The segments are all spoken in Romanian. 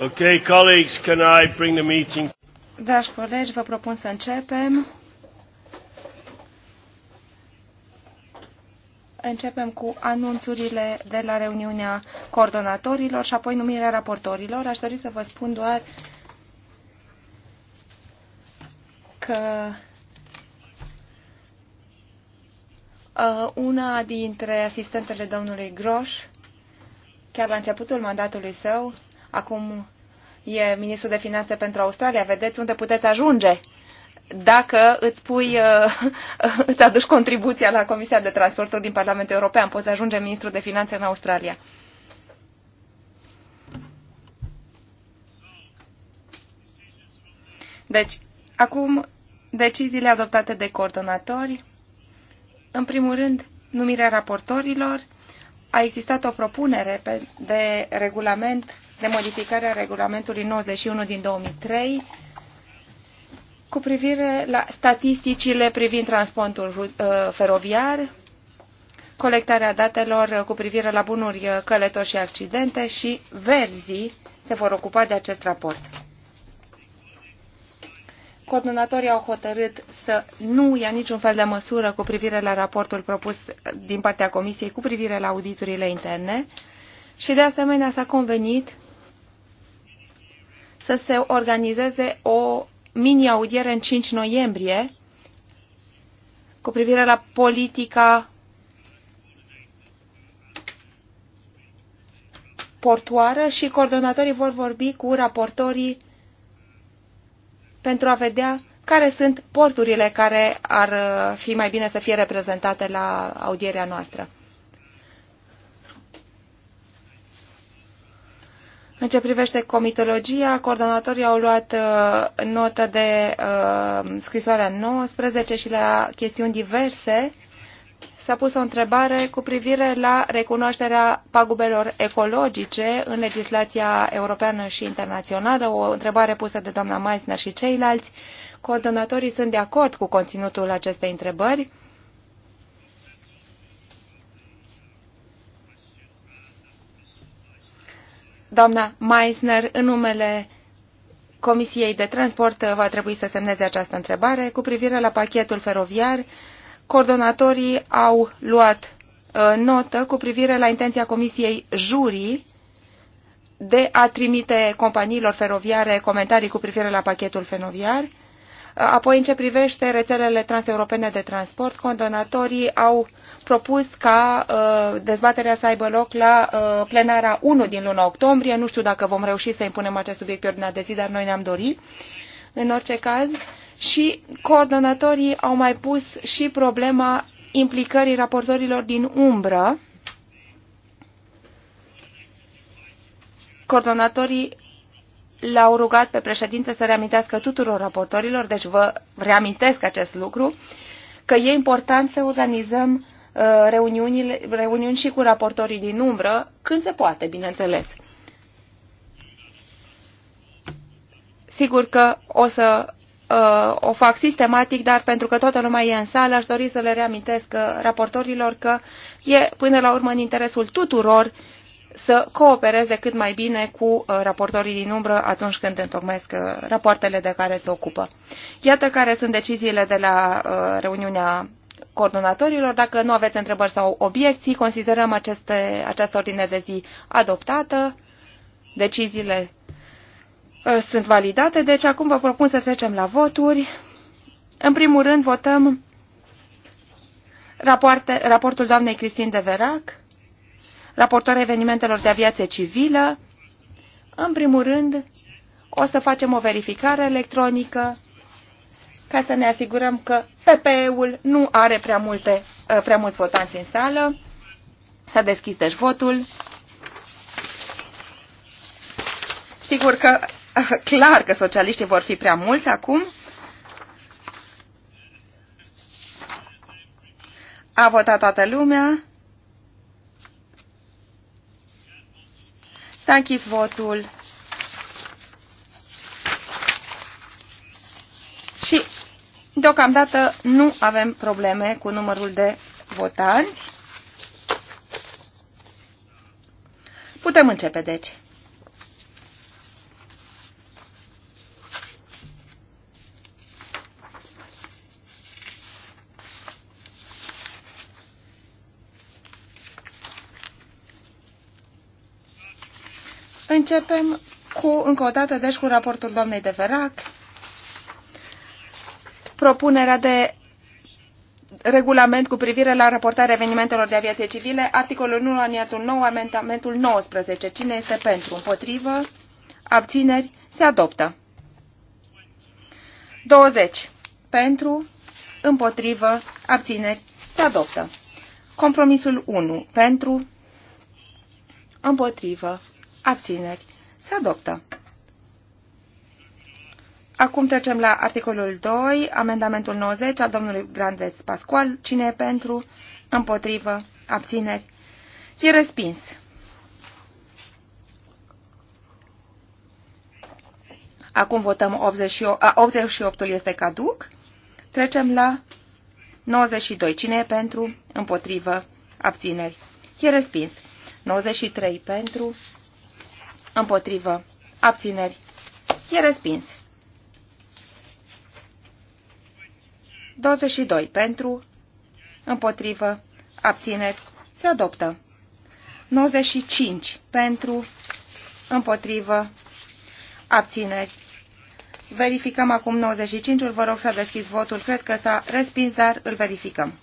Okay, colleagues, can I bring the meeting? Dragi colegi, vă propun să începem. Începem cu anunțurile de la reuniunea coordonatorilor și apoi numirea raportorilor. Aș dori să vă spun doar că uh, una dintre asistentele domnului Groș, chiar la începutul mandatului său, acum e ministru de finanțe pentru Australia, vedeți unde puteți ajunge dacă îți pui, uh, îți aduci contribuția la Comisia de Transporturi din Parlamentul European, poți ajunge ministrul de finanțe în Australia. Deci, acum, deciziile adoptate de coordonatori. În primul rând, numirea raportorilor. A existat o propunere de regulament de modificare a regulamentului 91 din 2003 cu privire la statisticile privind transportul uh, feroviar, colectarea datelor cu privire la bunuri uh, călători și accidente și verzii se vor ocupa de acest raport. Coordonatorii au hotărât să nu ia niciun fel de măsură cu privire la raportul propus din partea Comisiei cu privire la auditurile interne și de asemenea s-a convenit să se organizeze o mini-audiere în 5 noiembrie cu privire la politica portoară și coordonatorii vor vorbi cu raportorii pentru a vedea care sunt porturile care ar fi mai bine să fie reprezentate la audierea noastră. În ce privește comitologia, coordonatorii au luat uh, notă de uh, scrisoarea 19 și la chestiuni diverse s-a pus o întrebare cu privire la recunoașterea pagubelor ecologice în legislația europeană și internațională, o întrebare pusă de doamna Meissner și ceilalți. Coordonatorii sunt de acord cu conținutul acestei întrebări Doamna meissner în numele Comisiei de Transport, uh, va trebui să semneze această întrebare. Cu privire la pachetul feroviar, coordonatorii au luat uh, notă cu privire la intenția Comisiei juri de a trimite companiilor feroviare comentarii cu privire la pachetul feroviar. Uh, apoi, în ce privește rețelele transeuropene de transport, condonatorii au propus ca uh, dezbaterea să aibă loc la uh, plenara 1 din luna octombrie. Nu știu dacă vom reuși să impunem acest subiect pe ordinea de zi, dar noi ne-am dorit. În orice caz, și coordonatorii au mai pus și problema implicării raportorilor din umbră. Coordonatorii l-au rugat pe președinte să reamintească tuturor raportorilor, deci vă reamintesc acest lucru, că e important să organizăm Uh, reuniuni, reuniuni și cu raportorii din umbră, când se poate, bineînțeles. Sigur că o să uh, o fac sistematic, dar pentru că toată lumea e în sală, aș dori să le reamintesc uh, raportorilor că e până la urmă în interesul tuturor să coopereze cât mai bine cu uh, raportorii din umbră atunci când întocmesc uh, rapoartele de care se ocupă. Iată care sunt deciziile de la uh, reuniunea coordonatorilor. Dacă nu aveți întrebări sau obiecții, considerăm aceste, această ordine de zi adoptată. Deciziile uh, sunt validate, deci acum vă propun să trecem la voturi. În primul rând votăm rapoarte, raportul doamnei Cristin de Verac, raportoarea evenimentelor de aviație civilă. În primul rând, o să facem o verificare electronică ca să ne asigurăm că PPE-ul nu are prea, multe, uh, prea mulți votanți în sală. S-a deschis deci votul. Sigur că uh, clar că socialiștii vor fi prea mulți acum. A votat toată lumea. S-a închis votul. Și deocamdată nu avem probleme cu numărul de votanți. Putem începe, deci. Începem cu, încă o dată, deci cu raportul doamnei de Verac, propunerea de regulament cu privire la raportarea evenimentelor de aviație civile, articolul 1, aliniatul 9, amendamentul 19. Cine este pentru? Împotrivă? Abțineri? Se adoptă. 20. Pentru? Împotrivă? Abțineri? Se adoptă. Compromisul 1. Pentru? Împotrivă? Abțineri? Se adoptă. Acum trecem la articolul 2, amendamentul 90 al domnului Grandes Pascual. Cine e pentru? Împotrivă? Abțineri? E respins. Acum votăm 88, 88-ul este caduc. Trecem la 92. Cine e pentru? Împotrivă? Abțineri? E respins. 93 pentru? Împotrivă? Abțineri? E respins. 22 pentru, împotrivă, abțineri, se adoptă. 95 pentru, împotrivă, abțineri. Verificăm acum 95-ul, vă rog să deschis votul, cred că s-a respins, dar îl verificăm.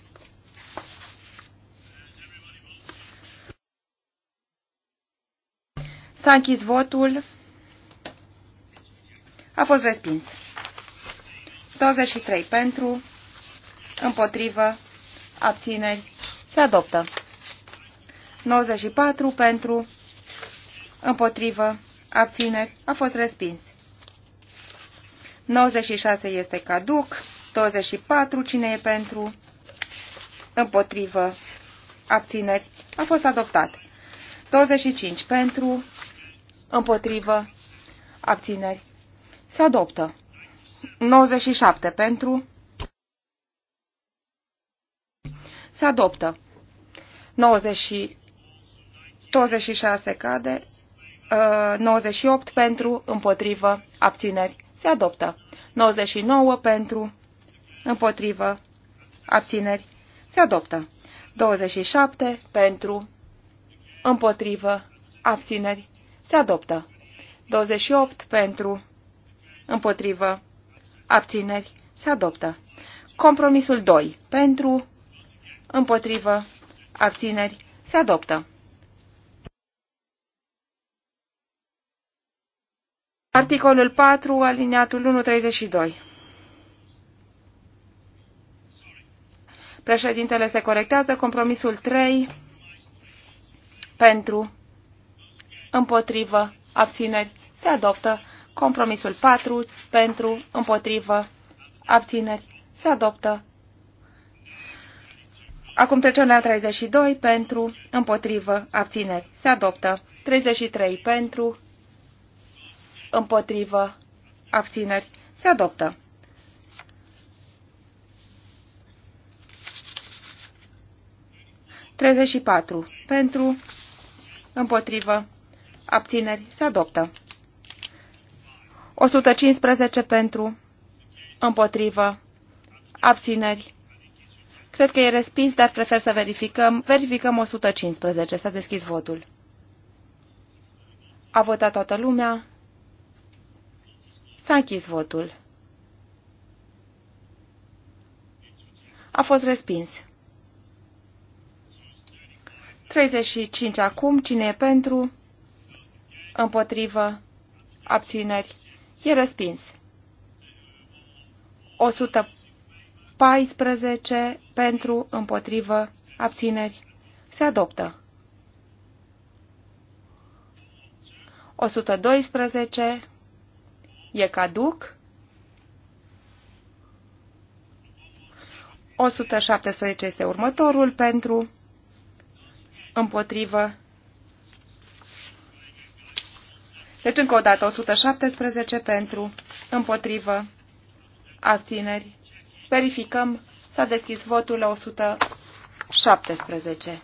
S-a închis votul, a fost respins. 23 pentru, împotrivă, abțineri, se adoptă. 94 pentru, împotrivă, abțineri, a fost respins. 96 este caduc, 24 cine e pentru, împotrivă, abțineri, a fost adoptat. 25 pentru, împotrivă, abțineri, se adoptă. 97 pentru, se adoptă. 90, 26 cade, 98 uh, pentru, împotrivă, abțineri, se adoptă. 99 pentru, împotrivă, abțineri, se adoptă. 27 pentru, împotrivă, abțineri, se adoptă. 28 pentru, împotrivă, abțineri, se adoptă. Compromisul 2 pentru, împotrivă, abțineri, se adoptă. Articolul 4, aliniatul 132. Președintele se corectează. Compromisul 3 pentru, împotrivă, abțineri, se adoptă. Compromisul 4 pentru, împotrivă, abțineri, se adoptă. Acum trecem la 32 pentru, împotrivă, abțineri. Se adoptă. 33 pentru, împotrivă, abțineri. Se adoptă. Treizeci și patru. Pentru, împotrivă, abțineri, se adoptă. 115 pentru, împotrivă, abțineri, Cred că e respins, dar prefer să verificăm. Verificăm 115. S-a deschis votul. A votat toată lumea. S-a închis votul. A fost respins. 35 acum. Cine e pentru? Împotrivă. Abțineri. E respins. 100 14 pentru, împotrivă, abțineri, se adoptă. 112 e caduc. 117 este următorul pentru, împotrivă. Deci încă o dată 117 pentru, împotrivă, abțineri Verificăm. S-a deschis votul la 117.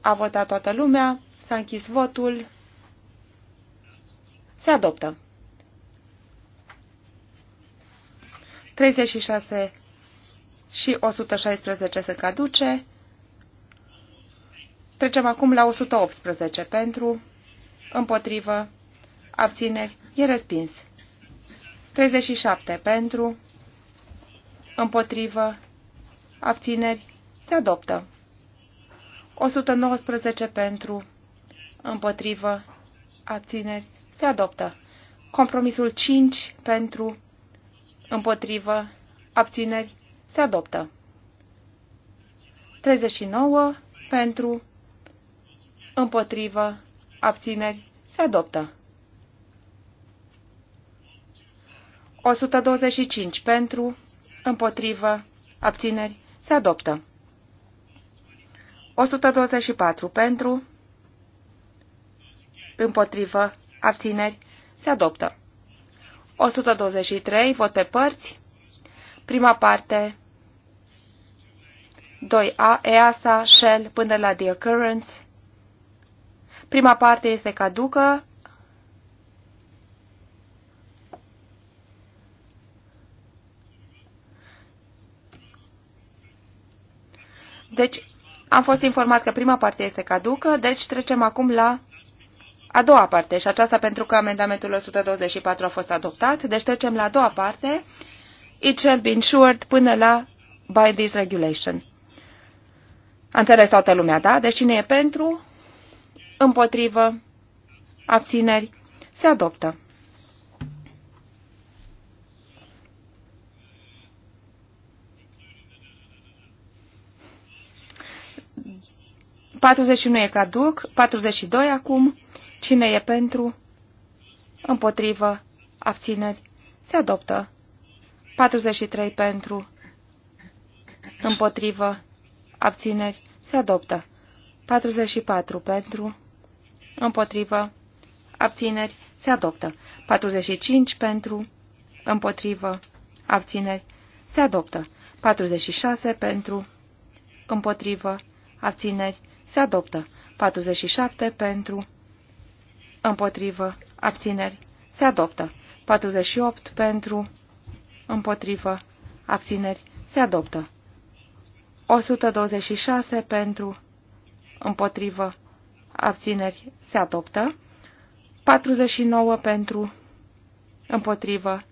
A votat toată lumea. S-a închis votul. Se adoptă. 36 și 116 se caduce. Trecem acum la 118 pentru, împotrivă, abțineri, e respins. 37 pentru, împotrivă, abțineri, se adoptă. 119 pentru, împotrivă, abțineri, se adoptă. Compromisul 5 pentru, împotrivă, abțineri, se adoptă. 39 pentru, împotrivă, abțineri, se adoptă. 125 pentru, împotrivă, abțineri, se adoptă. 124 pentru, împotrivă, abțineri, se adoptă. 123, vot pe părți, prima parte, 2A, EASA, Shell, până la The Occurrence. Prima parte este caducă, Deci, am fost informat că prima parte este caducă, deci trecem acum la a doua parte și aceasta pentru că amendamentul 124 a fost adoptat, deci trecem la a doua parte, it shall be insured până la by this regulation. A înțeles toată lumea, da? Deci cine e pentru, împotrivă, abțineri, se adoptă. 41 e caduc, 42 acum. Cine e pentru? Împotrivă. Abțineri. Se adoptă. 43 pentru. Împotrivă. Abțineri. Se adoptă. 44 pentru. Împotrivă. Abțineri. Se adoptă. 45 pentru. Împotrivă. Abțineri. Se adoptă. 46 pentru. Împotrivă. Abțineri se adoptă. 47 pentru, împotrivă, abțineri, se adoptă. 48 pentru, împotrivă, abțineri, se adoptă. 126 pentru, împotrivă, abțineri, se adoptă. 49 pentru, împotrivă,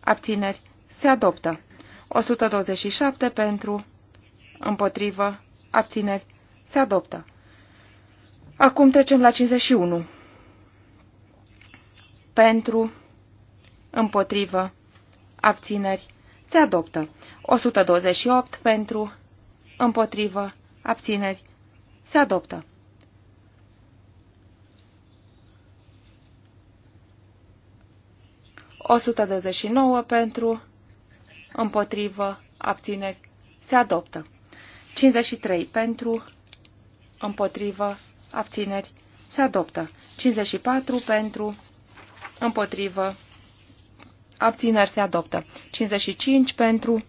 abțineri, se adoptă. 127 pentru, împotrivă, abțineri, se adoptă. Acum trecem la 51. Pentru, împotrivă, abțineri, se adoptă. 128 pentru, împotrivă, abțineri, se adoptă. O 129 pentru, împotrivă, abțineri, se adoptă. 53 pentru, împotrivă, abțineri, se adoptă. 54 pentru, împotrivă, abțineri, se adoptă. 55 pentru,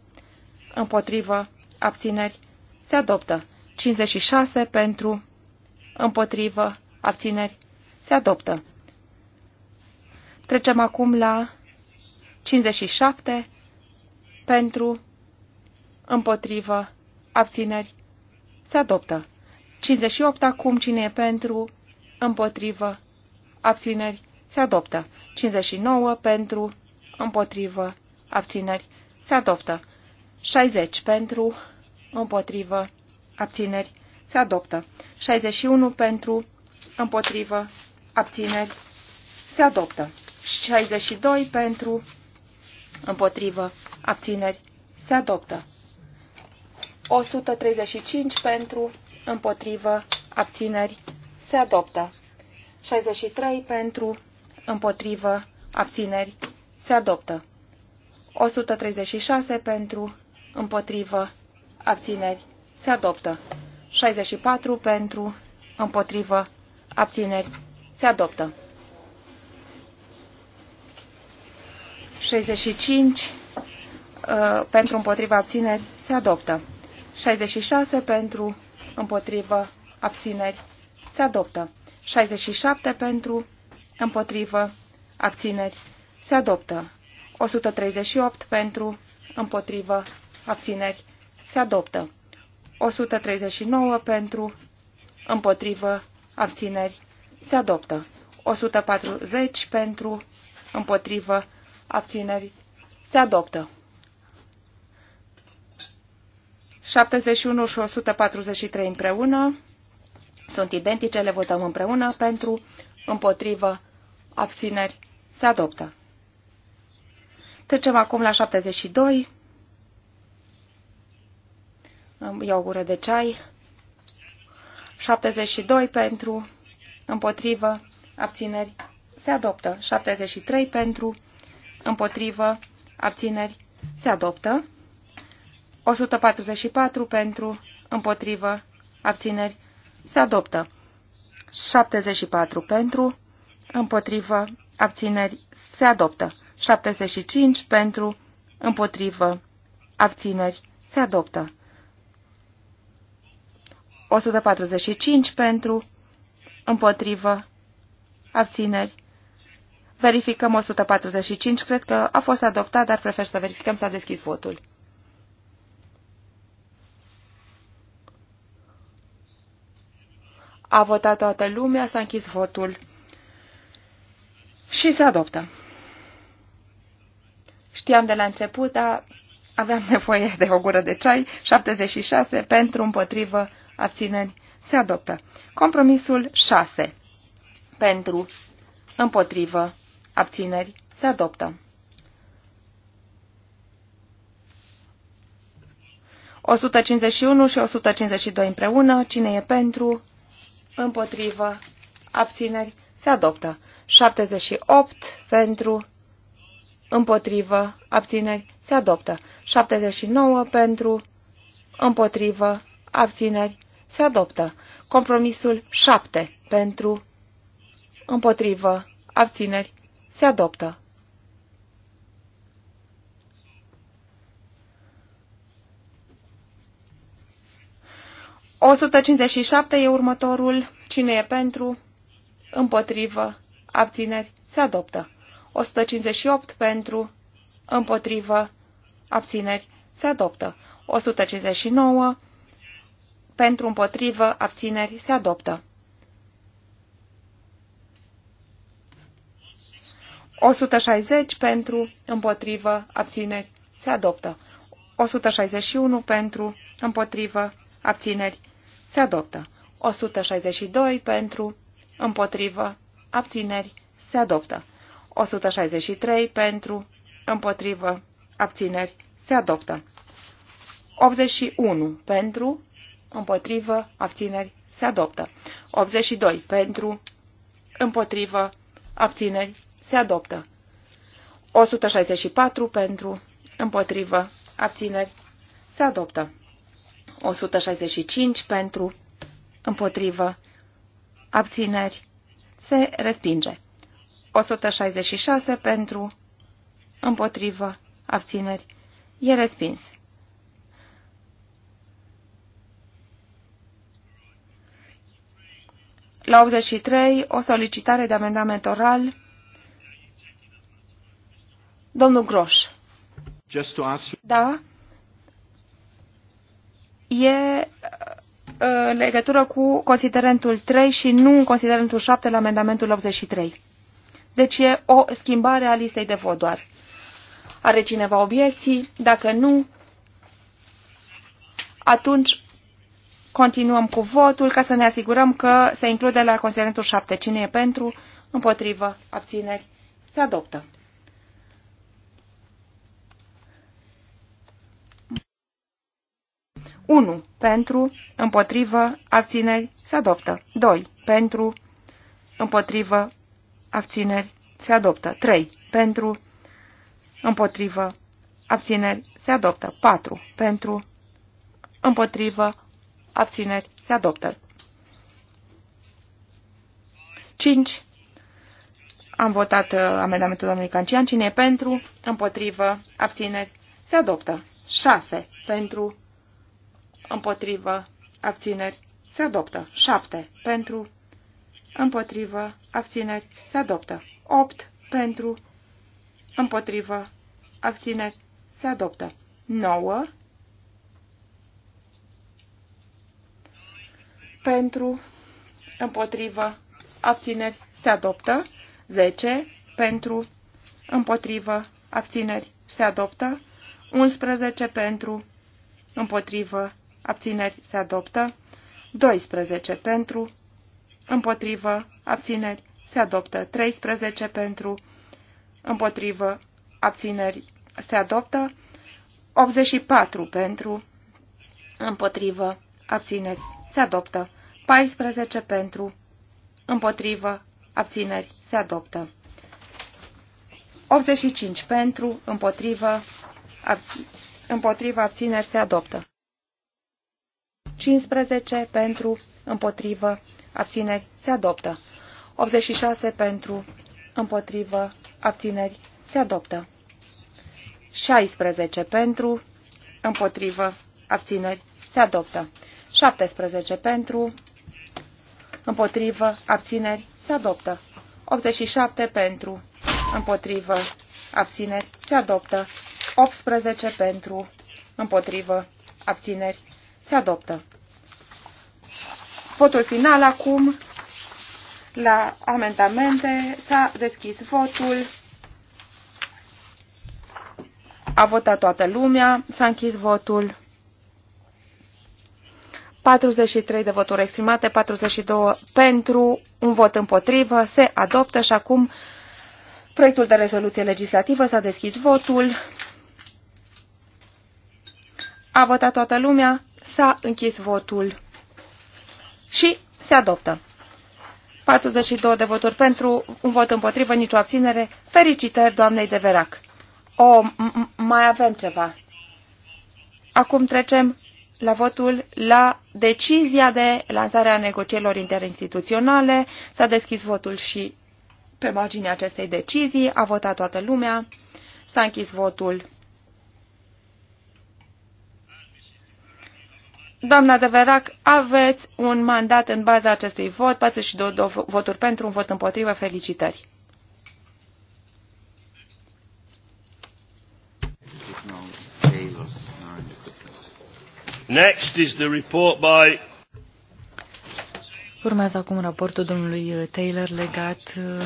împotrivă, abțineri, se adoptă. 56 pentru, împotrivă, abțineri, se adoptă. Trecem acum la 57 pentru, împotrivă, abțineri, se adoptă. 58 acum. Cine e pentru? Împotrivă. Abțineri. Se adoptă. 59 pentru. Împotrivă. Abțineri. Se adoptă. 60 pentru. Împotrivă. Abțineri. Se adoptă. 61 pentru. Împotrivă. Abțineri. Se adoptă. 62 pentru. Împotrivă. Abțineri. Se adoptă. 135 pentru împotrivă, abțineri, se adoptă. 63 pentru, împotrivă, abțineri, se adoptă. 136 pentru, împotrivă, abțineri, se adoptă. 64 pentru, împotrivă, abțineri, se adoptă. 65 uh, pentru împotriva abțineri se adoptă. 66 pentru împotrivă, abțineri, se adoptă. 67 pentru, împotrivă, abțineri, se adoptă. 138 pentru, împotrivă, abțineri, se adoptă. 139 pentru, împotrivă, abțineri, se adoptă. 140 pentru, împotrivă, abțineri, se adoptă. 71 și 143 împreună. Sunt identice, le votăm împreună pentru, împotrivă, abțineri, se adoptă. Trecem acum la 72. Îmi iau o gură de ceai. 72 pentru, împotrivă, abțineri, se adoptă. 73 pentru, împotrivă, abțineri, se adoptă. 144 pentru, împotrivă, abțineri, se adoptă. 74 pentru, împotrivă, abțineri, se adoptă. 75 pentru, împotrivă, abțineri, se adoptă. 145 pentru, împotrivă, abțineri. Verificăm 145, cred că a fost adoptat, dar prefer să verificăm, s-a deschis votul. A votat toată lumea, s-a închis votul și se adoptă. Știam de la început, dar aveam nevoie de o gură de ceai, 76 pentru împotrivă abțineri se adoptă. Compromisul 6 pentru împotrivă abțineri se adoptă. 151 și 152 împreună, cine e pentru, împotrivă, abțineri, se adoptă. 78 pentru, împotrivă, abțineri, se adoptă. 79 pentru, împotrivă, abțineri, se adoptă. Compromisul 7 pentru, împotrivă, abțineri, se adoptă. 157 e următorul. Cine e pentru? Împotrivă. Abțineri. Se adoptă. 158 pentru. Împotrivă. Abțineri. Se adoptă. 159 pentru împotrivă, abțineri, se adoptă. 160 pentru, împotrivă, abțineri, se adoptă. 161 pentru, împotrivă, abțineri, se adoptă. 162 pentru, împotrivă, abțineri, se adoptă. 163 pentru, împotrivă, abțineri, se adoptă. 81 pentru, împotrivă, abțineri, se adoptă. 82 pentru, împotrivă, abțineri, se adoptă. 164 pentru, împotrivă, abțineri, se adoptă. 165 pentru, împotrivă, abțineri, se respinge. 166 pentru, împotrivă, abțineri, e respins. La 83, o solicitare de amendament oral. Domnul Groș. Da, e uh, în legătură cu considerentul 3 și nu considerentul 7 la amendamentul 83. Deci e o schimbare a listei de vot doar. Are cineva obiecții? Dacă nu, atunci continuăm cu votul ca să ne asigurăm că se include la considerentul 7. Cine e pentru? Împotrivă? Abțineri? Se adoptă. 1. Pentru, împotrivă, abțineri, se adoptă. 2. Pentru, împotrivă, abțineri, se adoptă. 3. Pentru, împotrivă, abțineri, se adoptă. 4. Pentru, împotrivă, abțineri, se adoptă. 5. Am votat uh, amendamentul domnului Cancian. Cine e pentru? Împotrivă. Abțineri. Se adoptă. 6. Pentru împotrivă, abțineri, se adoptă. 7 pentru, împotrivă, abțineri, se adoptă. 8 pentru, împotrivă, abțineri, se adoptă. 9 pentru, împotrivă, abțineri, se adoptă. 10 pentru, împotrivă, abțineri, se adoptă. 11 pentru, împotrivă, abțineri se adoptă, 12 pentru, împotrivă, abțineri se adoptă, 13 pentru, împotrivă, abțineri se adoptă, 84 pentru, împotrivă, abțineri se adoptă, 14 pentru, împotrivă, abțineri se adoptă. 85 pentru, împotrivă, abțineri, împotrivă abțineri se adoptă. 15 pentru, împotrivă, abțineri, se adoptă. 86 pentru, împotrivă, abțineri, se adoptă. 16 pentru, împotrivă, abțineri, se adoptă. 17 pentru, împotrivă, abțineri, se adoptă. 87 pentru, împotrivă, abțineri, se adoptă. 18 pentru, împotrivă, abțineri, se adoptă. Votul final acum la amendamente. S-a deschis votul. A votat toată lumea. S-a închis votul. 43 de voturi exprimate, 42 pentru, un vot împotrivă, se adoptă și acum proiectul de rezoluție legislativă s-a deschis votul. A votat toată lumea, S-a închis votul și se adoptă. 42 de voturi pentru, un vot împotrivă, nicio abținere. Fericitări doamnei de Verac. O, mai avem ceva. Acum trecem la votul la decizia de lansare a negocierilor interinstituționale. S-a deschis votul și pe marginea acestei decizii. A votat toată lumea. S-a închis votul. Doamna de Verac, aveți un mandat în baza acestui vot, 42 de voturi pentru, un vot împotrivă, felicitări. Next is the report by Urmează acum raportul domnului Taylor legat uh,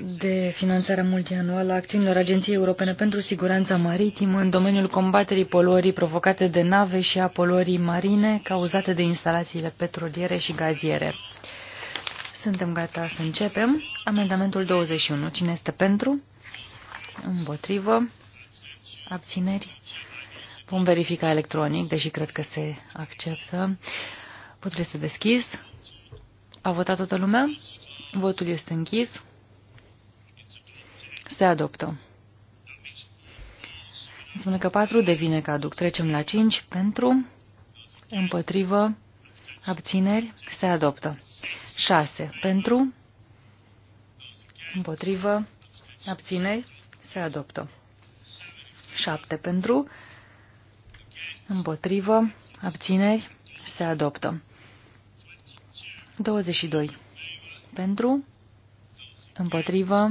de finanțare multianuală a acțiunilor Agenției Europene pentru Siguranța Maritimă în domeniul combaterii poluării provocate de nave și a poluării marine cauzate de instalațiile petroliere și gaziere. Suntem gata să începem. Amendamentul 21. Cine este pentru? Împotrivă? Abțineri? Vom verifica electronic, deși cred că se acceptă. Votul este deschis. A votat toată lumea? Votul este închis. Se adoptă. Spune că 4 devine caduc. Trecem la 5 pentru, împotrivă, abțineri, se adoptă. 6 pentru, împotrivă, abțineri, se adoptă. 7 pentru, împotrivă, abțineri, se adoptă. 22 pentru, împotrivă,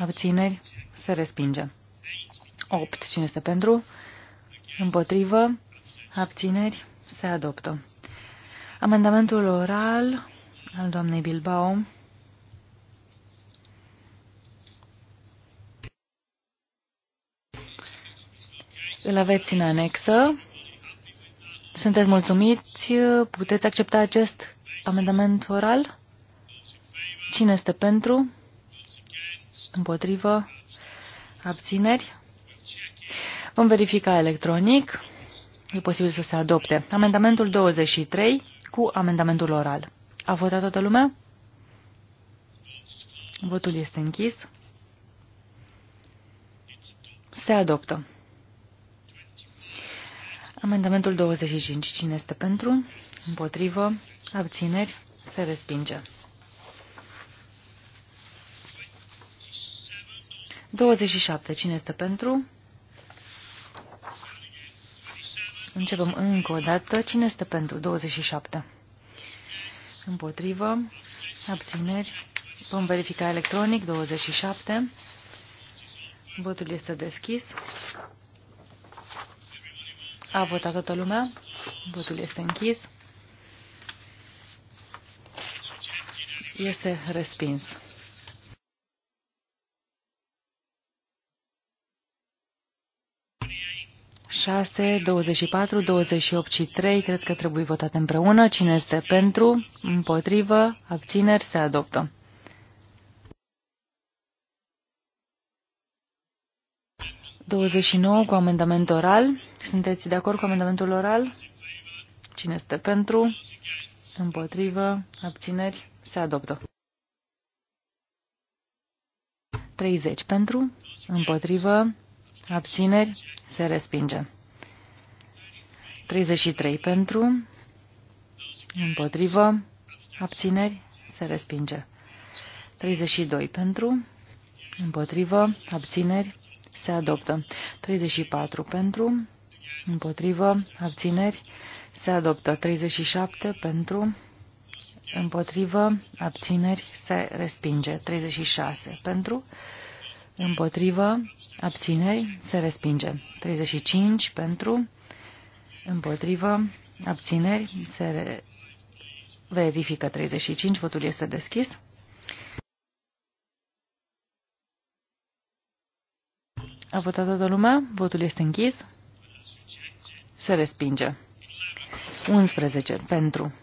Abțineri. Se respinge. 8. Cine este pentru? Împotrivă. Abțineri. Se adoptă. Amendamentul oral al doamnei Bilbao. Îl aveți în anexă. Sunteți mulțumiți? Puteți accepta acest amendament oral? Cine este pentru? Împotrivă? Abțineri? Vom verifica electronic. E posibil să se adopte. Amendamentul 23 cu amendamentul oral. A votat toată lumea? Votul este închis. Se adoptă. Amendamentul 25. Cine este pentru? Împotrivă? Abțineri? Se respinge. 27. Cine este pentru? Începem încă o dată. Cine este pentru? 27. Împotrivă. Abțineri. Vom verifica electronic. 27. Votul este deschis. A votat toată lumea. Votul este închis. Este respins. 26, 24, 28 și 3 cred că trebuie votate împreună. Cine este pentru, împotrivă, abțineri, se adoptă. ...29 cu amendament oral. Sunteți de acord cu amendamentul oral? Cine este pentru? Împotrivă? Abțineri? Se adoptă. 30 pentru? Împotrivă? Abțineri? Se respinge. 33 pentru, împotrivă, abțineri, se respinge. 32 pentru, împotrivă, abțineri, se adoptă. 34 pentru, împotrivă, abțineri, se adoptă. 37 pentru, împotrivă, abțineri, se respinge. 36 pentru, împotrivă, abțineri, se respinge. 35 pentru, Împotrivă. Abțineri. Se verifică 35. Votul este deschis. A votat toată lumea. Votul este închis. Se respinge. 11. Pentru.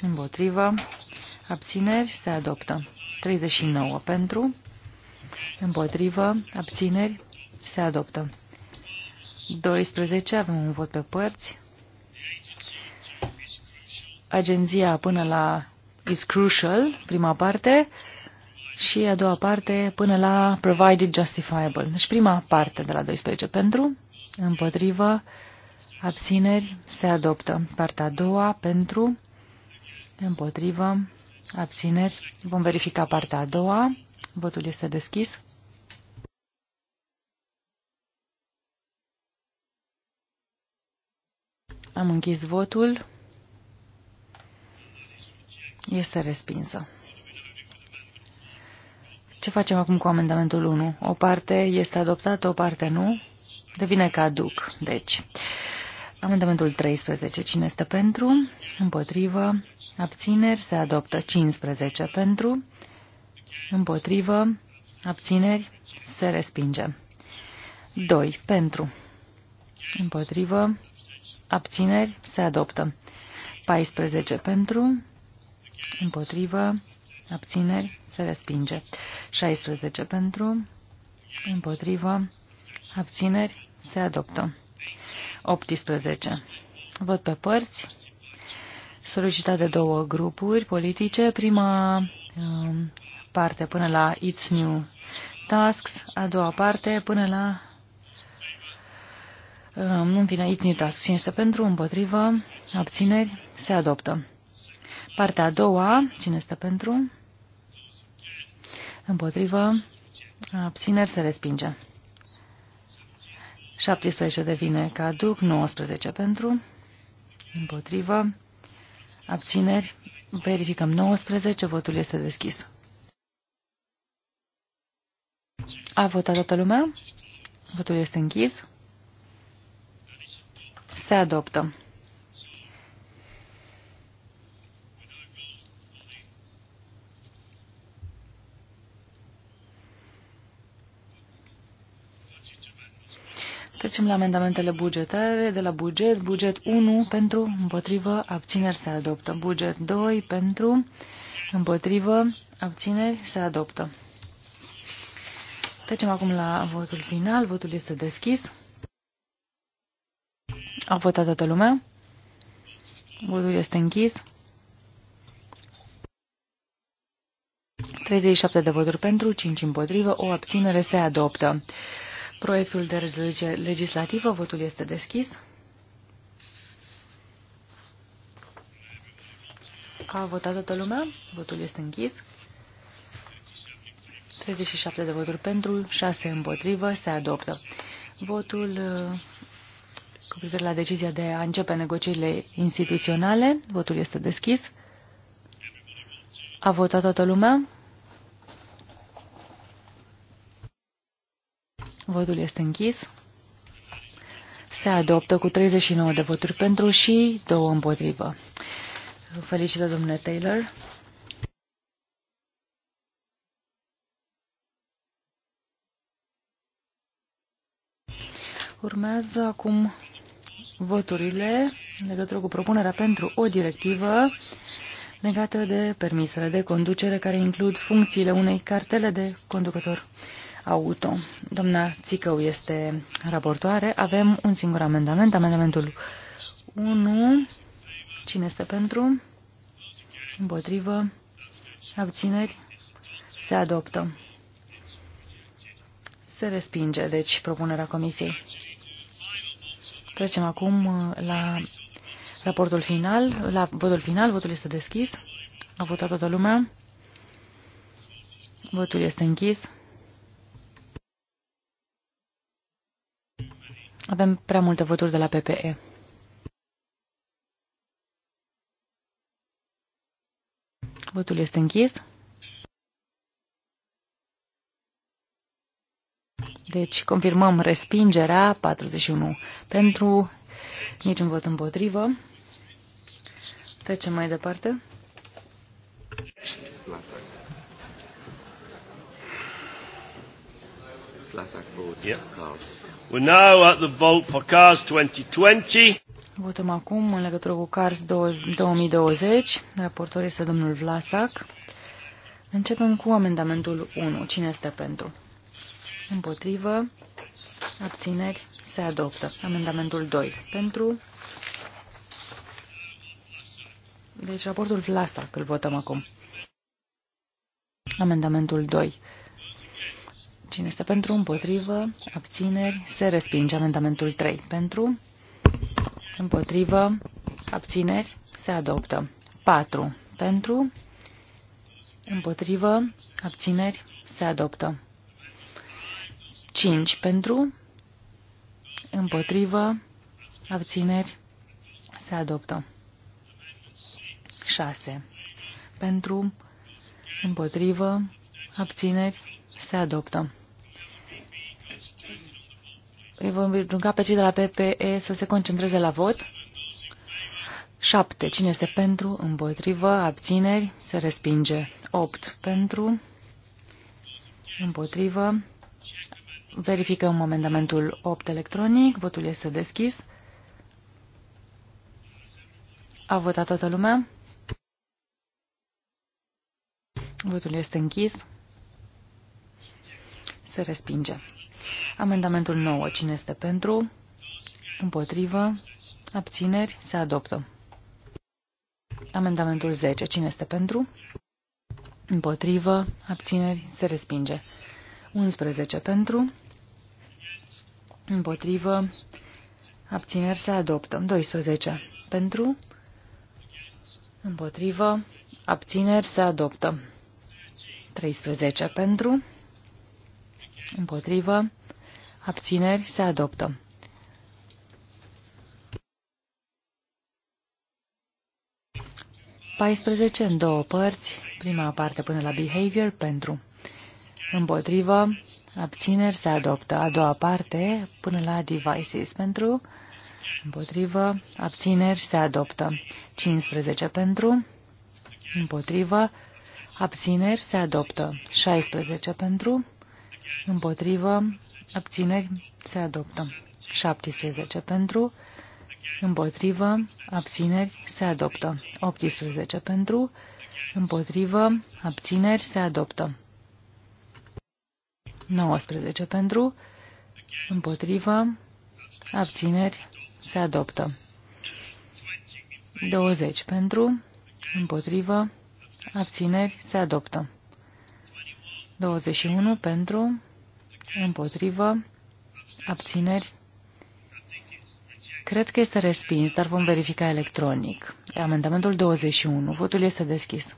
Împotrivă. Abțineri. Se adoptă. 39. Pentru. Împotrivă. Abțineri. Se adoptă. 12 avem un vot pe părți. Agenția până la is crucial, prima parte, și a doua parte până la provided justifiable. Deci prima parte de la 12 pentru, împotrivă, abțineri, se adoptă. Partea a doua pentru, împotrivă, abțineri. Vom verifica partea a doua. Votul este deschis. Am închis votul. Este respinsă. Ce facem acum cu amendamentul 1? O parte este adoptată, o parte nu. Devine caduc, deci. Amendamentul 13. Cine este pentru? Împotrivă. Abțineri. Se adoptă 15 pentru. Împotrivă. Abțineri. Se respinge. 2. Pentru. Împotrivă abțineri, se adoptă. 14 pentru, împotrivă, abțineri, se respinge. 16 pentru, împotrivă, abțineri, se adoptă. 18. Vot pe părți, solicitat de două grupuri politice. Prima um, parte până la It's New Tasks, a doua parte până la nu vine aici Ignitas. Cine este pentru, împotrivă, abțineri, se adoptă. Partea a doua, cine este pentru, împotrivă, abțineri, se respinge. 17 devine caduc, 19 pentru, împotrivă, abțineri, verificăm 19, votul este deschis. A votat toată lumea? Votul este închis. Se adoptă. Trecem la amendamentele bugetare. De la buget, buget 1 pentru, împotrivă, abțineri se adoptă. Buget 2 pentru, împotrivă, abțineri se adoptă. Trecem acum la votul final. Votul este deschis. A votat toată lumea. Votul este închis. 37 de voturi pentru, 5 împotrivă, o abținere se adoptă. Proiectul de rezoluție legislativă, votul este deschis. A votat toată lumea, votul este închis. 37 de voturi pentru, 6 împotrivă, se adoptă. Votul uh, cu privire la decizia de a începe negocierile instituționale. Votul este deschis. A votat toată lumea? Votul este închis. Se adoptă cu 39 de voturi pentru și 2 împotrivă. Felicită, domnule Taylor. Urmează acum voturile în legătură cu propunerea pentru o directivă legată de permisele de conducere care includ funcțiile unei cartele de conducător auto. Doamna Țicău este raportoare. Avem un singur amendament, amendamentul 1. Cine este pentru? Împotrivă? Abțineri? Se adoptă. Se respinge, deci, propunerea comisiei. Trecem acum uh, la raportul final, la votul final. Votul este deschis. A votat toată lumea. Votul este închis. Avem prea multe voturi de la PPE. Votul este închis. Deci confirmăm respingerea 41 pentru, niciun vot împotrivă. Trecem mai departe. Vlasac. We're now at the vote for Cars 2020. Votăm acum în legătură cu Cars 2020. Raportor este domnul Vlasac. Începem cu amendamentul 1. Cine este pentru? Împotrivă. Abțineri. Se adoptă. Amendamentul 2. Pentru. Deci raportul Vlasta, că îl votăm acum. Amendamentul 2. Cine este pentru, împotrivă, abțineri, se respinge. Amendamentul 3. Pentru, împotrivă, abțineri, se adoptă. 4. Pentru, împotrivă, abțineri, se adoptă. 5 pentru, împotrivă, abțineri, se adoptă. 6 pentru, împotrivă, abțineri, se adoptă. Îi vom rugă pe cei de la PPE să se concentreze la vot. 7. Cine este pentru, împotrivă, abțineri, se respinge. 8. Pentru, împotrivă, Verificăm amendamentul 8 electronic. Votul este deschis. A votat toată lumea. Votul este închis. Se respinge. Amendamentul 9. Cine este pentru? Împotrivă? Abțineri? Se adoptă. Amendamentul 10. Cine este pentru? Împotrivă? Abțineri? Se respinge. 11 pentru, împotrivă, abțineri se adoptă. 12 pentru, împotrivă, abțineri se adoptă. 13 pentru, împotrivă, abțineri se adoptă. paisprezece în două părți, prima parte până la behavior pentru Împotrivă. Abțineri se adoptă. A doua parte, până la devices pentru. Împotrivă. Abțineri se adoptă. 15 pentru. Împotrivă. Abțineri se adoptă. 16 pentru. Împotrivă. Abțineri se adoptă. 17 pentru. Împotrivă. Abțineri se adoptă. 18 pentru. Împotrivă. Abțineri se adoptă. 19 pentru, împotrivă, abțineri, se adoptă. 20 pentru, împotrivă, abțineri, se adoptă. 21 pentru, împotrivă, abțineri. Cred că este respins, dar vom verifica electronic. Amendamentul 21. Votul este deschis.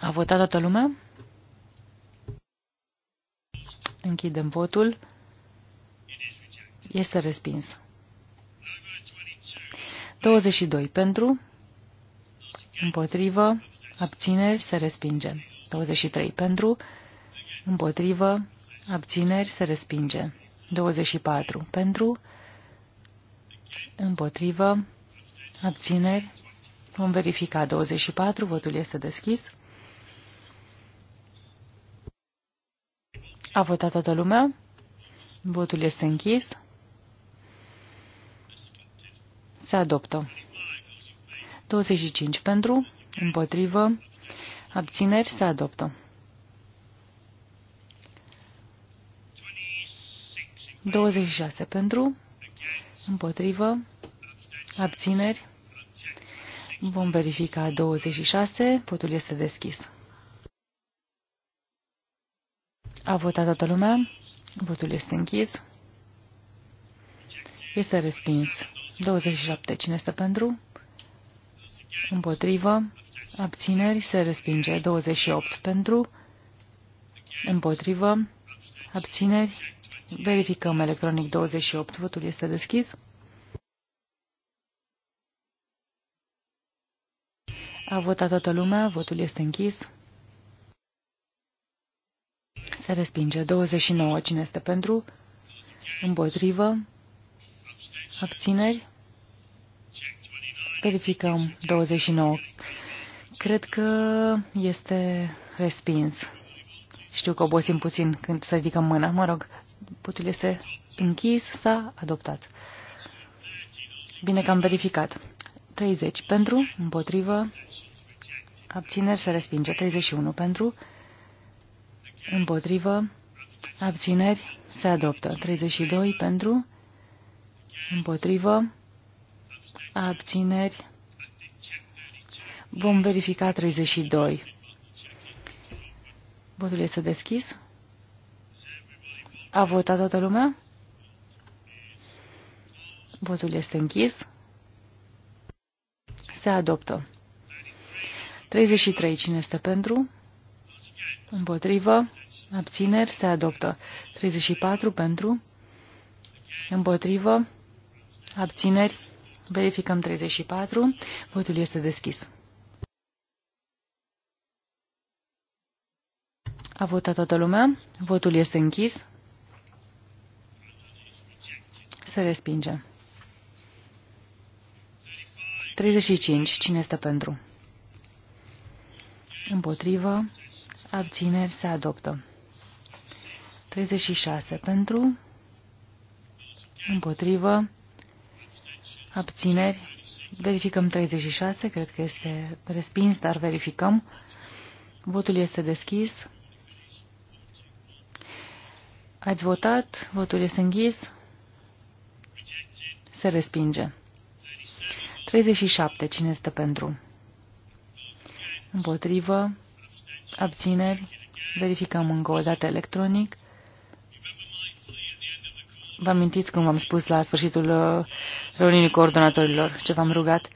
A votat toată lumea? Închidem votul. Este respins. 22 pentru, împotrivă, abțineri, se respinge. 23 pentru, împotrivă, abțineri, se respinge. 24 pentru, împotrivă, abțineri, vom verifica 24, votul este deschis. A votat toată lumea. Votul este închis. Se adoptă. 25 pentru, împotrivă, abțineri, se adoptă. 26 pentru, împotrivă, abțineri. Vom verifica 26, votul este deschis. A votat toată lumea. Votul este închis. Este respins. 27. Cine este pentru? Împotrivă. Abțineri. Se respinge. 28. Pentru. Împotrivă. Abțineri. Verificăm electronic 28. Votul este deschis. A votat toată lumea. Votul este închis. Se respinge. 29. Cine este pentru? Împotrivă. Abțineri. Verificăm 29. Cred că este respins. Știu că obosim puțin când să ridicăm mâna. Mă rog, putul este închis, s-a adoptat. Bine că am verificat. 30 pentru, împotrivă, abțineri se respinge. 31 pentru, Împotrivă. Abțineri. Se adoptă. 32 pentru. Împotrivă. Abțineri. Vom verifica 32. Votul este deschis. A votat toată lumea? Votul este închis. Se adoptă. 33. Cine este pentru? Împotrivă. Abțineri se adoptă. 34 pentru. Împotrivă. Abțineri. Verificăm 34. Votul este deschis. A votat toată lumea. Votul este închis. Se respinge. 35. Cine este pentru? Împotrivă. Abțineri se adoptă. 36 pentru. Împotrivă. Abțineri. Verificăm 36, cred că este respins, dar verificăm. Votul este deschis. Ați votat, votul este închis. Se respinge. 37. Cine este pentru? Împotrivă abțineri, verificăm încă o dată electronic. Vă amintiți cum v-am spus la sfârșitul uh, reuniunii coordonatorilor ce v-am rugat?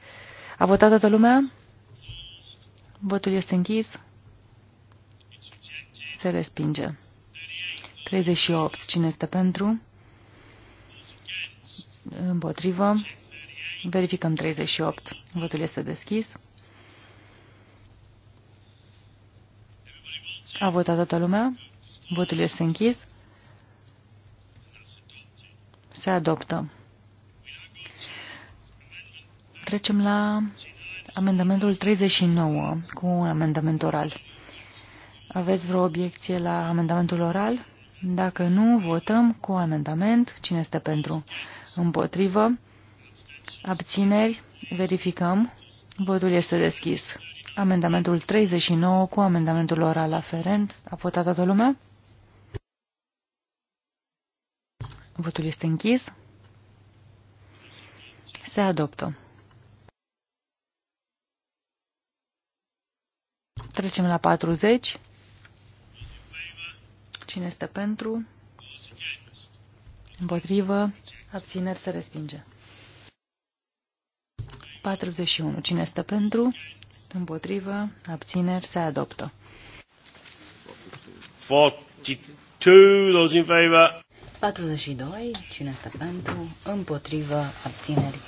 A votat toată lumea? Votul este închis. Se respinge. 38. Cine este pentru? Împotrivă. Verificăm 38. Votul este deschis. A votat toată lumea? Votul este închis. Se adoptă. Trecem la amendamentul 39 cu un amendament oral. Aveți vreo obiecție la amendamentul oral? Dacă nu, votăm cu amendament. Cine este pentru? Împotrivă? Abțineri? Verificăm. Votul este deschis. Amendamentul 39 cu amendamentul oral aferent. A votat toată lumea? Votul este închis. Se adoptă. Trecem la 40. Cine este pentru? Împotrivă. Abțineri se respinge. 41. Cine este pentru? Împotrivă. Abțineri. Se adoptă. 42. Those in favor. 42. Cine este pentru? Împotrivă. Abțineri.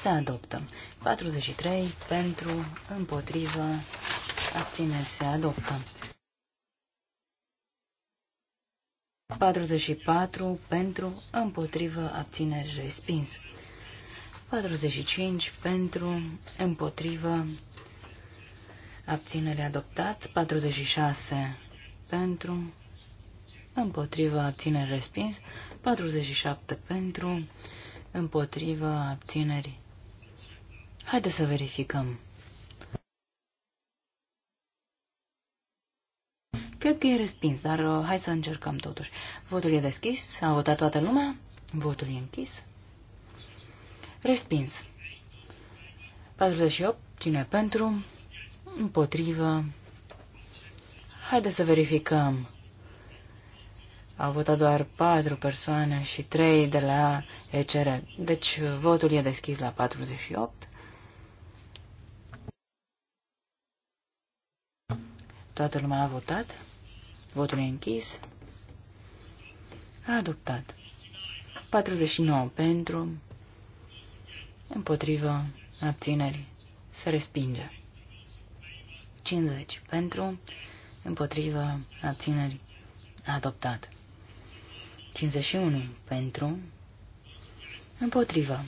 Se adoptă. 43. Pentru. Împotrivă. Abțineri. Se adoptă. 44 pentru, împotrivă, abțineri, respins. 45 pentru, împotrivă, abținere adoptat, 46 pentru, împotriva abțineri respins, 47 pentru, împotriva abțineri. Haideți să verificăm. Cred că e respins, dar uh, hai să încercăm totuși. Votul e deschis, a votat toată lumea, votul e închis. Respins. 48, cine pentru, Împotrivă. Haideți să verificăm. Au votat doar patru persoane și trei de la ECR. Deci votul e deschis la 48. Toată lumea a votat. Votul e închis. A adoptat. 49 pentru, împotrivă, abținerii. Se respinge. 50 pentru, împotriva abțineri, adoptat. 51 pentru, împotriva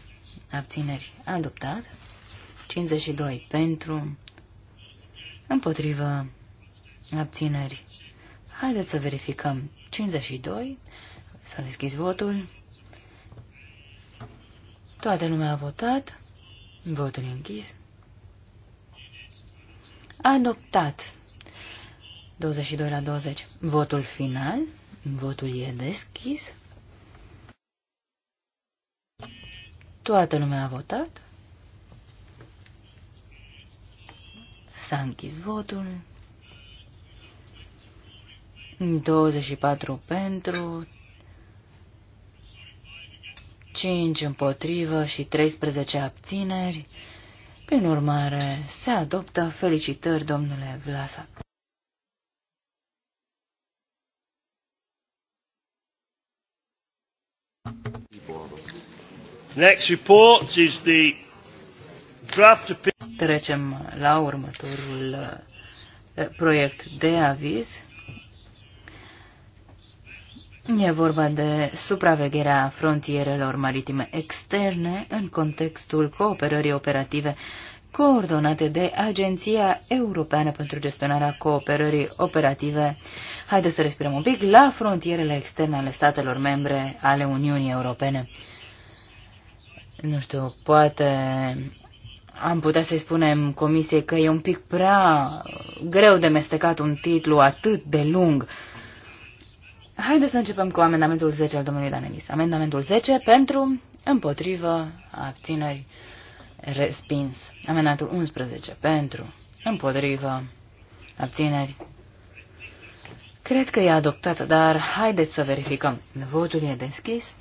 abțineri, adoptat. 52 pentru, împotriva abțineri. Haideți să verificăm. 52, s-a deschis votul. Toată lumea a votat, votul e închis adoptat. 22 la 20. Votul final. Votul e deschis. Toată lumea a votat. S-a închis votul. 24 pentru, 5 împotrivă și 13 abțineri. Prin urmare, se adoptă felicitări, domnule Vlasa. Next report is the draft Trecem la următorul eh, proiect de aviz E vorba de supravegherea frontierelor maritime externe în contextul cooperării operative coordonate de Agenția Europeană pentru Gestionarea Cooperării Operative. Haideți să respirăm un pic la frontierele externe ale statelor membre ale Uniunii Europene. Nu știu, poate am putea să-i spunem comisiei că e un pic prea greu de mestecat un titlu atât de lung uh, Haideți să începem cu amendamentul 10 al domnului Danelis. Amendamentul 10 pentru, împotrivă, abțineri, respins. Amendamentul 11 pentru, împotrivă, abțineri. Cred că e adoptat, dar haideți să verificăm. Votul e deschis.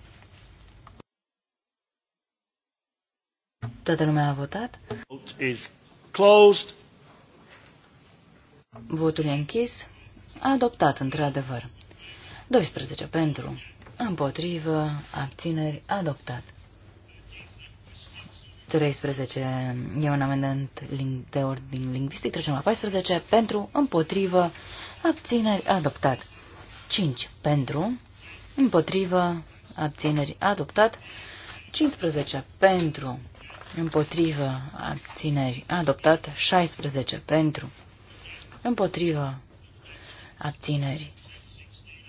Toată lumea a votat? Votul e închis. A adoptat, într-adevăr. 12 pentru, împotrivă, abțineri, adoptat. 13 e un amendament de ordin lingvistic, trecem la 14, pentru, împotrivă, abțineri, adoptat. 5 pentru, împotrivă, abțineri, adoptat. 15 pentru, împotrivă, abțineri, adoptat. 16 pentru, împotrivă, abțineri,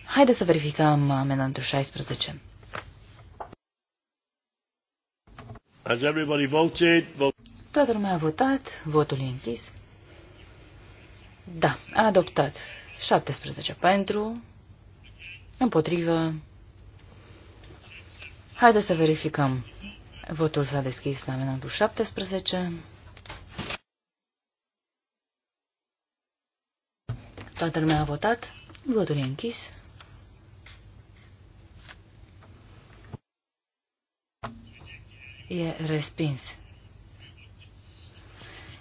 Haide să verificăm amendamentul 16. Has everybody voted? Vote. Toată lumea a votat, votul e închis. Da, a adoptat 17 pentru, împotrivă. Haideți să verificăm. Votul s-a deschis la amendamentul 17. Toată lumea a votat, votul e închis. E respins.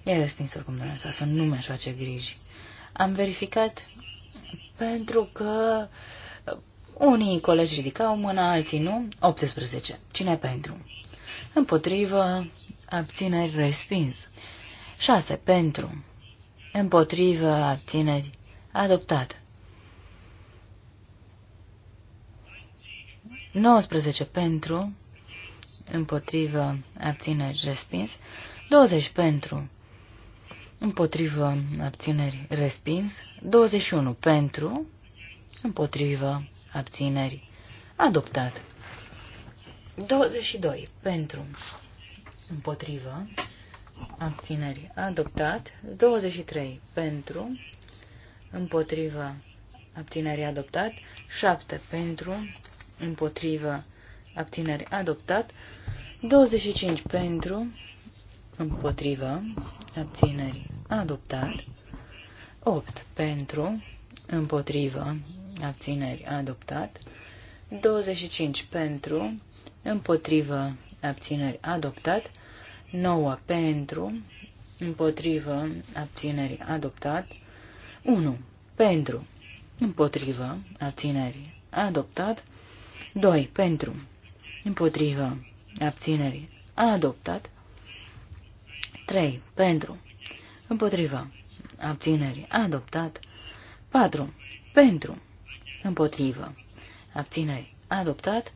E respins oricum, domnule Sason, nu mi-aș face griji. Am verificat pentru că uh, unii colegi ridicau mâna, alții nu. 18. Cine pentru? Împotrivă, abțineri, respins. 6. Pentru. Împotrivă, abțineri, adoptat. 19. Pentru împotrivă, abțineri, respins. 20 pentru, împotrivă, abțineri, respins. 21 pentru, împotrivă, abțineri, adoptat. 22 pentru, împotrivă, abțineri, adoptat. 23 pentru, împotrivă, abțineri, adoptat. 7 pentru, împotrivă, abțineri, adoptat. 25 pentru, împotrivă, abțineri, adoptat. 8 pentru, împotrivă, abțineri, adoptat. 25 pentru, împotrivă, abțineri, adoptat. 9 pentru, împotrivă, abțineri, adoptat. 1 pentru, împotrivă, abțineri, adoptat. 2 pentru, împotrivă, a Adoptat. 3. Pentru. Abținerii. A Adoptat. 4. Pentru. Împotrivă. A Adoptat.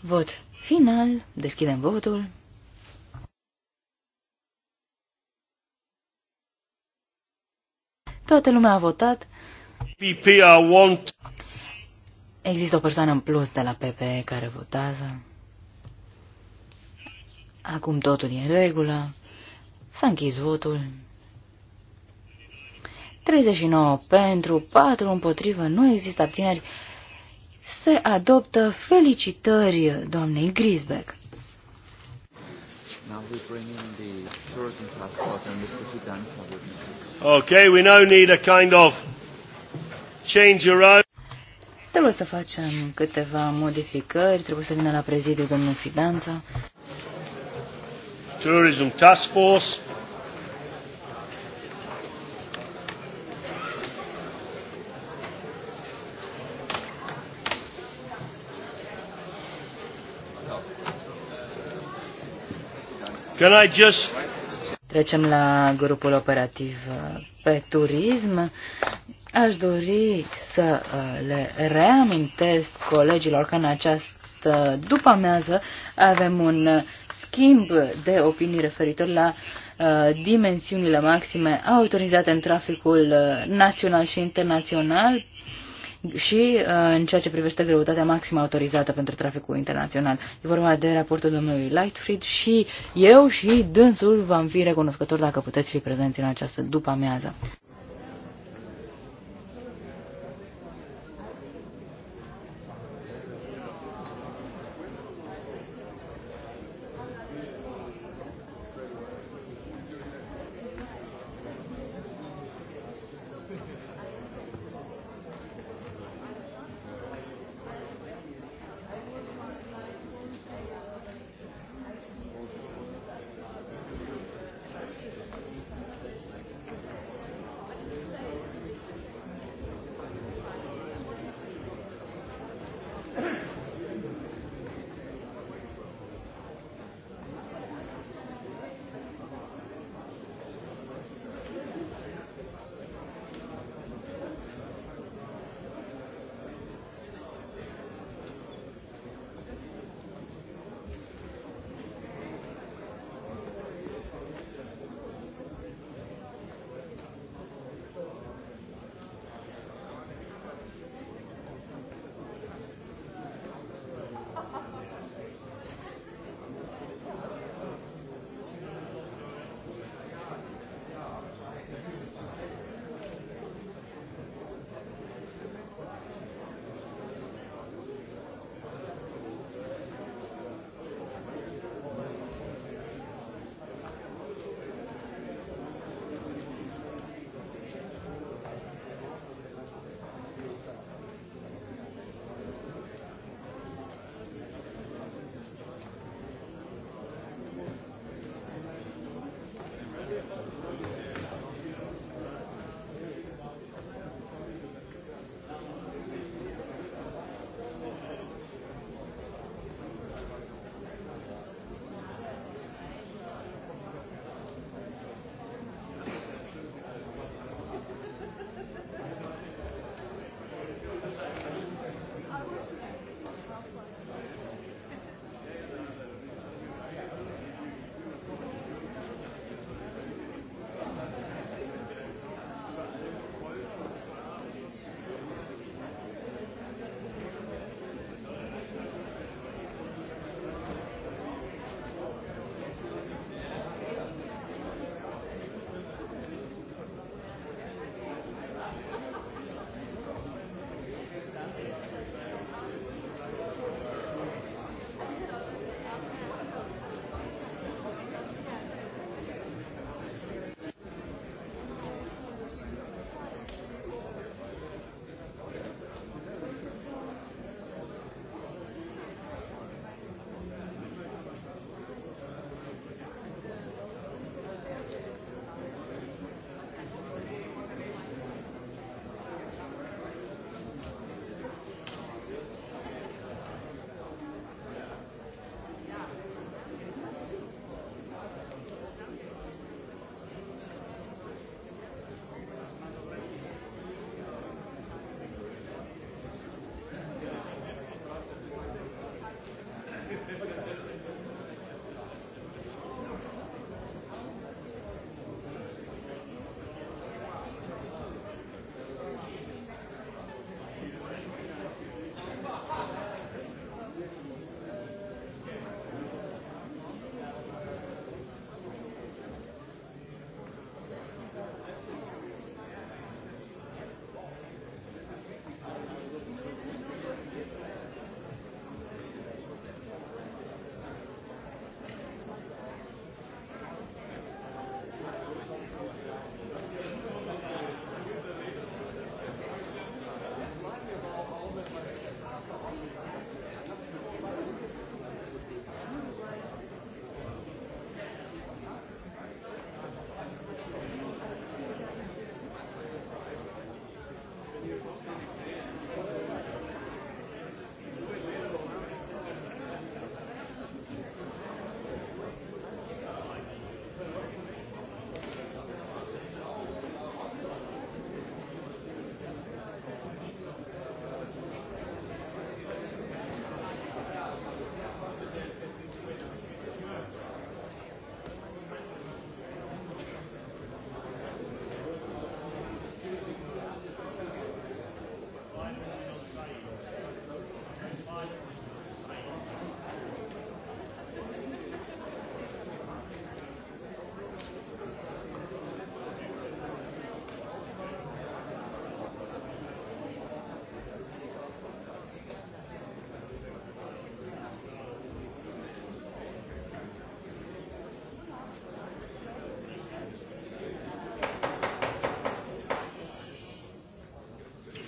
Vot final. Deschidem votul. Toată lumea a votat. PPA want... Există o persoană în plus de la PPE care votează. Acum totul e în regulă. S-a închis votul. 39 pentru, 4 împotrivă, nu există abțineri. Se adoptă felicitări doamnei Grisbeck. Okay, we now need a kind of change around. Trebuie să facem câteva modificări, trebuie să vină la prezidiu domnul Fidanța. Tourism Task Force. Can I just... Trecem la grupul operativ uh, pe turism. Aș dori să uh, le reamintesc colegilor că în această după-amiază avem un schimb de opinii referitor la uh, dimensiunile maxime autorizate în traficul uh, național și internațional și uh, în ceea ce privește greutatea maximă autorizată pentru traficul internațional. E vorba de raportul domnului Lightfried și eu și dânsul v-am fi recunoscător dacă puteți fi prezenți în această după amiază.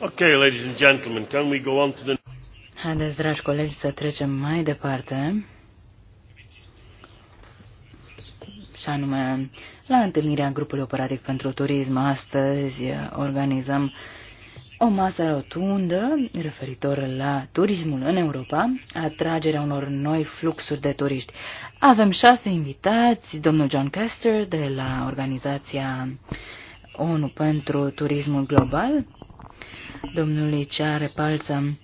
Okay, ladies and gentlemen, can we go on to the... Haideți, dragi colegi, să trecem mai departe. Și anume, la întâlnirea grupului operativ pentru turism, astăzi organizăm o masă rotundă referitor la turismul în Europa, atragerea unor noi fluxuri de turiști. Avem șase invitați, domnul John Caster de la organizația ONU pentru Turismul Global, domnului Ceare Palță.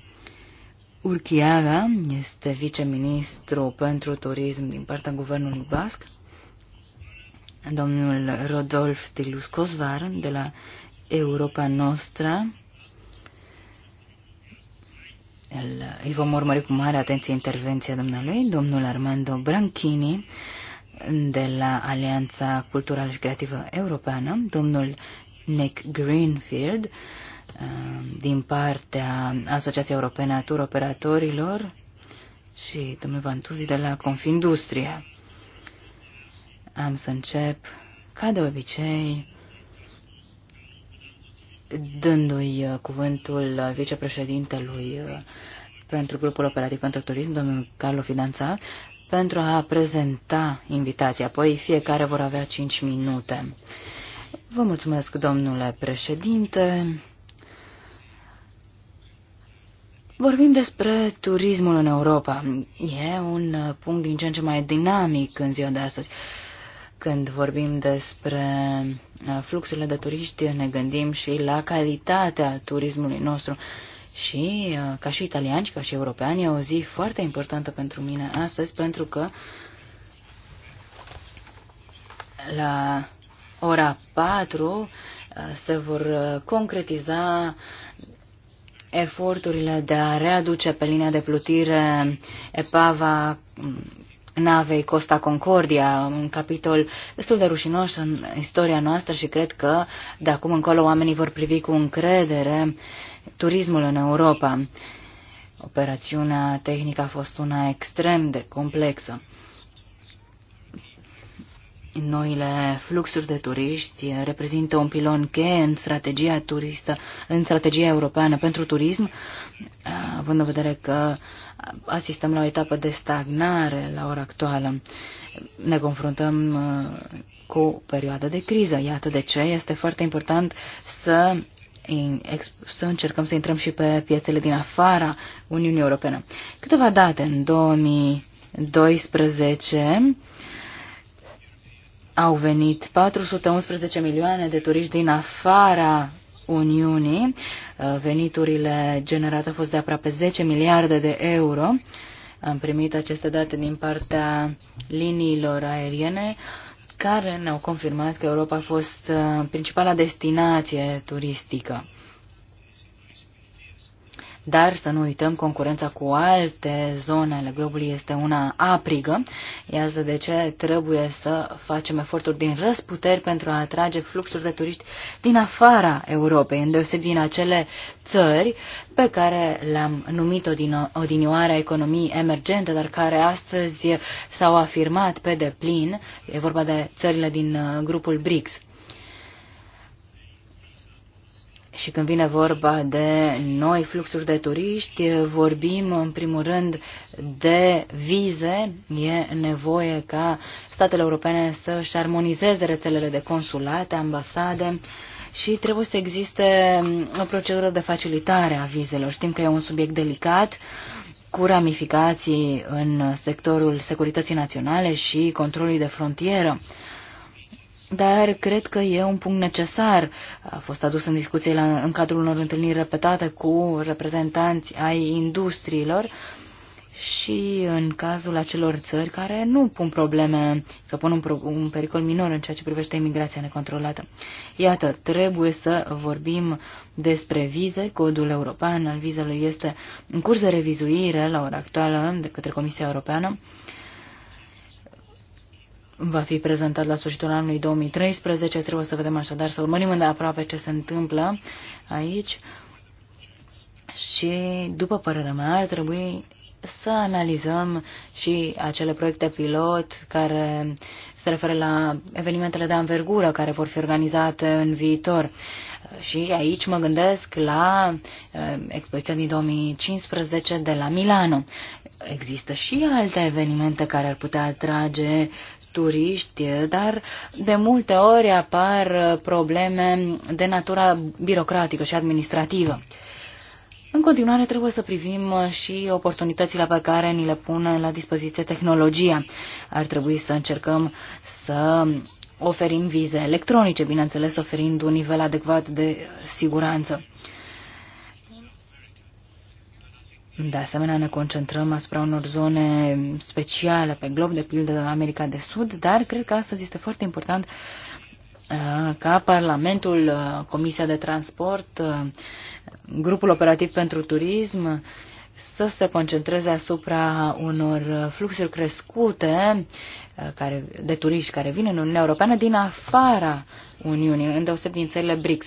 Urchiaga este viceministru pentru turism din partea guvernului basc, domnul Rodolf Tilus Cosvar de la Europa Nostra. El, îi vom urmări cu mare atenție intervenția domnului, domnul Armando Branchini de la Alianța Culturală și Creativă Europeană, domnul Nick Greenfield, uh, Uh, din partea Asociației Europene a Tur Operatorilor și domnul Vantuzi de la Confindustria. Am să încep, ca de obicei, dându-i uh, cuvântul vicepreședintelui uh, pentru grupul operativ pentru turism, domnul Carlo Fidanța, pentru a prezenta invitația. Apoi fiecare vor avea 5 minute. Vă mulțumesc, domnule președinte. Vorbim despre turismul în Europa. E un uh, punct din ce în ce mai dinamic în ziua de astăzi. Când vorbim despre uh, fluxurile de turiști, ne gândim și la calitatea turismului nostru. Și uh, ca și italiani, ca și europeani, e o zi foarte importantă pentru mine astăzi, pentru că la ora 4 se vor concretiza Eforturile de a readuce pe linia de plutire epava navei Costa Concordia, un capitol destul de rușinos în istoria noastră și cred că de acum încolo oamenii vor privi cu încredere turismul în Europa. Operațiunea tehnică a fost una extrem de complexă. Noile fluxuri de turiști reprezintă un pilon cheie în strategia turistă, în strategia europeană pentru turism, având în vedere că asistăm la o etapă de stagnare la ora actuală. Ne confruntăm uh, cu o perioadă de criză. Iată de ce este foarte important să să încercăm să intrăm și pe piețele din afara Uniunii Europene. Câteva date. În 2012 au venit 411 milioane de turiști din afara Uniunii. Uh, veniturile generate au fost de aproape 10 miliarde de euro. Am primit aceste date din partea liniilor aeriene care ne-au confirmat că Europa a fost uh, principala destinație turistică dar să nu uităm, concurența cu alte zone ale globului este una aprigă. Iată de ce trebuie să facem eforturi din răsputeri pentru a atrage fluxuri de turiști din afara Europei, îndeoseb din acele țări pe care le-am numit odinioare economii emergente, dar care astăzi s-au afirmat pe deplin. E vorba de țările din uh, grupul BRICS. Și când vine vorba de noi fluxuri de turiști, vorbim în primul rând de vize. E nevoie ca statele europene să-și armonizeze rețelele de consulate, ambasade și trebuie să existe o procedură de facilitare a vizelor. Știm că e un subiect delicat cu ramificații în sectorul securității naționale și controlului de frontieră dar cred că e un punct necesar. A fost adus în discuție la, în cadrul unor întâlniri repetate cu reprezentanți ai industriilor și în cazul acelor țări care nu pun probleme sau pun un, pro, un pericol minor în ceea ce privește imigrația necontrolată. Iată, trebuie să vorbim despre vize. Codul european al vizelor este în curs de revizuire la ora actuală de către Comisia Europeană. Uh, va fi prezentat la sfârșitul anului 2013. Trebuie să vedem așadar, să urmărim îndeaproape ce se întâmplă aici. Și, după părerea mea, ar trebui să analizăm și acele proiecte pilot care se referă la evenimentele de anvergură care vor fi organizate în viitor. Și aici mă gândesc la eh, expoziția din 2015 de la Milano. Există și alte evenimente care ar putea atrage turiști, dar de multe ori apar probleme de natura birocratică și administrativă. În continuare trebuie să privim și oportunitățile pe care ni le pune la dispoziție tehnologia. Ar trebui să încercăm să oferim vize electronice, bineînțeles oferind un nivel adecvat de siguranță. De asemenea, ne concentrăm asupra unor zone speciale pe glob, de pildă America de Sud, dar cred că astăzi este foarte important uh, ca Parlamentul, uh, Comisia de Transport, uh, Grupul Operativ pentru Turism să se concentreze asupra unor fluxuri crescute de turiști care vin în Uniunea Europeană din afara Uniunii, îndeoseb din țările BRICS.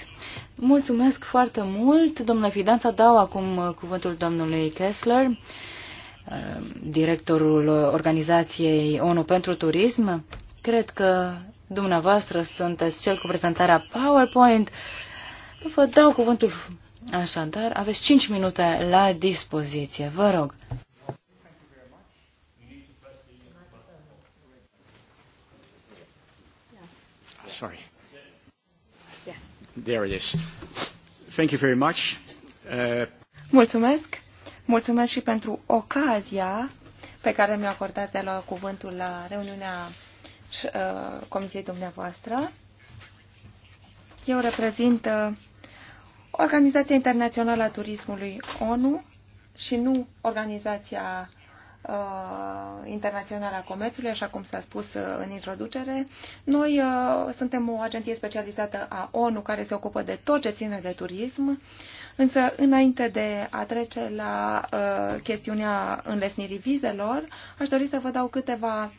Mulțumesc foarte mult, domnule Fidanța. Dau acum uh, cuvântul domnului Kessler, uh, directorul organizației ONU pentru turism. Cred că dumneavoastră sunteți cel cu prezentarea PowerPoint. Vă dau cuvântul așadar. Aveți 5 minute la dispoziție. Vă rog. Sorry. Uh, Mulțumesc. Mulțumesc și pentru ocazia pe care mi-o acordat de la cuvântul la reuniunea uh, comisiei dumneavoastră. Eu reprezint uh, Organizația Internațională a Turismului ONU și nu Organizația Uh, internațională a Comerțului, așa cum s-a spus uh, în introducere. Noi uh, suntem o agenție specializată a ONU care se ocupă de tot ce ține de turism, însă înainte de a trece la chestiunea înlesnirii vizelor, aș dori să vă dau câteva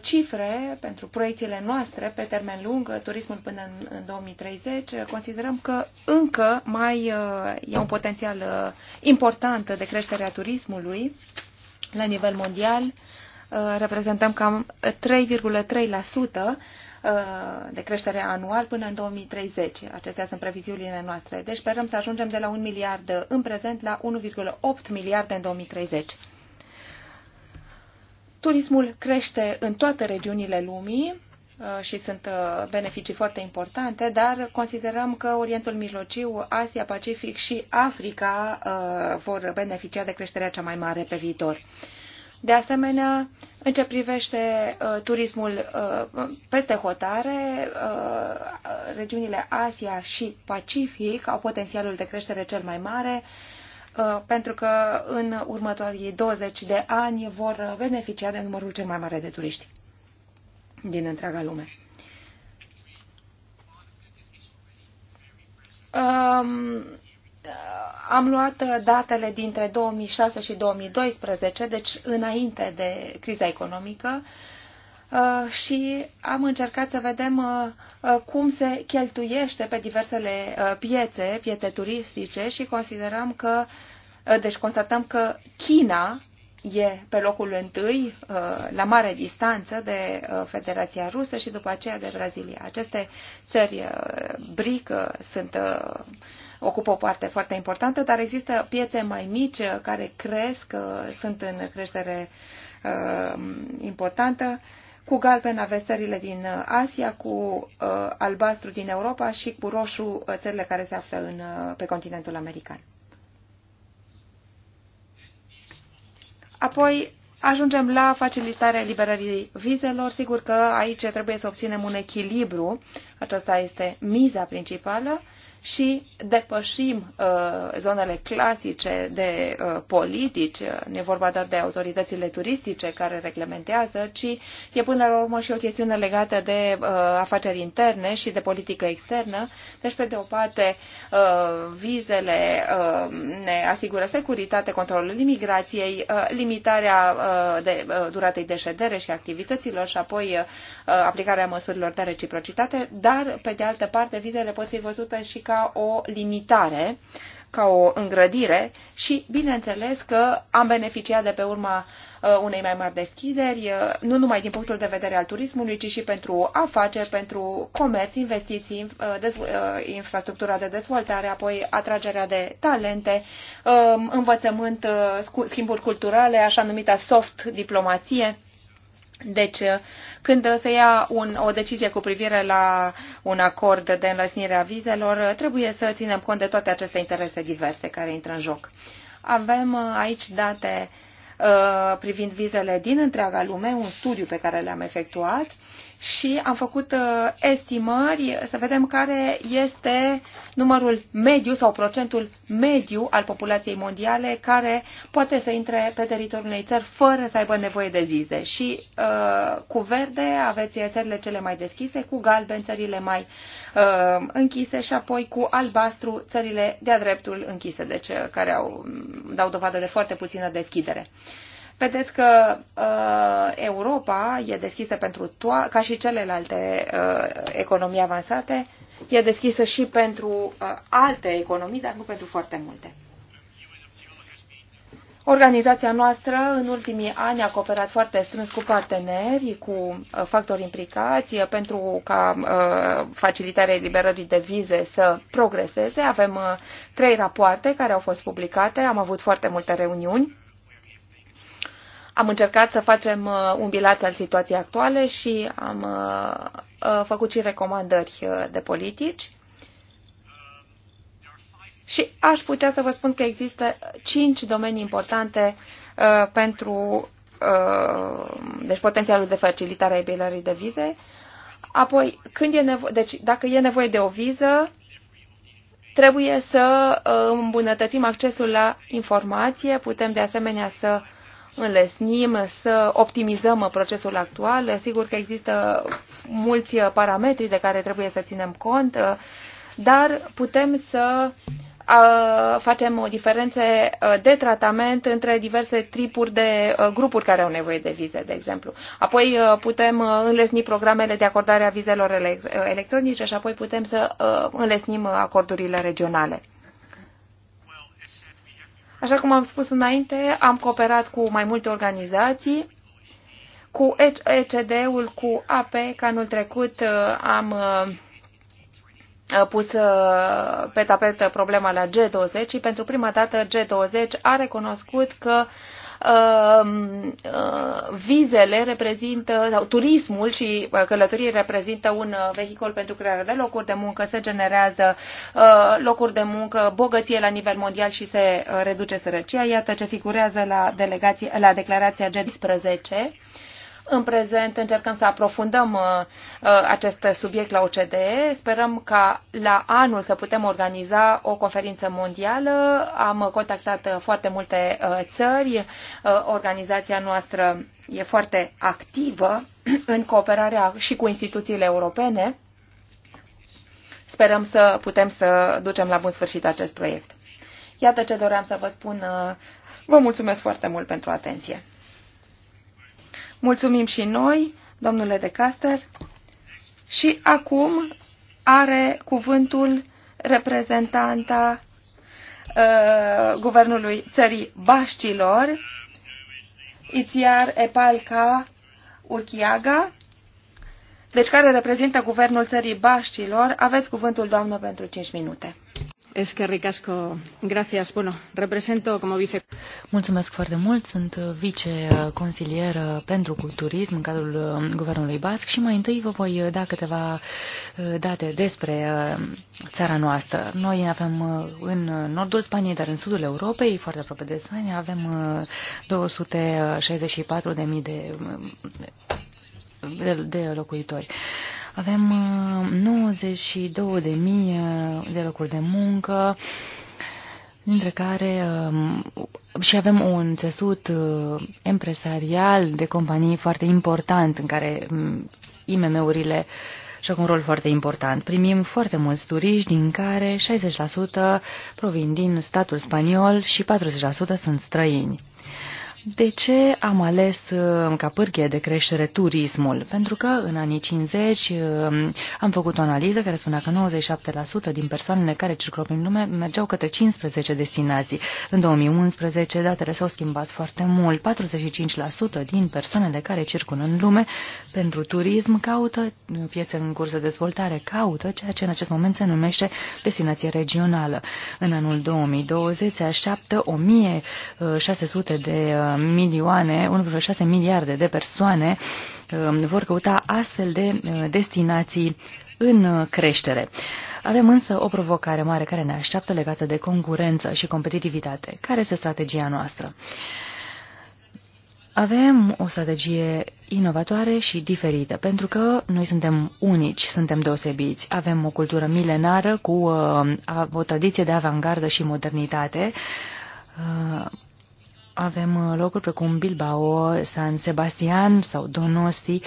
cifre pentru proiecțiile noastre pe termen lung, turismul până în 2030, considerăm că încă mai e un potențial important de creștere a turismului. La nivel mondial uh, reprezentăm cam 3,3% uh, de creștere anual până în 2030. Acestea sunt previziunile noastre. Deci sperăm să ajungem de la 1 miliard în prezent la 1,8 miliarde în 2030. Turismul crește în toate regiunile lumii Uh, și sunt uh, beneficii foarte importante, dar considerăm că Orientul Mijlociu, Asia, Pacific și Africa uh, vor beneficia de creșterea cea mai mare pe viitor. De asemenea, în ce privește uh, turismul uh, peste hotare, uh, regiunile Asia și Pacific au potențialul de creștere cel mai mare, uh, pentru că în următorii 20 de ani vor beneficia de numărul cel mai mare de turiști din întreaga lume. Um, am luat datele dintre 2006 și 2012, deci înainte de criza economică, uh, și am încercat să vedem uh, uh, cum se cheltuiește pe diversele piețe, piețe turistice și considerăm că, deci constatăm că China e pe locul întâi, uh, la mare distanță, de uh, Federația Rusă și după aceea de Brazilia. Aceste țări uh, BRIC sunt, ocupă o parte foarte importantă, dar există piețe mai mici care cresc, sunt în creștere importantă. Cu galben aveți țările din Asia, cu albastru din Europa și cu roșu țările care se află în, pe continentul american. Apoi ajungem la facilitarea liberării vizelor. Sigur că aici trebuie să obținem un echilibru. Aceasta este miza principală și depășim uh, zonele clasice de uh, politici, nu e vorba doar de autoritățile turistice care reglementează, ci e până la urmă și o chestiune legată de uh, afaceri interne și de politică externă. Deci, pe de o parte, uh, vizele uh, ne asigură securitate, controlul imigrației, uh, limitarea uh, de, uh, duratei de ședere și activităților și apoi uh, aplicarea măsurilor de reciprocitate, dar, pe de altă parte, vizele pot fi văzute și ca o limitare, ca o îngrădire și, bineînțeles, că am beneficiat de pe urma uh, unei mai mari deschideri, uh, nu numai din punctul de vedere al turismului, ci și pentru afaceri, pentru comerț, investiții, uh, infrastructura de dezvoltare, apoi atragerea de talente, um, învățământ, schimburi culturale, așa numita soft diplomație. Deci, când se ia un, o decizie cu privire la un acord de înlăsnire a vizelor, trebuie să ținem cont de toate aceste interese diverse care intră în joc. Avem uh, aici date uh, privind vizele din întreaga lume, un studiu pe care l-am efectuat și am făcut uh, estimări să vedem care este numărul mediu sau procentul mediu al populației mondiale care poate să intre pe teritoriul unei țări fără să aibă nevoie de vize. Și uh, cu verde aveți țările cele mai deschise, cu galben țările mai uh, închise și apoi cu albastru țările de-a dreptul închise, deci uh, care au, dau dovadă de foarte puțină deschidere. Vedeți că uh, Europa e deschisă pentru toate, ca și celelalte uh, economii avansate, e deschisă și pentru uh, alte economii, dar nu pentru foarte multe. Organizația noastră în ultimii ani a cooperat foarte strâns cu parteneri, cu uh, factori implicați uh, pentru ca uh, facilitarea eliberării de vize să progreseze. Avem uh, trei rapoarte care au fost publicate, am avut foarte multe reuniuni am încercat să facem uh, un bilanț al situației actuale și am uh, uh, făcut și recomandări de politici. Și aș putea să vă spun că există cinci domenii importante uh, pentru uh, deci potențialul de facilitare a eliberării de vize. Apoi, când e nevo- deci, dacă e nevoie de o viză, trebuie să îmbunătățim accesul la informație, putem de asemenea să uh, înlesnim, să optimizăm procesul actual. Sigur că există mulți parametri de care trebuie să ținem cont, dar putem să facem o diferențe de tratament între diverse tripuri de grupuri care au nevoie de vize, de exemplu. Apoi putem înlesni programele de acordare a vizelor electronice și apoi putem să înlesnim acordurile regionale. Așa cum am spus înainte, am cooperat cu mai multe organizații, cu ECD-ul, cu AP, că anul trecut uh, am uh, pus uh, pe tapetă problema la G20 și pentru prima dată G20 a recunoscut că Um, uh, vizele reprezintă, sau turismul și uh, călătorii reprezintă un uh, vehicul pentru crearea de locuri de muncă, se generează locuri de muncă, bogăție la nivel mondial și se reduce sărăcia. Iată ce figurează la, delegație, la declarația g 10 în prezent încercăm să aprofundăm uh, uh, acest subiect la OCDE. Sperăm ca la anul să putem organiza o conferință mondială. Am contactat uh, foarte multe țări. Organizația noastră e foarte activă în cooperarea și cu instituțiile europene. Sperăm să putem să ducem la bun sfârșit acest proiect. Iată ce doream să vă spun. Vă mulțumesc foarte mult pentru atenție. Mulțumim și noi, domnule de Caster. Și acum are cuvântul reprezentanta uh, guvernului țării Baștilor, Itziar Epalca Urchiaga, deci care reprezintă guvernul țării Baștilor. Aveți cuvântul, doamnă, pentru 5 minute. Eskerrik Gracias. Bueno, represento como vice... Mulțumesc foarte mult. Sunt viceconsilieră uh, uh, pentru turism în cadrul uh, Guvernului Basc și mai întâi vă voi da câteva date despre țara noastră. Noi avem în nordul Spaniei, dar în sudul Europei, foarte aproape de Spania, avem 264.000 de, de, de locuitori. Avem 92.000 uh, uh, de locuri de muncă, dintre care um, și avem un țesut uh, empresarial de companii foarte important în care um, IMM-urile au un rol foarte important. Primim foarte mulți turiști, din care 60% provin din statul spaniol și 40% sunt străini. De ce am ales uh, ca pârghie de creștere turismul? Pentru că în anii 50 uh, am făcut o analiză care spunea că 97% din persoanele care circulă prin lume mergeau către 15 destinații. În 2011 datele s-au schimbat foarte mult. 45% din persoanele care circulă în lume pentru turism caută piețe în curs de dezvoltare, caută ceea ce în acest moment se numește destinație regională. În anul 2020 se așteaptă 1600 uh, de milioane, 1,6 miliarde de persoane um, vor căuta astfel de uh, destinații în uh, creștere. Avem însă o provocare mare care ne așteaptă legată de concurență și competitivitate. Care este strategia noastră? Avem o strategie inovatoare și diferită, pentru că noi suntem unici, suntem deosebiți. Avem o cultură milenară cu uh, o tradiție de avangardă și modernitate, uh, avem uh, locuri precum Bilbao, San Sebastian sau Donosti.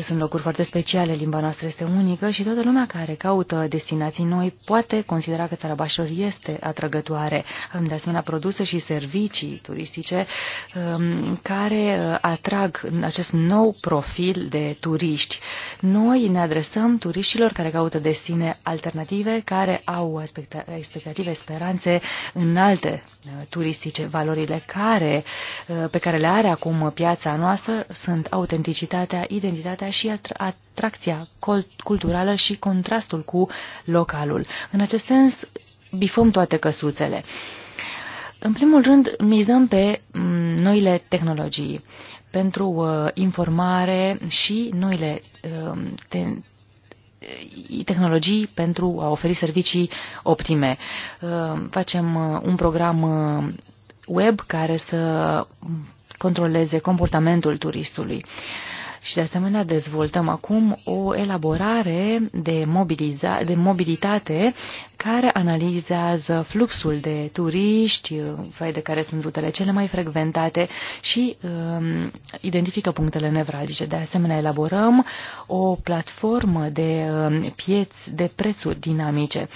Sunt locuri foarte speciale, limba noastră este unică și toată lumea care caută destinații noi poate considera că țara Bașor este atrăgătoare. Avem de asemenea produse și servicii turistice um, care uh, atrag acest nou profil de turiști. Noi ne adresăm turiștilor care caută destine alternative, care au expectative, speranțe înalte uh, turistice, valorile care Eh, pe care le are acum piața noastră sunt autenticitatea, identitatea și atracția culturală și contrastul cu localul. În acest sens, bifăm toate căsuțele. În primul rând, mizăm pe mm, noile tehnologii pentru uh, informare și noile uh, te tehnologii pentru a oferi servicii optime. Uh, facem un program web care să controleze comportamentul turistului. Uh, și de asemenea dezvoltăm acum o elaborare de, de mobilitate care analizează fluxul de turiști, de care sunt rutele cele mai frecventate și um, identifică punctele nevralgice. De asemenea, elaborăm o platformă de um, pieți de prețuri dinamice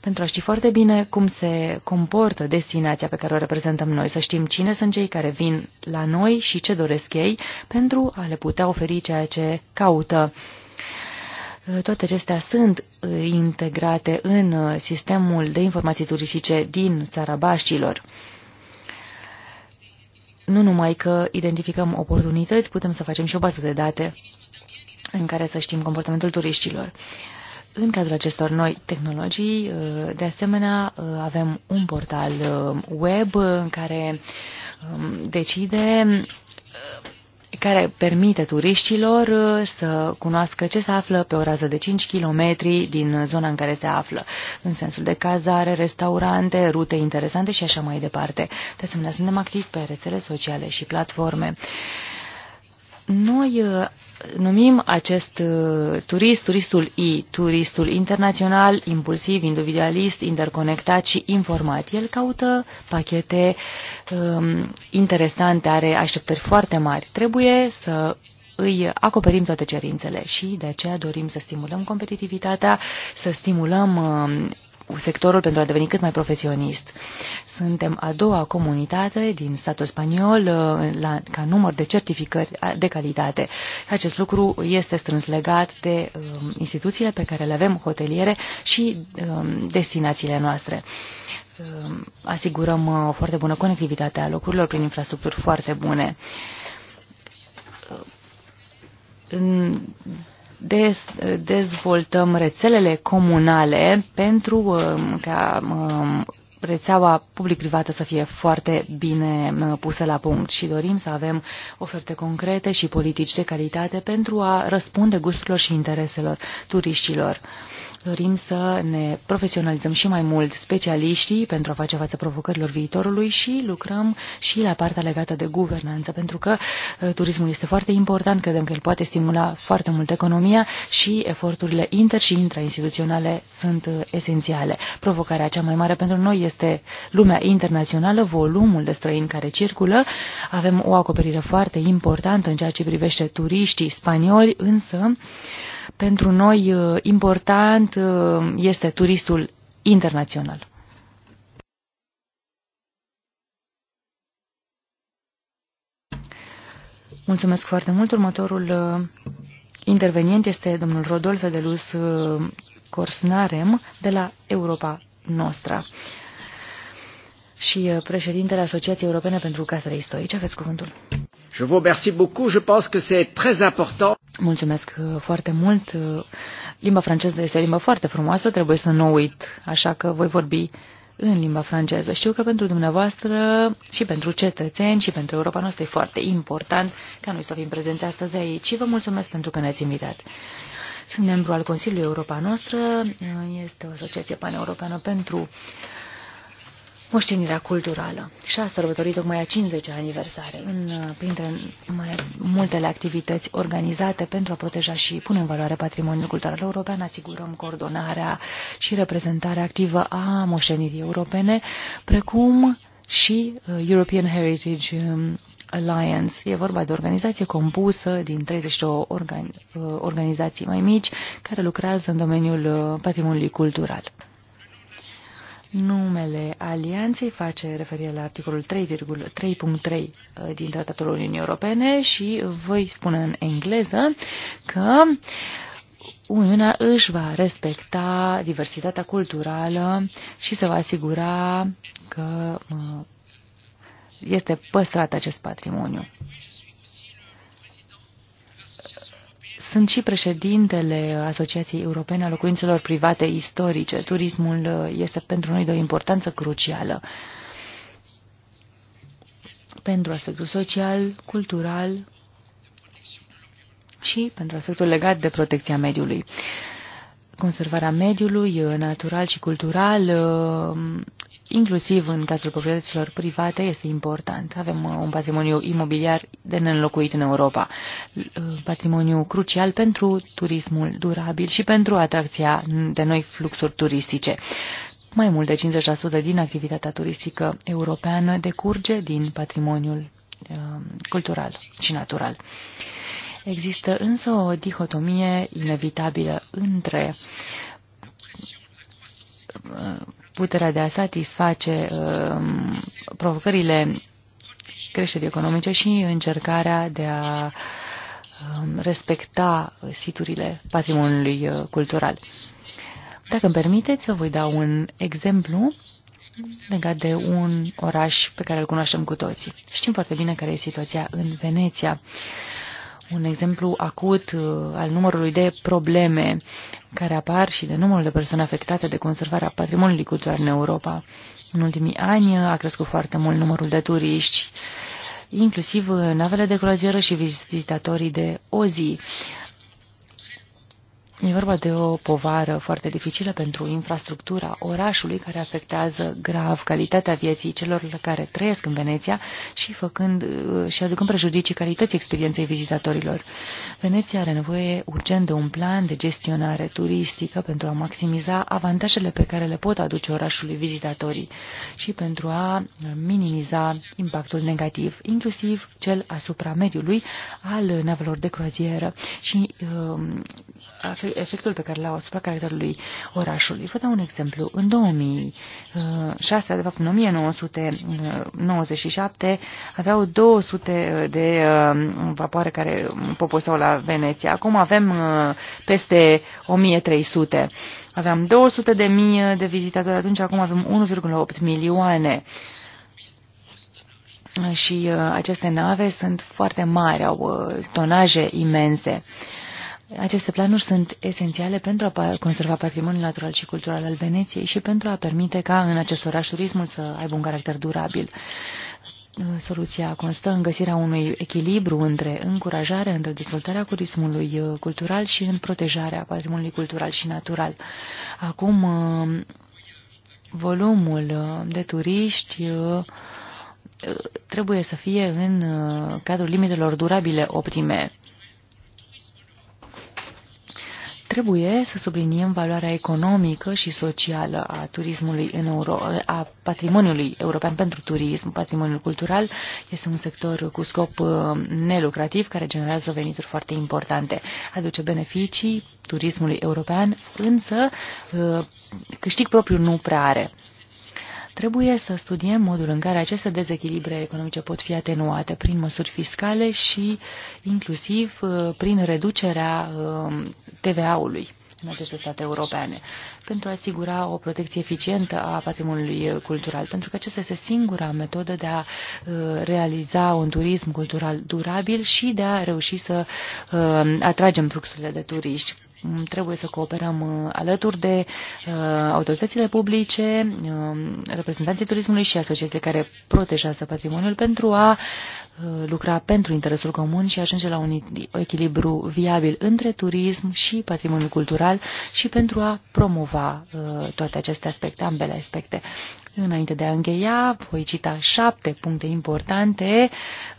pentru a ști foarte bine cum se comportă destinația pe care o reprezentăm noi, să știm cine sunt cei care vin la noi și ce doresc ei pentru a le putea oferi oferi ceea ce caută. Toate acestea sunt uh, integrate în uh, sistemul de informații turistice din țara Baștilor. Nu numai că identificăm oportunități, putem să facem și o bază de date în care să știm comportamentul turiștilor. În cadrul acestor noi tehnologii, uh, de asemenea, avem un portal web în care um, decide care permite turiștilor uh, să cunoască ce se află pe o rază de 5 km din zona în care se află, în sensul de cazare, restaurante, rute interesante și așa mai departe. De asemenea, suntem activi pe rețele sociale și platforme. Noi uh, numim acest uh, turist turistul I, turistul internațional, impulsiv, individualist, interconectat și informat. El caută pachete um, interesante, are așteptări foarte mari. Trebuie să îi acoperim toate cerințele și de aceea dorim să stimulăm competitivitatea, să stimulăm um, cu sectorul pentru a deveni cât mai profesionist. Suntem a doua comunitate din statul spaniol uh, la, ca număr de certificări de calitate. Acest lucru este strâns legat de um, instituțiile pe care le avem, hoteliere și um, destinațiile noastre. Um, asigurăm uh, o foarte bună conectivitate a locurilor prin infrastructuri foarte bune uh, des, dezvoltăm rețelele comunale pentru um, ca um, rețeaua public-privată să fie foarte bine uh, pusă la punct și dorim să avem oferte concrete și politici de calitate pentru a răspunde gusturilor și intereselor turiștilor. Dorim să ne profesionalizăm și mai mult specialiștii pentru a face față provocărilor viitorului și lucrăm și la partea legată de guvernanță, pentru că uh, turismul este foarte important, credem că el poate stimula foarte mult economia și eforturile inter- și intrainstituționale sunt uh, esențiale. Provocarea cea mai mare pentru noi este lumea internațională, volumul de străini care circulă. Avem o acoperire foarte importantă în ceea ce privește turiștii spanioli, însă pentru noi uh, important uh, este turistul internațional. Mulțumesc foarte mult. Următorul uh, intervenient este domnul Rodolf de Corsnarem de la Europa Nostra și președintele Asociației Europene pentru Casele Istorice. Aveți cuvântul. Je vous remercie beaucoup. Je pense que c'est très important. Mulțumesc uh, foarte mult. Uh, limba franceză este o limbă foarte frumoasă, trebuie să nu uit, așa că voi vorbi în limba franceză. Știu că pentru dumneavoastră și pentru cetățeni și pentru Europa noastră e foarte important ca noi să fim prezenți astăzi aici și vă mulțumesc pentru că ne-ați invitat. Sunt membru al Consiliului Europa Noastră, este o asociație paneuropeană pentru uh, moștenirea culturală și a sărbătorit tocmai a 50 aniversare în, printre mai multele activități organizate pentru a proteja și pune în valoare patrimoniul cultural european, asigurăm coordonarea și reprezentarea activă a moștenirii europene, precum și uh, European Heritage um, Alliance. E vorba de o organizație compusă din 32 organi uh, organizații mai mici care lucrează în domeniul uh, patrimoniului cultural. Numele alianței face referire la articolul 3.3 uh, din Tratatul Uniunii Europene și voi spune în engleză că Uniunea își va respecta diversitatea culturală și se va asigura că uh, este păstrat acest patrimoniu. Sunt și președintele Asociației Europene a Locuințelor Private Istorice. Turismul uh, este pentru noi de o importanță crucială pentru aspectul social, cultural și pentru aspectul legat de protecția mediului. Conservarea mediului uh, natural și cultural uh, inclusiv în cazul proprietăților private, este important. Avem uh, un patrimoniu imobiliar de neînlocuit în Europa, uh, patrimoniu crucial pentru turismul durabil și pentru atracția de noi fluxuri turistice. Mai mult de 50% din activitatea turistică europeană decurge din patrimoniul uh, cultural și natural. Există însă o dihotomie inevitabilă între puterea de a satisface um, provocările creșterii economice și încercarea de a um, respecta siturile patrimoniului uh, cultural. Dacă îmi permiteți, să voi da un exemplu legat de un oraș pe care îl cunoaștem cu toții. Știm foarte bine care e situația în Veneția un exemplu acut uh, al numărului de probleme care apar și de numărul de persoane afectate de conservarea patrimoniului cultural în Europa. În ultimii ani a crescut foarte mult numărul de turiști, inclusiv navele de croazieră și vizitatorii de o zi. E vorba de o povară foarte dificilă pentru infrastructura orașului care afectează grav calitatea vieții celor care trăiesc în Veneția și, făcând, uh, și aducând prejudicii calității experienței vizitatorilor. Veneția are nevoie urgent de un plan de gestionare turistică pentru a maximiza avantajele pe care le pot aduce orașului vizitatorii și pentru a minimiza impactul negativ, inclusiv cel asupra mediului al navelor de croazieră și uh, efectul pe care l-au asupra caracterului orașului. Vă dau un exemplu. În 2006, de fapt în 1997, aveau 200 de uh, vapoare care poposau la Veneția. Acum avem uh, peste 1300. Aveam 200 de mii de vizitatori atunci, acum avem 1,8 milioane și uh, aceste nave sunt foarte mari, au tonaje imense. Aceste planuri sunt esențiale pentru a conserva patrimoniul natural și cultural al Veneției și pentru a permite ca în acest oraș turismul să aibă un caracter durabil. Soluția constă în găsirea unui echilibru între încurajare, între dezvoltarea turismului uh, cultural și în protejarea patrimoniului cultural și natural. Acum, uh, volumul uh, de turiști trebuie să fie în cadrul limitelor durabile optime Trebuie să subliniem valoarea economică și socială a turismului în Euro a patrimoniului european pentru turism, patrimoniul cultural. Este un sector cu scop uh, nelucrativ care generează venituri foarte importante. Aduce beneficii turismului european, însă uh, câștig propriu nu prea are. Trebuie să studiem modul în care aceste dezechilibre economice pot fi atenuate prin măsuri fiscale și inclusiv uh, prin reducerea um, TVA-ului în aceste state europene, pentru a asigura o protecție eficientă a patrimoniului cultural, pentru că acesta este singura metodă de a uh, realiza un turism cultural durabil și de a reuși să uh, atragem fluxurile de turiști trebuie să cooperăm uh, alături de uh, autoritățile publice, um, reprezentanții turismului și asociațiile care protejează patrimoniul pentru a uh, lucra pentru interesul comun și ajunge la un echilibru viabil între turism și patrimoniul cultural și pentru a promova toate aceste aspecte, ambele aspecte. Înainte de a încheia, voi cita șapte puncte importante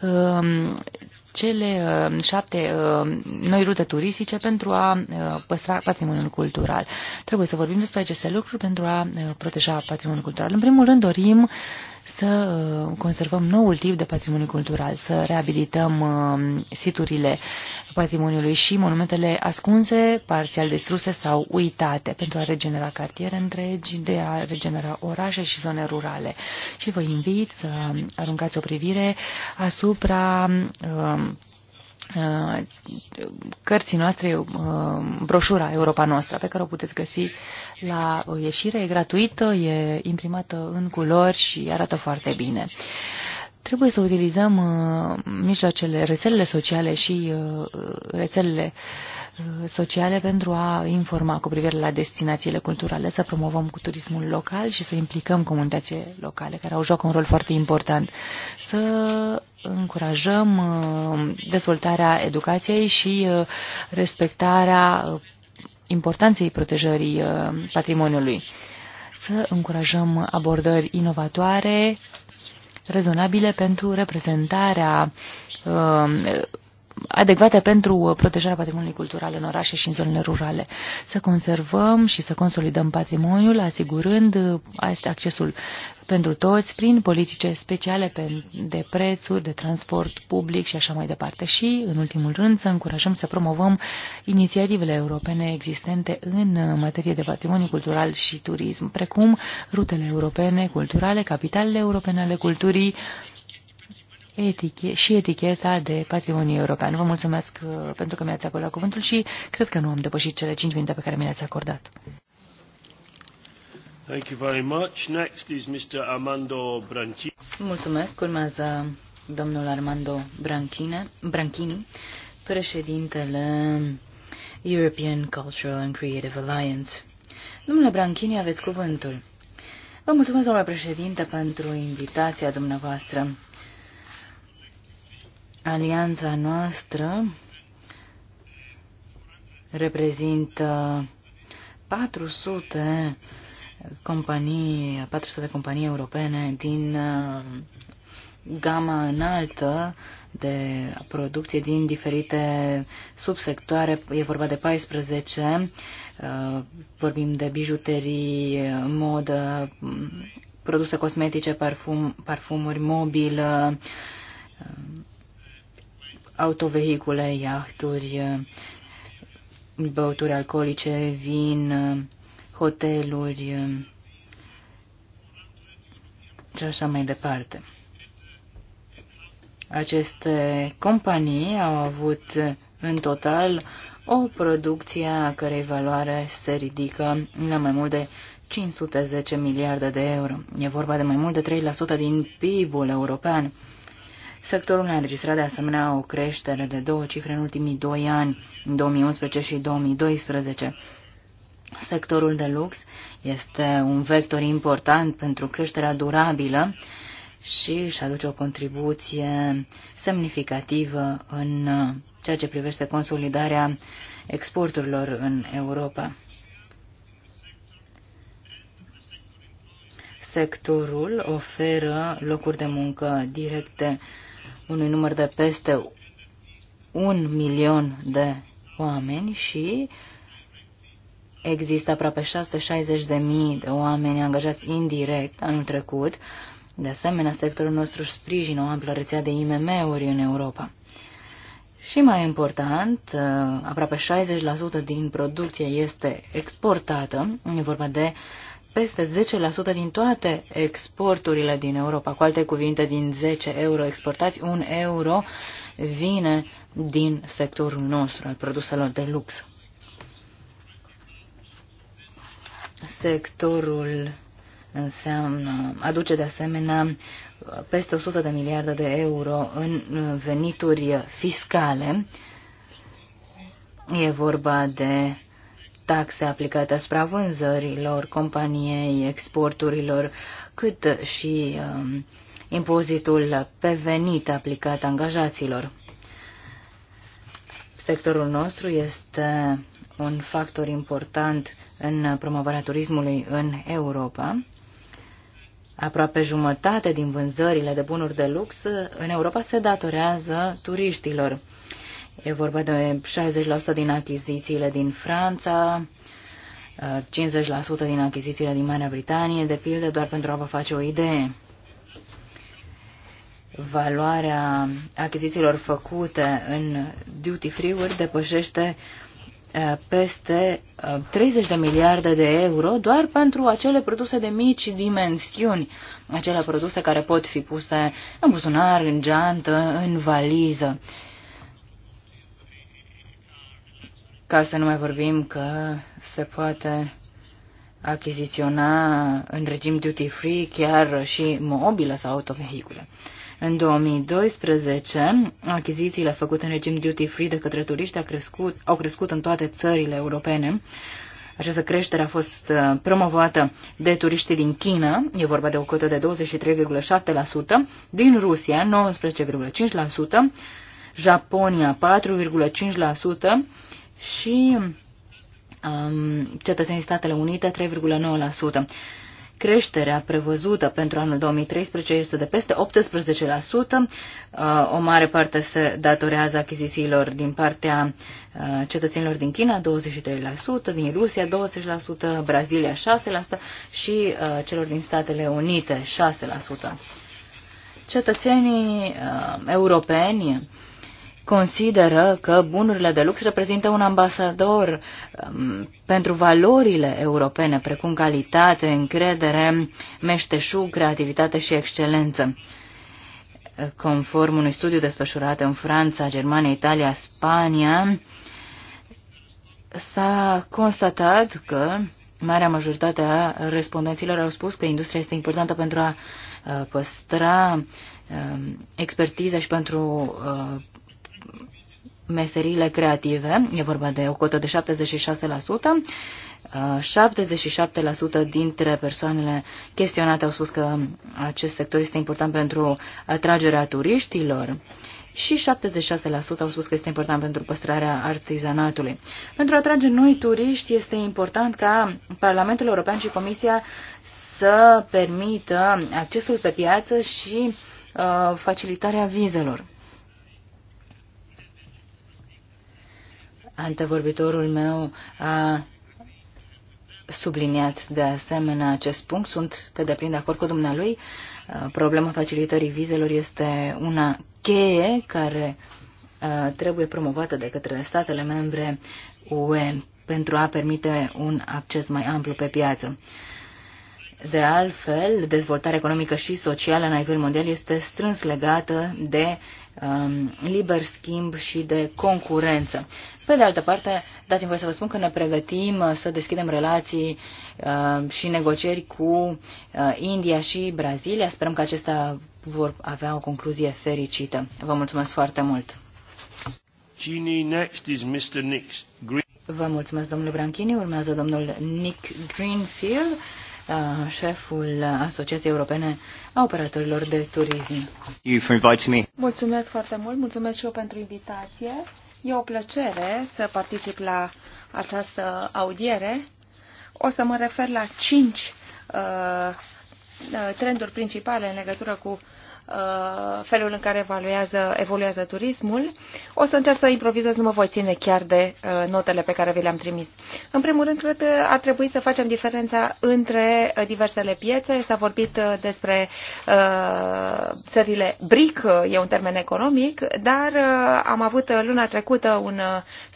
um, cele uh, șapte uh, noi rute turistice pentru a uh, păstra patrimoniul cultural. Trebuie să vorbim despre aceste lucruri pentru a proteja patrimoniul cultural. În primul rând dorim să uh, conservăm noul tip de patrimoniu cultural, să reabilităm um, siturile patrimoniului și monumentele ascunse, parțial distruse sau uitate, pentru a regenera cartiere întregi, de a regenera orașe și zone rurale. Și vă invit să aruncați o privire asupra um, Uh, cărții noastre, uh, broșura Europa Noastră, pe care o puteți găsi la ieșire. E gratuită, e imprimată în culori și arată foarte bine. Trebuie să utilizăm uh, mijloacele, rețelele sociale și uh, rețelele uh, sociale pentru a informa cu privire la destinațiile culturale, să promovăm cu turismul local și să implicăm comunitățile locale, care au joc un rol foarte important, să încurajăm dezvoltarea educației și respectarea importanței protejării patrimoniului, să încurajăm abordări inovatoare rezonabile pentru reprezentarea uh, adecvate pentru uh, protejarea patrimoniului cultural în orașe și în zonele rurale. Să conservăm și să consolidăm patrimoniul, asigurând uh, accesul pentru toți prin politice speciale de prețuri, de transport public și așa mai departe. Și, în ultimul rând, să încurajăm să promovăm inițiativele europene existente în uh, materie de patrimoniu cultural și turism, precum rutele europene culturale, capitalele europene ale culturii, etiche și eticheta de patrimoniu european. Vă mulțumesc uh, pentru că mi-ați acordat cuvântul și cred că nu am depășit cele 5 minute pe care mi le-ați acordat. Thank you very much. Next is Mr. Armando Mulțumesc. Urmează domnul Armando Branchine, Branchini, președintele European Cultural and Creative Alliance. Domnule Branchini, aveți cuvântul. Vă mulțumesc, domnule președinte, pentru invitația dumneavoastră. Alianța noastră reprezintă 400 companii, 400 de companii europene din uh, gama înaltă de producție din diferite subsectoare. E vorba de 14. Uh, vorbim de bijuterii, modă, produse cosmetice, parfum, parfumuri, mobilă, uh, autovehicule, iahturi, băuturi alcoolice, vin, hoteluri și așa mai departe. Aceste companii au avut în total o producție a cărei valoare se ridică la mai mult de 510 miliarde de euro. E vorba de mai mult de 3% din PIB-ul european. Sectorul a înregistrat de asemenea o creștere de două cifre în ultimii doi ani, în 2011 și 2012. Sectorul de lux este un vector important pentru creșterea durabilă și își aduce o contribuție semnificativă în ceea ce privește consolidarea exporturilor în Europa. Sectorul oferă locuri de muncă directe unui număr de peste un milion de oameni și există aproape 660.000 de oameni angajați indirect anul trecut. De asemenea, sectorul nostru sprijină o amplă rețea de IMM-uri în Europa. Și mai important, aproape 60% din producție este exportată, e vorba de peste 10% din toate exporturile din Europa. Cu alte cuvinte, din 10 euro exportați, un euro vine din sectorul nostru al produselor de lux. Sectorul înseamnă, aduce de asemenea peste 100 de miliarde de euro în venituri fiscale. E vorba de taxe aplicate asupra vânzărilor companiei, exporturilor, cât și um, impozitul pe venit aplicat angajaților. Sectorul nostru este un factor important în promovarea turismului în Europa. Aproape jumătate din vânzările de bunuri de lux în Europa se datorează turiștilor. E vorba de 60% din achizițiile din Franța, 50% din achizițiile din Marea Britanie, de pildă, doar pentru a vă face o idee. Valoarea achizițiilor făcute în duty free-uri depășește peste 30 de miliarde de euro doar pentru acele produse de mici dimensiuni, acele produse care pot fi puse în buzunar, în geantă, în valiză. Ca să nu mai vorbim că se poate achiziționa în regim duty-free chiar și mobilă sau autovehicule. În 2012, achizițiile făcute în regim duty-free de către turiști au crescut, au crescut în toate țările europene. Această creștere a fost uh, promovată de turiștii din China, e vorba de o cotă de 23,7%, din Rusia 19,5%, Japonia 4,5%, și um, cetățenii Statele Unite 3,9%. Creșterea prevăzută pentru anul 2013 este de peste 18%. Uh, o mare parte se datorează achizițiilor din partea uh, cetățenilor din China, 23%, din Rusia, 20%, Brazilia, 6% și uh, celor din Statele Unite, 6%. Cetățenii europeni consideră că bunurile de lux reprezintă un ambasador um, pentru valorile europene, precum calitate, încredere, meșteșug, creativitate și excelență. Conform unui studiu desfășurat în Franța, Germania, Italia, Spania, s-a constatat că marea majoritate a respondenților au spus că industria este importantă pentru a uh, păstra um, expertiza și pentru uh, meserile creative, e vorba de o cotă de 76%, 77% dintre persoanele chestionate au spus că acest sector este important pentru atragerea turiștilor și 76% au spus că este important pentru păstrarea artizanatului. Pentru a atrage noi turiști este important ca Parlamentul European și Comisia să permită accesul pe piață și uh, facilitarea vizelor. Antevorbitorul meu a subliniat de asemenea acest punct. Sunt pe deplin de acord cu dumnealui. Uh, problema facilitării vizelor este una cheie care uh, trebuie promovată de către statele membre UE pentru a permite un acces mai amplu pe piață. De altfel, dezvoltarea economică și socială la nivel mondial este strâns legată de um, liber schimb și de concurență. Pe de altă parte, dați-mi voie să vă spun că ne pregătim uh, să deschidem relații uh, și negocieri cu uh, India și Brazilia. Sperăm că acestea vor avea o concluzie fericită. Vă mulțumesc foarte mult! Genie, next is Mr. Nick Green. Vă mulțumesc, domnule Branchini. Urmează domnul Nick Greenfield șeful Asociației Europene a Operatorilor de Turism. Mulțumesc foarte mult, mulțumesc și eu pentru invitație. E o plăcere să particip la această audiere. O să mă refer la cinci uh, uh trenduri principale în legătură cu Uh, felul în care evaluează, evoluează turismul. O să încerc să improvizez, nu mă voi ține chiar de uh, notele pe care vi le-am trimis. În primul rând, cred că ar trebui să facem diferența între uh, diversele piețe. S-a vorbit despre uh, țările BRIC, e un termen economic, dar am avut luna trecută un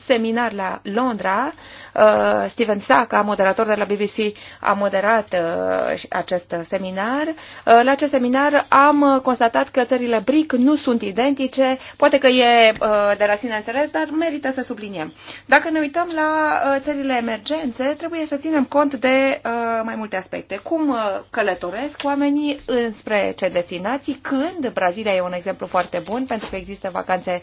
seminar la Londra. Uh, Steven Saka, moderator de la BBC, a moderat uh, acest seminar. Uh, la acest seminar am constatat că țările BRIC nu sunt identice. Poate că e de la sine înțeles, dar merită să subliniem. Dacă ne uităm la țările emergențe, trebuie să ținem cont de mai multe aspecte. Cum călătoresc oamenii înspre ce destinații, când Brazilia e un exemplu foarte bun, pentru că există vacanțe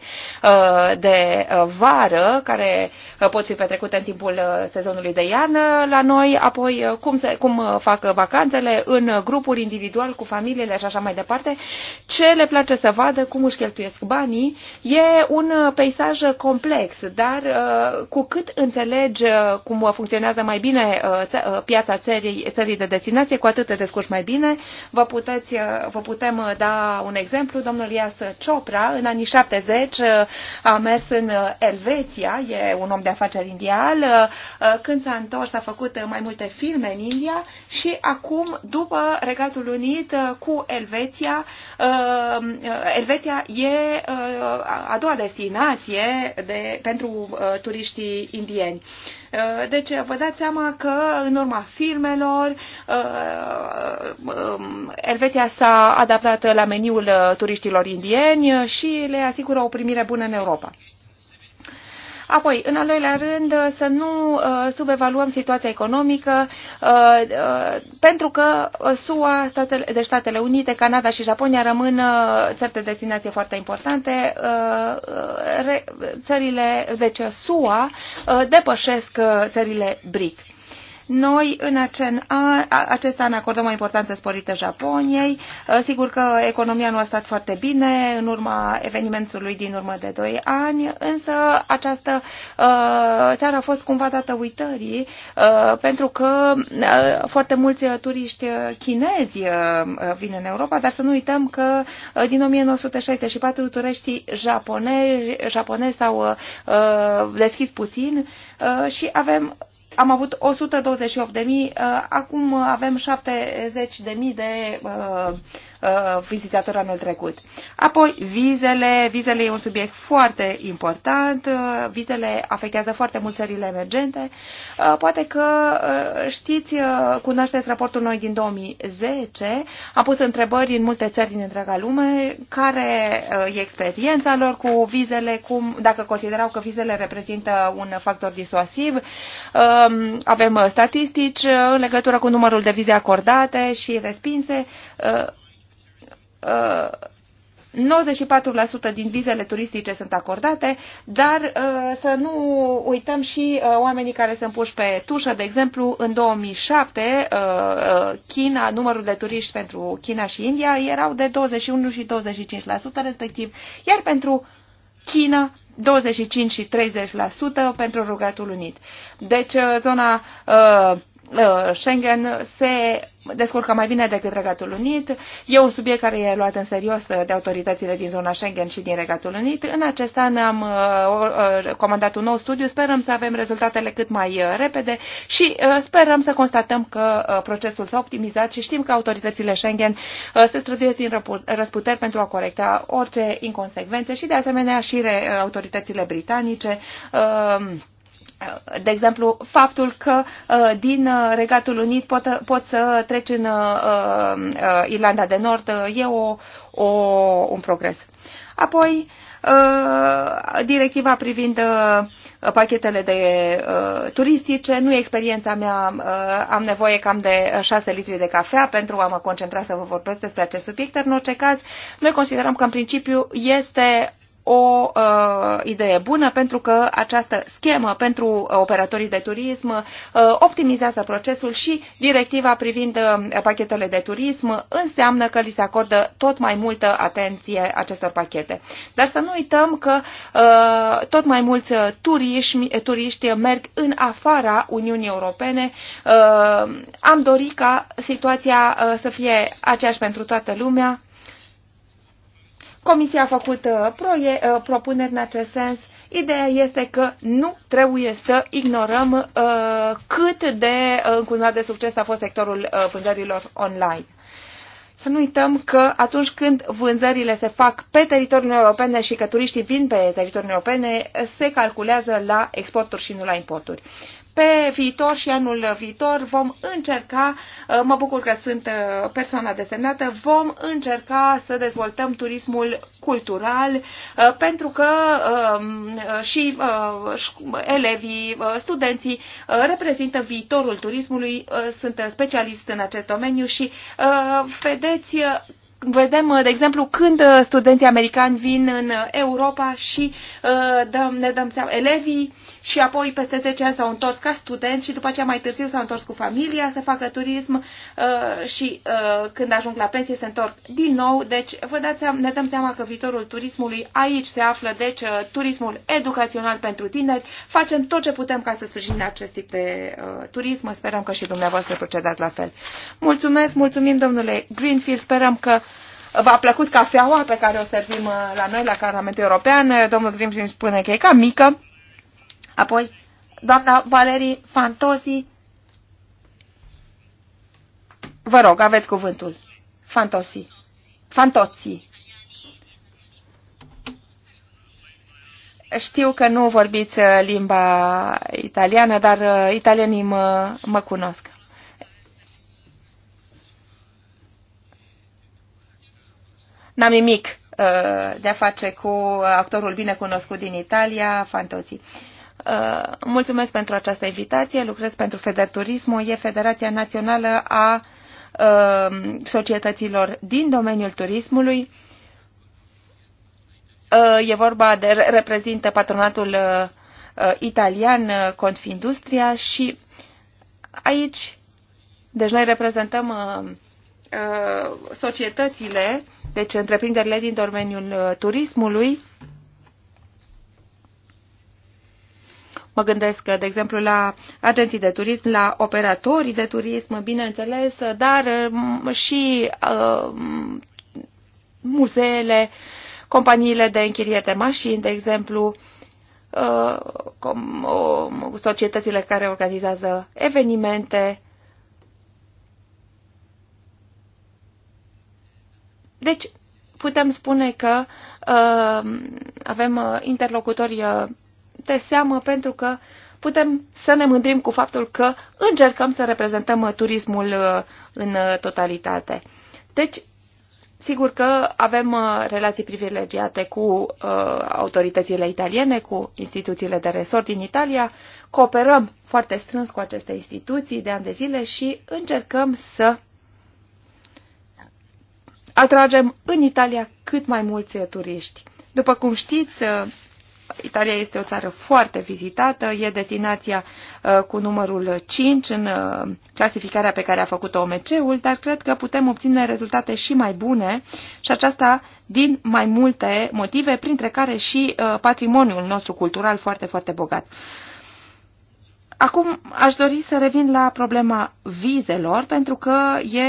de vară care uh, pot fi petrecute în timpul uh, sezonului de iarnă la noi, apoi uh, cum, se, cum fac vacanțele în grupuri individual cu familiile și așa mai departe, ce le place să vadă, cum își cheltuiesc banii. E un peisaj complex, dar cu cât înțelegi cum funcționează mai bine piața țării, țării de destinație, cu atât te descurci mai bine. Vă, puteți, vă putem da un exemplu. Domnul Ias Ciopra, în anii 70, a mers în Elveția e un om de afaceri indial. Uh, când s-a întors, a făcut mai multe filme în India și acum, după Regatul Unit uh, cu Elveția, uh, Elveția e a doua destinație de, pentru turiștii indieni. Deci vă dați seama că în urma filmelor um, Elveția s-a adaptat la meniul turiștilor indieni și le asigură o primire bună în Europa. Apoi, în al doilea rând, să nu uh, subevaluăm situația economică, uh, uh, pentru că SUA, statele, de Statele Unite, Canada și Japonia rămân țări de destinație foarte importante. Țările, deci SUA, depășesc țările BRIC. Noi, în acest an, acest an acordăm o importanță sporită Japoniei. Uh, sigur că economia nu a stat foarte bine în urma evenimentului din urmă de 2 ani, însă această țară uh, a fost cumva dată uitării, uh, pentru că foarte mulți turiști chinezi vin în Europa, dar să nu uităm că din 1964 turiștii japonezi, japonezi s-au deschis puțin și avem am avut 128.000, uh, acum avem 70.000 de uh, Uh, vizitator anul trecut. Apoi, vizele. Vizele e un subiect foarte important. Uh, vizele afectează foarte mult țările emergente. Uh, poate că știți, cunoașteți raportul noi din 2010. Am pus întrebări în multe țări din întreaga lume care e experiența lor cu vizele, cum, dacă considerau că vizele reprezintă un factor disuasiv. Um, avem statistici în legătură cu numărul de vize acordate și respinse 94% uh, uh, din vizele turistice sunt acordate, dar uh, să nu uităm și oamenii care sunt puși pe tușă. De exemplu, în 2007, China, numărul de turiști pentru China și India erau de 21 și 25% respectiv, iar pentru China 25 și 30% pentru Rugatul Unit. Deci zona uh, Uh, Schengen se descurcă mai bine decât Regatul Unit. E un subiect care e luat în serios de autoritățile din zona Schengen și din Regatul Unit. În acest an am uh, uh, comandat un nou studiu. Sperăm să avem rezultatele cât mai repede și sperăm să constatăm că procesul s-a optimizat și știm că autoritățile Schengen se străduiesc din răsputeri pentru a corecta orice inconsecvențe și de asemenea și autoritățile britanice uh, Eh, de exemplu, faptul că eh, din eh, Regatul Unit pot, pot să treci în Irlanda de Nord e o, o, un progres. Apoi, directiva privind pachetele de turistice. Nu e experiența mea, am nevoie cam de 6 litri de cafea pentru a mă concentra să vă vorbesc despre acest subiect, dar în orice caz, noi considerăm că în principiu este o uh, idee bună pentru că această schemă pentru operatorii de turism uh, optimizează procesul și directiva privind uh, pachetele de turism înseamnă că li se acordă tot mai multă atenție acestor pachete. Dar să nu uităm că uh, tot mai mulți turiști, turiști merg în afara Uniunii Europene. Uh, am dorit ca situația uh, să fie aceeași pentru toată lumea Comisia a făcut uh, proie, uh, propuneri în acest sens. Ideea este că nu trebuie să ignorăm uh, cât de uh, încununat de succes a fost sectorul uh, vânzărilor online. Să nu uităm că atunci când vânzările se fac pe teritoriul europene și că turiștii vin pe teritoriul europene, se calculează la exporturi și nu la importuri. Uh, pe viitor și anul viitor vom încerca, uh, mă bucur că sunt uh, persoana desemnată, vom încerca să dezvoltăm turismul cultural uh, pentru că um, și elevii, studenții reprezintă viitorul turismului, sunt specialist în acest domeniu și vedeți vedem, de exemplu, când studenții americani vin în Europa și dăm, ne dăm seama, elevii și apoi peste 10 ani s-au întors ca studenți și după aceea mai târziu s-au întors cu familia să facă turism uh, și uh, când ajung la pensie se întorc din nou. Deci vă dați seama, ne dăm seama că viitorul turismului aici se află, deci uh, turismul educațional pentru tineri. Facem tot ce putem ca să sprijinim acest tip de turism. Sperăm că și dumneavoastră procedați la fel. Mulțumesc, mulțumim domnule Greenfield, sperăm că V-a plăcut cafeaua pe care o servim la noi, la Parlamentul European? Domnul Grimșin spune că e cam mică. Apoi, doamna Valerii Fantozi, vă rog, aveți cuvântul. Fantosi. Fantoții. Știu că nu vorbiți uh, limba italiană, dar uh, italienii mă, mă cunosc. N-am nimic uh, de a face cu actorul binecunoscut din Italia, Fantoții. Uh, Uh, mulțumesc pentru această invitație. Lucrez pentru Federturismul, E Federația Națională a uh, societăților din domeniul turismului. Uh, e vorba de reprezintă patronatul italian Confindustria și aici, deci noi reprezentăm societățile, deci întreprinderile din domeniul turismului Mă gândesc, de exemplu, la agenții de turism, la operatorii de turism, bineînțeles, dar mm, și uh, muzeele, companiile de închiriere de mașini, de exemplu, uh, com, uh, societățile care organizează evenimente. Deci, putem spune că uh, avem uh, interlocutori uh, de seamă pentru că putem să ne mândrim cu faptul că încercăm să reprezentăm uh, turismul uh, în uh, totalitate. Deci, sigur că avem relații privilegiate cu autoritățile italiene, cu instituțiile de resort din Italia, cooperăm foarte strâns cu aceste instituții de ani de zile și încercăm să atragem în Italia cât mai mulți turiști. După cum știți, Italia este o țară foarte vizitată, e destinația uh, cu numărul 5 în uh, clasificarea pe care a făcut-o OMC-ul, dar cred că putem obține rezultate și mai bune și aceasta din mai multe motive, printre care și uh, patrimoniul nostru cultural foarte, foarte bogat. Acum aș dori să revin la problema vizelor, pentru că e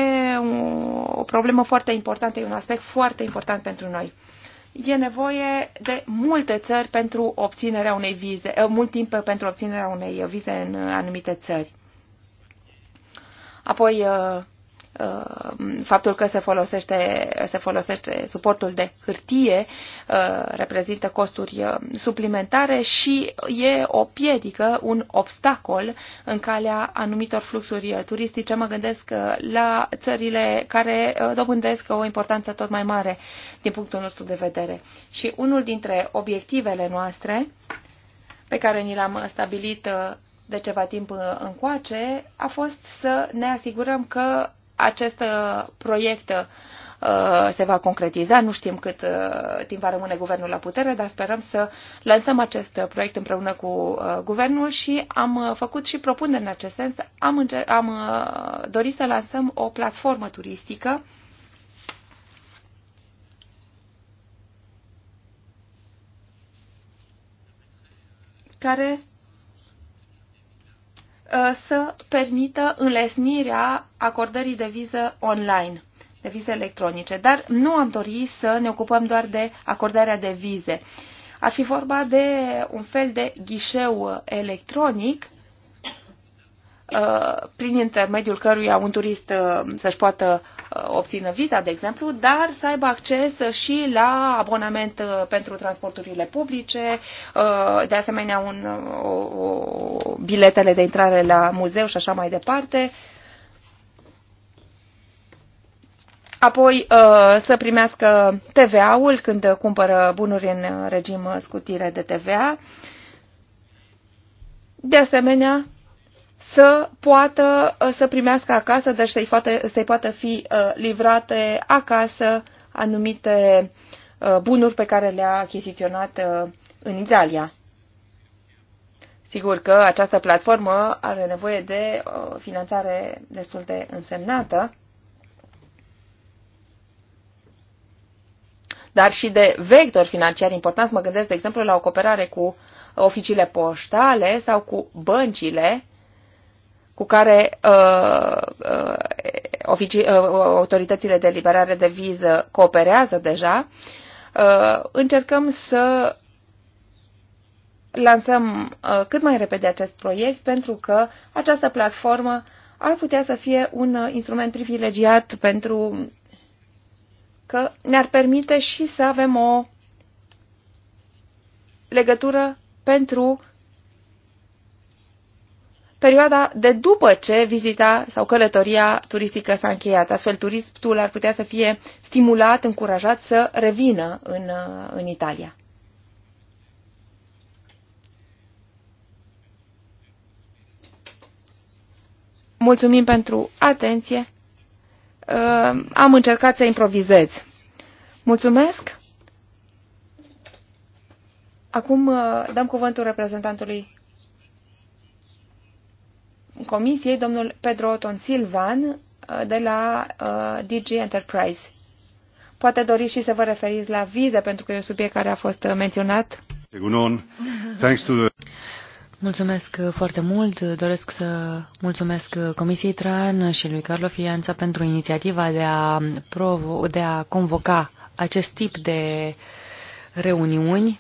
o problemă foarte importantă, e un aspect foarte important pentru noi e nevoie de multe țări pentru obținerea unei vize, eh, mult timp pentru obținerea unei vize în anumite țări. Apoi, eh, Uh, faptul că se folosește, se folosește suportul de hârtie uh, reprezintă costuri uh, suplimentare și e o piedică, un obstacol în calea anumitor fluxuri turistice. Mă gândesc la țările care dobândesc o importanță tot mai mare din punctul nostru de vedere. Și unul dintre obiectivele noastre pe care ni l-am stabilit de ceva timp încoace a fost să ne asigurăm că acest uh, proiect uh, se va concretiza. Nu știm cât uh, timp va rămâne guvernul la putere, dar sperăm să lansăm acest proiect împreună cu guvernul și am făcut și propuneri în acest sens. Am, am dorit să lansăm o platformă turistică care Uh, să permită înlesnirea acordării de viză online, de vize electronice. Dar nu am dorit să ne ocupăm doar de acordarea de vize. Ar fi vorba de un fel de ghișeu electronic uh, prin intermediul căruia un turist uh, să-și poată obțină viza, de exemplu, dar să aibă acces și la abonament uh, pentru transporturile publice, uh, de asemenea un, o, o, biletele de intrare la muzeu și așa mai departe. apoi uh, să primească TVA-ul când cumpără bunuri în regim scutire de TVA. De asemenea, să poată uh, să primească acasă, deci să-i poată, să poată fi uh, livrate acasă anumite uh, bunuri pe care le-a achiziționat în Italia. Sigur că această platformă are nevoie de o finanțare destul de însemnată, dar și de vectori financiari importanți. Mă gândesc, de exemplu, la o cooperare cu oficiile poștale sau cu băncile, cu care uh, uh, uh, autoritățile de liberare de viză cooperează deja, uh, încercăm să lansăm uh, cât mai repede acest proiect pentru că această platformă ar putea să fie un uh, instrument privilegiat pentru că ne-ar permite și să avem o legătură pentru perioada de după ce vizita sau călătoria turistică s-a încheiat. Astfel, turistul ar putea să fie stimulat, încurajat să revină în, uh, în Italia. Mulțumim pentru atenție. Uh, am încercat să improvizez. Mulțumesc. Acum uh, dăm cuvântul reprezentantului Comisiei, domnul Pedro Oton Silvan, uh, de la uh, DG Enterprise. Poate doriți și să vă referiți la vize, pentru că e un subiect care a fost uh, menționat. Mulțumesc uh, foarte mult. Doresc să mulțumesc Comisiei Tran și lui Carlo Fianța pentru inițiativa de a, provo- de a convoca acest tip de reuniuni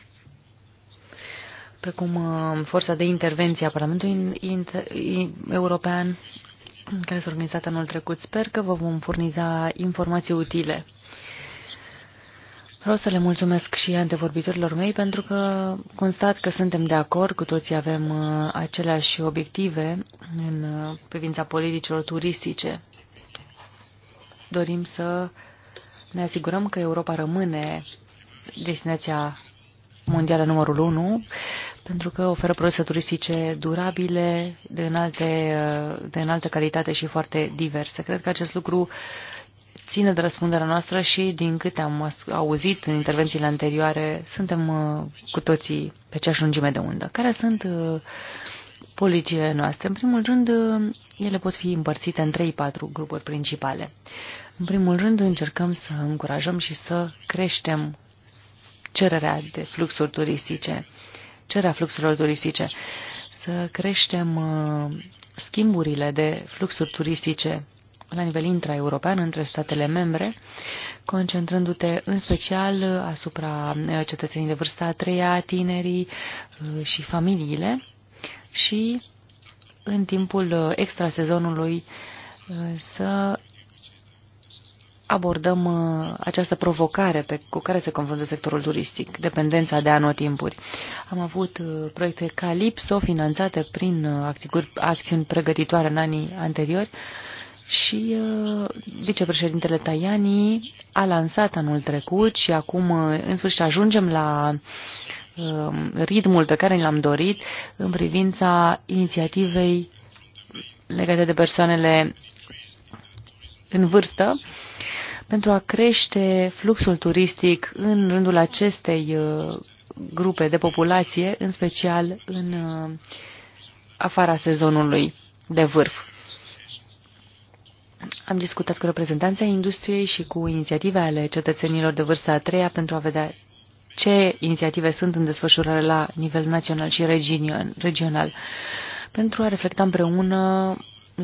precum uh, forța de intervenție a Parlamentului European, care s-a organizat anul trecut. Sper că vă vom furniza informații utile. Vreau să le mulțumesc și antevorbitorilor mei pentru că constat că suntem de acord, cu toții avem uh, aceleași obiective în uh, privința politicilor turistice. Dorim să ne asigurăm că Europa rămâne destinația mondială numărul 1, pentru că oferă produse turistice durabile, de înaltă de înaltă calitate și foarte diverse. Cred că acest lucru ține de răspunderea noastră și, din câte am auzit în intervențiile anterioare, suntem uh, cu toții pe aceeași lungime de undă. Care sunt uh, politicile noastre? În primul rând, uh, ele pot fi împărțite în 3-4 grupuri principale. În primul rând, încercăm să încurajăm și să creștem cererea de fluxuri turistice, cererea fluxurilor turistice, să creștem uh, schimburile de fluxuri turistice la nivel intraeuropean între statele membre, concentrându-te în special uh, asupra uh, cetățenii de vârsta a treia, tinerii și familiile și în timpul extrasezonului să abordăm uh, această provocare pe, cu care se confruntă sectorul turistic, dependența de anotimpuri. Am avut uh, proiecte Calipso finanțate prin uh, acțiuni, acțiuni pregătitoare în anii anteriori și vicepreședintele Tajani a lansat anul trecut și acum în sfârșit ajungem la um, ritmul pe care l-am dorit în privința inițiativei legate de persoanele în vârstă pentru a crește fluxul turistic în rândul acestei uh, grupe de populație, în special în uh, afara sezonului de vârf. Am discutat cu reprezentanța industriei și cu inițiative ale cetățenilor de vârsta a treia pentru a vedea ce inițiative sunt în desfășurare la nivel național și regional, pentru a reflecta împreună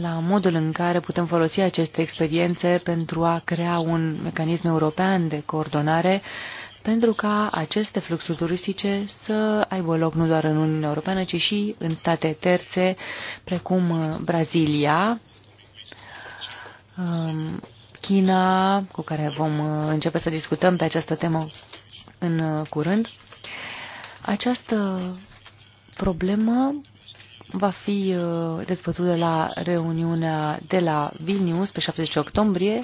la modul în care putem folosi aceste experiențe pentru a crea un mecanism european de coordonare pentru ca aceste fluxuri turistice să aibă loc nu doar în Uniunea Europeană, ci și în state terțe, precum uh, Brazilia, um, China, cu care vom uh, începe să discutăm pe această temă în uh, curând. Această problemă va fi uh, dezbătută la reuniunea de la Vilnius pe 70 octombrie,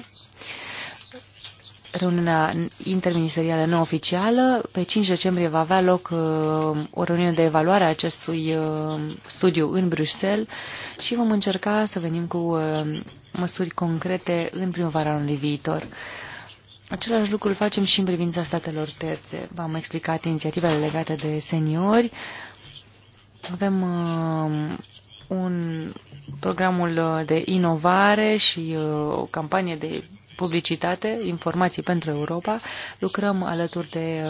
reuniunea interministerială neoficială. Pe 5 decembrie va avea loc uh, o reuniune de evaluare a acestui uh, studiu în Bruxelles și vom încerca să venim cu măsuri concrete în primăvara anului viitor. Același lucru îl facem și în privința statelor terțe. V-am explicat inițiativele legate de seniori, uh, avem uh, un programul uh, de inovare și uh, o campanie de publicitate, informații pentru Europa. Lucrăm alături de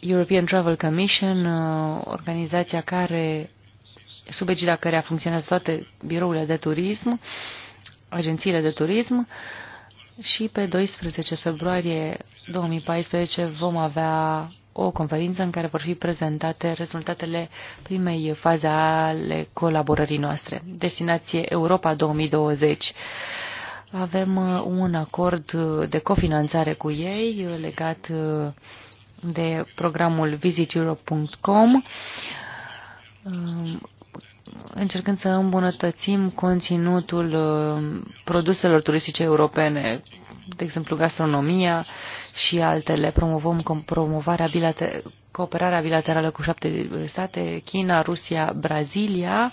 European Travel Commission, organizația care, sub egida a funcționează toate birourile de turism, agențiile de turism, și pe 12 februarie 2014 vom avea o conferință în care vor fi prezentate rezultatele primei faze ale colaborării noastre. Destinație Europa 2020. Avem uh, un acord uh, de cofinanțare cu ei uh, legat de programul visiteurope.com încercând să îmbunătățim conținutul produselor turistice europene de exemplu gastronomia și altele. Promovăm promovarea bilater cooperarea bilaterală cu șapte state, China, Rusia, Brazilia.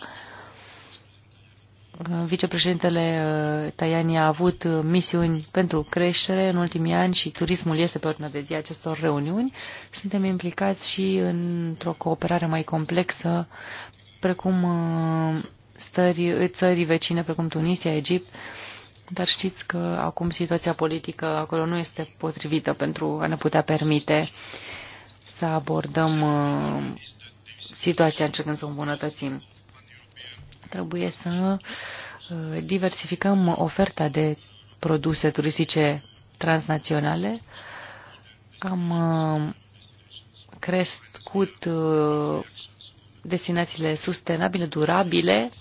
Vicepreședintele uh, Tajani a avut misiuni pentru creștere în ultimii ani și turismul este pe ordinea de zi acestor reuniuni. Suntem implicați și într-o cooperare mai complexă, precum uh, stări, țării vecine, precum Tunisia, Egipt, dar știți că acum situația politică acolo nu este potrivită pentru a ne putea permite să abordăm uh, situația încercând să o îmbunătățim. Trebuie să uh, diversificăm oferta de produse turistice transnaționale. Am uh, crescut destinațiile sustenabile, durabile,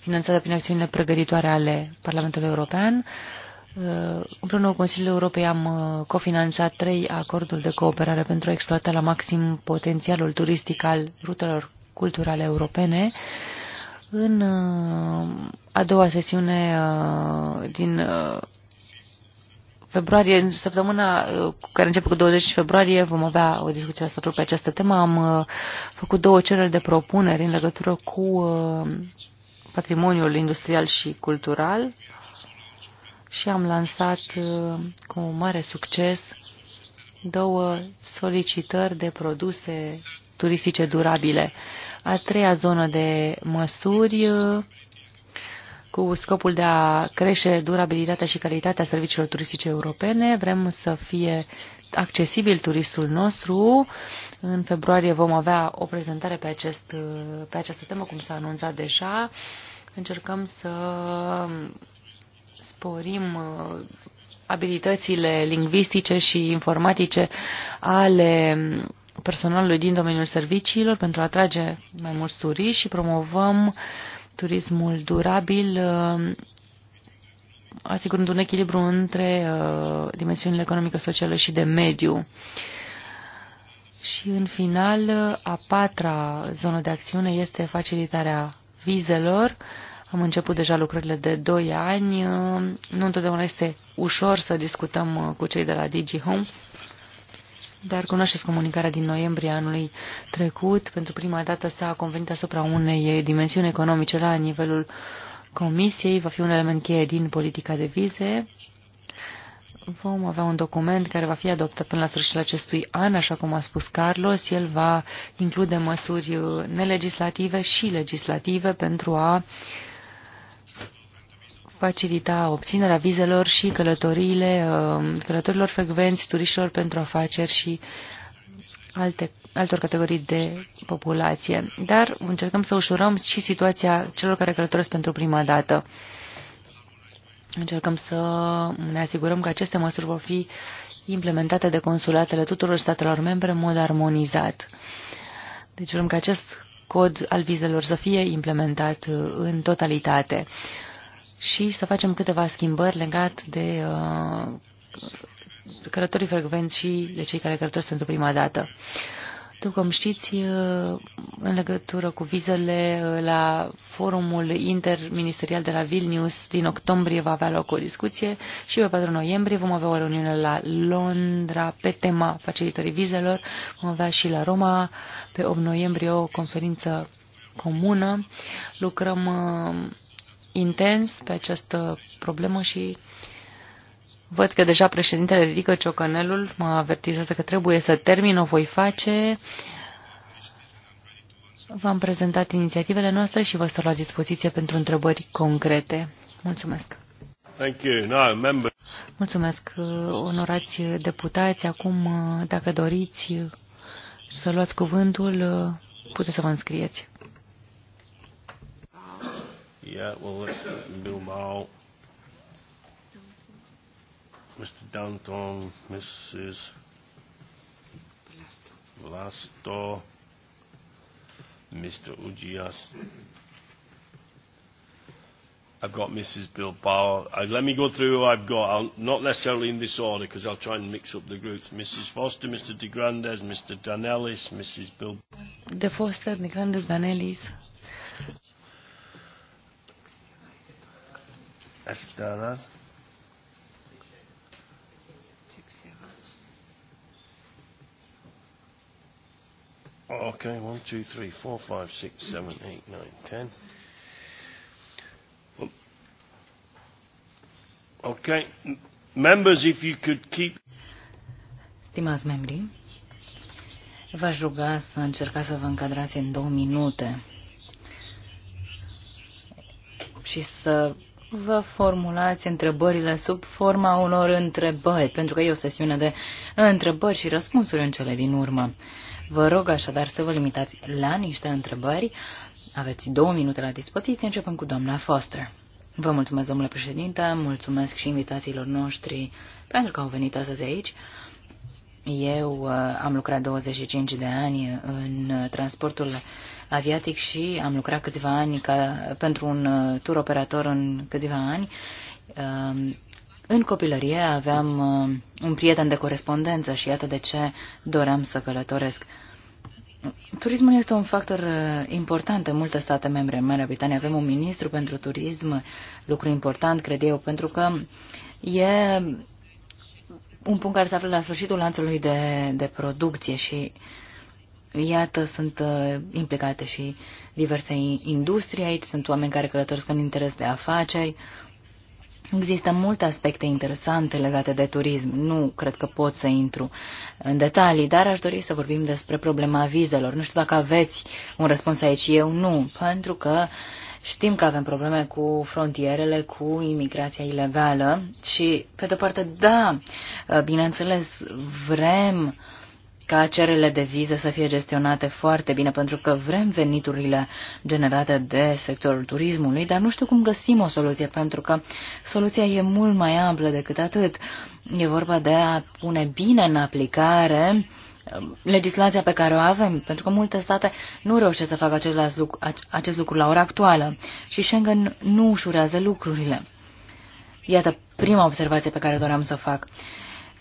finanțată prin acțiunile pregătitoare ale Parlamentului European. Uh, împreună cu Consiliul Europei am uh, cofinanțat trei acorduri de cooperare pentru a exploata la maxim potențialul turistic al rutelor culturale europene. În uh, a doua sesiune din februarie, în săptămâna care începe cu 20 februarie, vom avea o discuție la pe această temă. Am făcut două cereri de propuneri în legătură cu patrimoniul industrial și cultural și am lansat uh, cu mare succes două solicitări de produse turistice durabile. A treia zonă de măsuri uh, cu scopul de a crește durabilitatea și calitatea serviciilor turistice europene. Vrem să fie accesibil turistul nostru în februarie vom avea o prezentare pe, acest, pe această temă, cum s-a anunțat deja. Încercăm să sporim uh, abilitățile lingvistice și informatice ale personalului din domeniul serviciilor pentru a atrage mai mulți turiști și promovăm turismul durabil, uh, asigurând un echilibru între uh, dimensiunile economică, socială și de mediu. Și în final, a patra zonă de acțiune este facilitarea vizelor. Am început deja lucrările de 2 ani. Nu întotdeauna este ușor să discutăm cu cei de la DigiHome, dar cunoașteți comunicarea din noiembrie anului trecut. Pentru prima dată s-a convenit asupra unei dimensiuni economice la nivelul Comisiei. Va fi un element cheie din politica de vize vom avea un document care va fi adoptat până la sfârșitul acestui an, așa cum a spus Carlos. El va include măsuri nelegislative și legislative pentru a facilita obținerea vizelor și călătoriile um, călătorilor frecvenți, turiștilor pentru afaceri și alte, altor categorii de populație. Dar încercăm să ușurăm și situația celor care călătoresc pentru prima dată. Încercăm să ne asigurăm că aceste măsuri vor fi implementate de consulatele tuturor statelor membre în mod armonizat. Deci vrem ca acest cod al vizelor să fie implementat uh, în totalitate și să facem câteva schimbări legat de uh, călătorii frecvenți și de cei care călătoresc pentru prima dată. Uh, după cum știți, uh, în legătură cu vizele, uh, la forumul interministerial de la Vilnius din octombrie va avea loc o discuție și pe 4 noiembrie vom avea o reuniune la Londra pe tema facilitării vizelor. Vom avea și la Roma pe 8 noiembrie o conferință comună. Lucrăm uh, intens pe această problemă și Văd că deja președintele ridică ciocanelul, mă avertizează că trebuie să termin, o voi face. V-am prezentat inițiativele noastre și vă stau la dispoziție pentru întrebări concrete. Mulțumesc! Thank you. No, Mulțumesc, onorați deputați. Acum, dacă doriți să luați cuvântul, puteți să vă înscrieți. Yeah, well, let's, Bill Mr. Danton, Mrs. Vlasto, Mr. Ugias. I've got Mrs. Bill I, let me go through who I've got. I'll, not necessarily in this order because I'll try and mix up the groups. Mrs. Foster, Mr. De Grandes, Mr. Danellis, Mrs. Bill. De Foster, De Grandes, Danellis. Estadas. Okay, one, two, three, four, five, six, seven, eight, nine, ten. Okay, members, if you could keep. Stimați membri, v-aș ruga să încercați să vă încadrați în două minute și să vă formulați întrebările sub forma unor întrebări, pentru că e o sesiune de întrebări și răspunsuri în cele din urmă. Vă rog așadar să vă limitați la niște întrebări. Aveți două minute la dispoziție, începând cu doamna Foster. Vă mulțumesc, domnule președinte, mulțumesc și invitațiilor noștri pentru că au venit astăzi aici. Eu uh, am lucrat 25 de ani în transportul aviatic și am lucrat câțiva ani ca, pentru un uh, tur operator în câțiva ani. Um, în copilărie aveam uh, un prieten de corespondență și iată de ce doream să călătoresc. Turismul este un factor uh, important în multe state membre. În Marea Britanie avem un ministru pentru turism, lucru important, cred eu, pentru că e un punct care se află la sfârșitul lanțului de, de producție și iată, sunt uh, implicate și diverse industrie aici, sunt oameni care călătoresc în interes de afaceri, Există multe aspecte interesante legate de turism. Nu cred că pot să intru în detalii, dar aș dori să vorbim despre problema vizelor. Nu știu dacă aveți un răspuns aici. Eu nu, pentru că știm că avem probleme cu frontierele, cu imigrația ilegală și, pe de-o parte, da, bineînțeles, vrem uh, ca cererile de viză să fie gestionate foarte bine, pentru că vrem veniturile generate de sectorul turismului, dar nu știu cum găsim o soluție, pentru că soluția e mult mai amplă decât atât. E vorba de a pune bine în aplicare um, legislația pe care o avem, pentru că multe state nu reușesc să facă acest lucru, acest lucru la ora actuală și Schengen nu ușurează lucrurile. Iată prima observație pe care doream să o fac.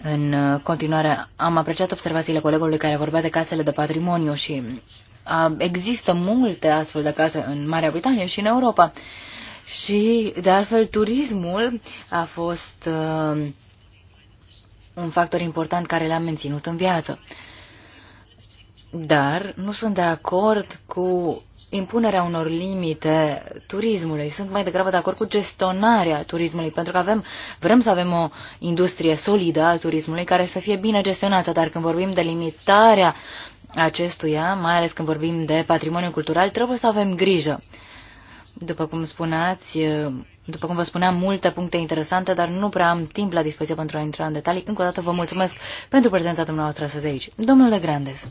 În uh, continuare, am apreciat observațiile colegului care vorbea de casele de patrimoniu și a, uh, există multe astfel de case în Marea Britanie și în Europa. Și, de altfel, turismul a fost uh, un factor important care l-a menținut în viață. Dar nu sunt de acord cu impunerea unor limite turismului. Sunt mai degrabă de acord cu gestionarea turismului, pentru că avem, vrem să avem o industrie solidă a turismului care să fie bine gestionată, dar când vorbim de limitarea acestuia, mai ales când vorbim de patrimoniu cultural, trebuie să avem grijă. După cum spuneați, după cum vă spuneam, multe puncte interesante, dar nu prea am timp la dispoziție pentru a intra în detalii. Încă o dată vă mulțumesc pentru prezența dumneavoastră astăzi aici. Domnule Grandes.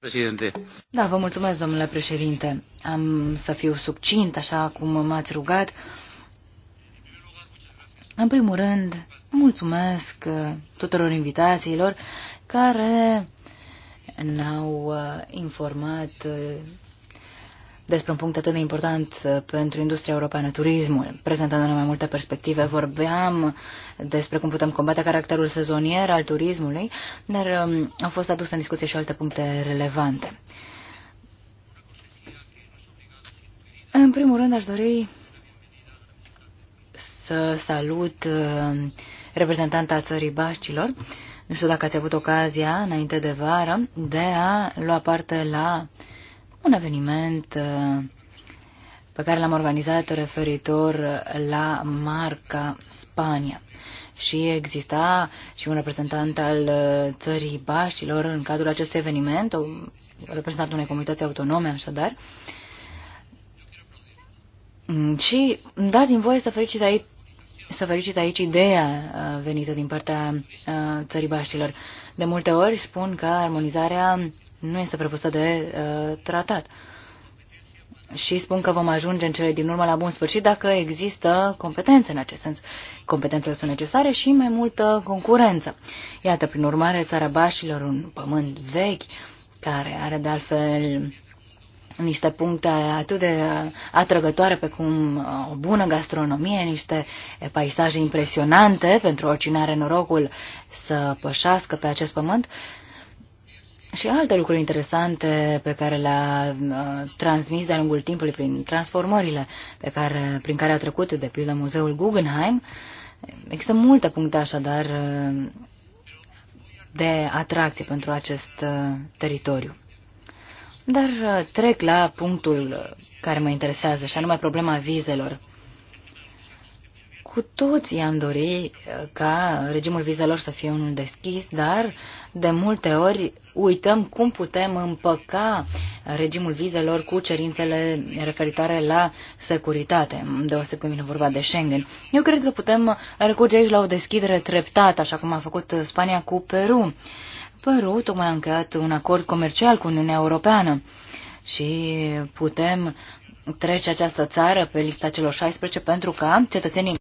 Președinte. Da, vă mulțumesc, domnule președinte. Am să fiu subcint, așa cum m-ați rugat. În primul rând, mulțumesc tuturor invitațiilor care ne-au uh, informat uh, despre un punct atât de important uh, pentru industria europeană, turismul. Prezentându-ne mai multe perspective, vorbeam despre cum putem combate caracterul sezonier al turismului, dar um, au fost aduse în discuție și alte puncte relevante. În primul rând, aș dori să salut uh, reprezentanta țării Bașcilor. Nu știu dacă ați avut ocazia, înainte de vară, de a lua parte la uh, un eveniment uh, pe care l-am organizat referitor la marca Spania. Și exista și un reprezentant al uh, țării Baștilor în cadrul acestui eveniment, o reprezentant unei comunități autonome, așadar. Mm, și dați-mi voie să felicit aici să felicit aici ideea uh, venită din partea țării baștilor. De multe ori spun că armonizarea nu este prevăzută de uh, tratat. Și spun că vom ajunge în cele din urmă la bun sfârșit dacă există competențe în acest sens. Competențele sunt necesare și mai multă concurență. Iată, prin urmare, țara Bașilor, un pământ vechi, care are de altfel niște puncte atât de atrăgătoare pe cum uh, o bună gastronomie, niște paisaje impresionante pentru oricine are norocul să pășească pe acest pământ, și alte lucruri interesante pe care le-a uh, transmis de-a lungul timpului prin transformările pe care, prin care a trecut, de pildă, Muzeul Guggenheim. Există multe puncte așadar uh, de atracție pentru acest uh, teritoriu. Dar trec la punctul care mă interesează, și anume problema vizelor. Cu toții am dori ca regimul vizelor să fie unul deschis, dar de multe ori uităm cum putem împăca regimul vizelor cu cerințele referitoare la securitate, deosebit când vine vorba de Schengen. Eu cred că putem recurge aici la o deschidere treptată, așa cum a făcut Spania cu Peru. Peru tocmai a încheiat un acord comercial cu Uniunea Europeană și putem trece această țară pe lista celor 16 pentru ca cetățenii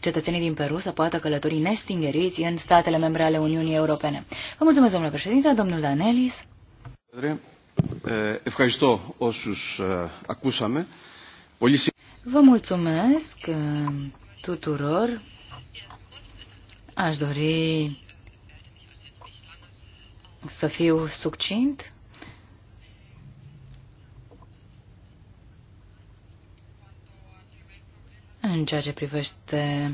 cetățenii din Peru să poată călători nestingeriți în statele membre ale Uniunii Europene. Vă mulțumesc, domnule președinte, domnul Danelis. Eh, eh, Vă mulțumesc eh, tuturor. Aș dori să fiu succint. În ceea ce privește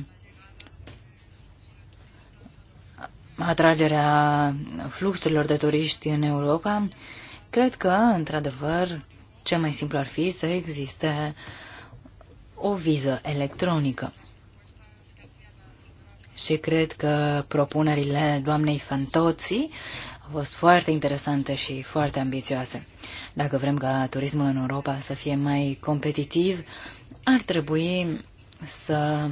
atragerea fluxurilor de turiști în Europa, cred că, într-adevăr, cel mai simplu ar fi să existe o viză electronică. Și cred că propunerile doamnei Fantoții au fost foarte interesante și foarte ambițioase. Dacă vrem ca turismul în Europa să fie mai competitiv, ar trebui să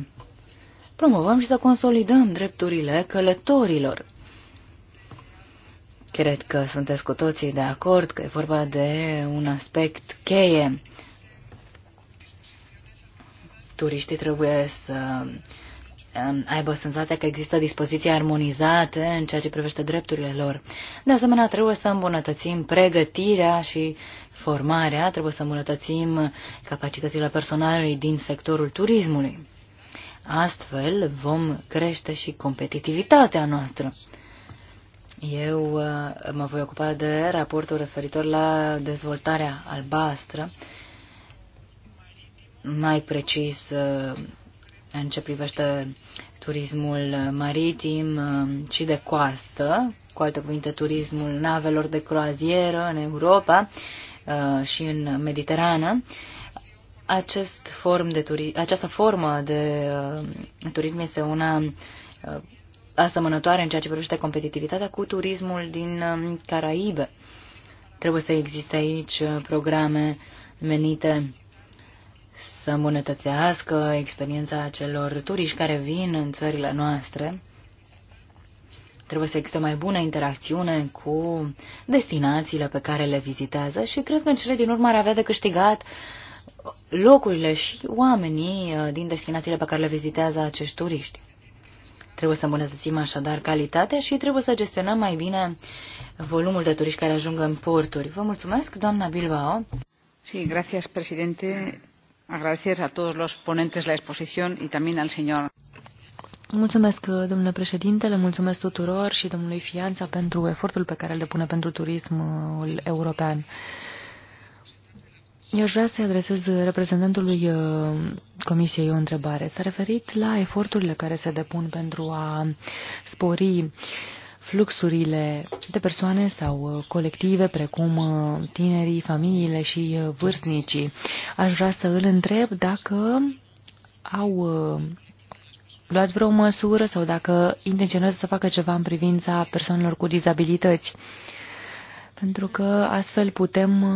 promovăm și să consolidăm drepturile călătorilor. Cred că sunteți cu toții de acord că e vorba de un aspect cheie. Turiștii trebuie să Um, aibă senzația că există dispoziții armonizate în ceea ce privește drepturile lor. De asemenea, trebuie să îmbunătățim pregătirea și formarea, trebuie să îmbunătățim capacitățile personalului din sectorul turismului. Astfel vom crește și competitivitatea noastră. Eu uh, mă voi ocupa de raportul referitor la dezvoltarea albastră, mai precis uh, în ce privește turismul maritim uh, și de coastă, cu alte cuvinte turismul navelor de croazieră în Europa uh, și în Mediterană. Acest form de turism, această formă de uh, turism este una asemănătoare în ceea ce privește competitivitatea cu turismul din Caraibe. Trebuie să existe aici programe menite să îmbunătățească experiența celor turiști care vin în țările noastre. Trebuie să existe mai bună interacțiune cu destinațiile pe care le vizitează și cred că în cele din urmă ar avea de câștigat locurile și oamenii uh, din destinațiile pe care le vizitează acești turiști. Trebuie să îmbunătățim așadar calitatea și trebuie să gestionăm mai bine volumul de turiști care ajung în porturi. Vă mulțumesc, doamna Bilbao. Sí, gracias, presidente agradecer a todos los ponentes la exposición y también al señor. Mulțumesc, domnule președinte, le mulțumesc tuturor și domnului Fianța pentru efortul pe care îl depune pentru turismul european. Eu aș vrea să adresez reprezentantului uh, Comisiei o întrebare. S-a referit la eforturile care se depun pentru a spori uh, fluxurile de persoane sau uh, colective, precum uh, tinerii, familiile și uh, vârstnicii. Aș vrea să îl întreb dacă au luat vreo măsură sau dacă intenționează să facă ceva în privința persoanelor cu dizabilități. Pentru că astfel putem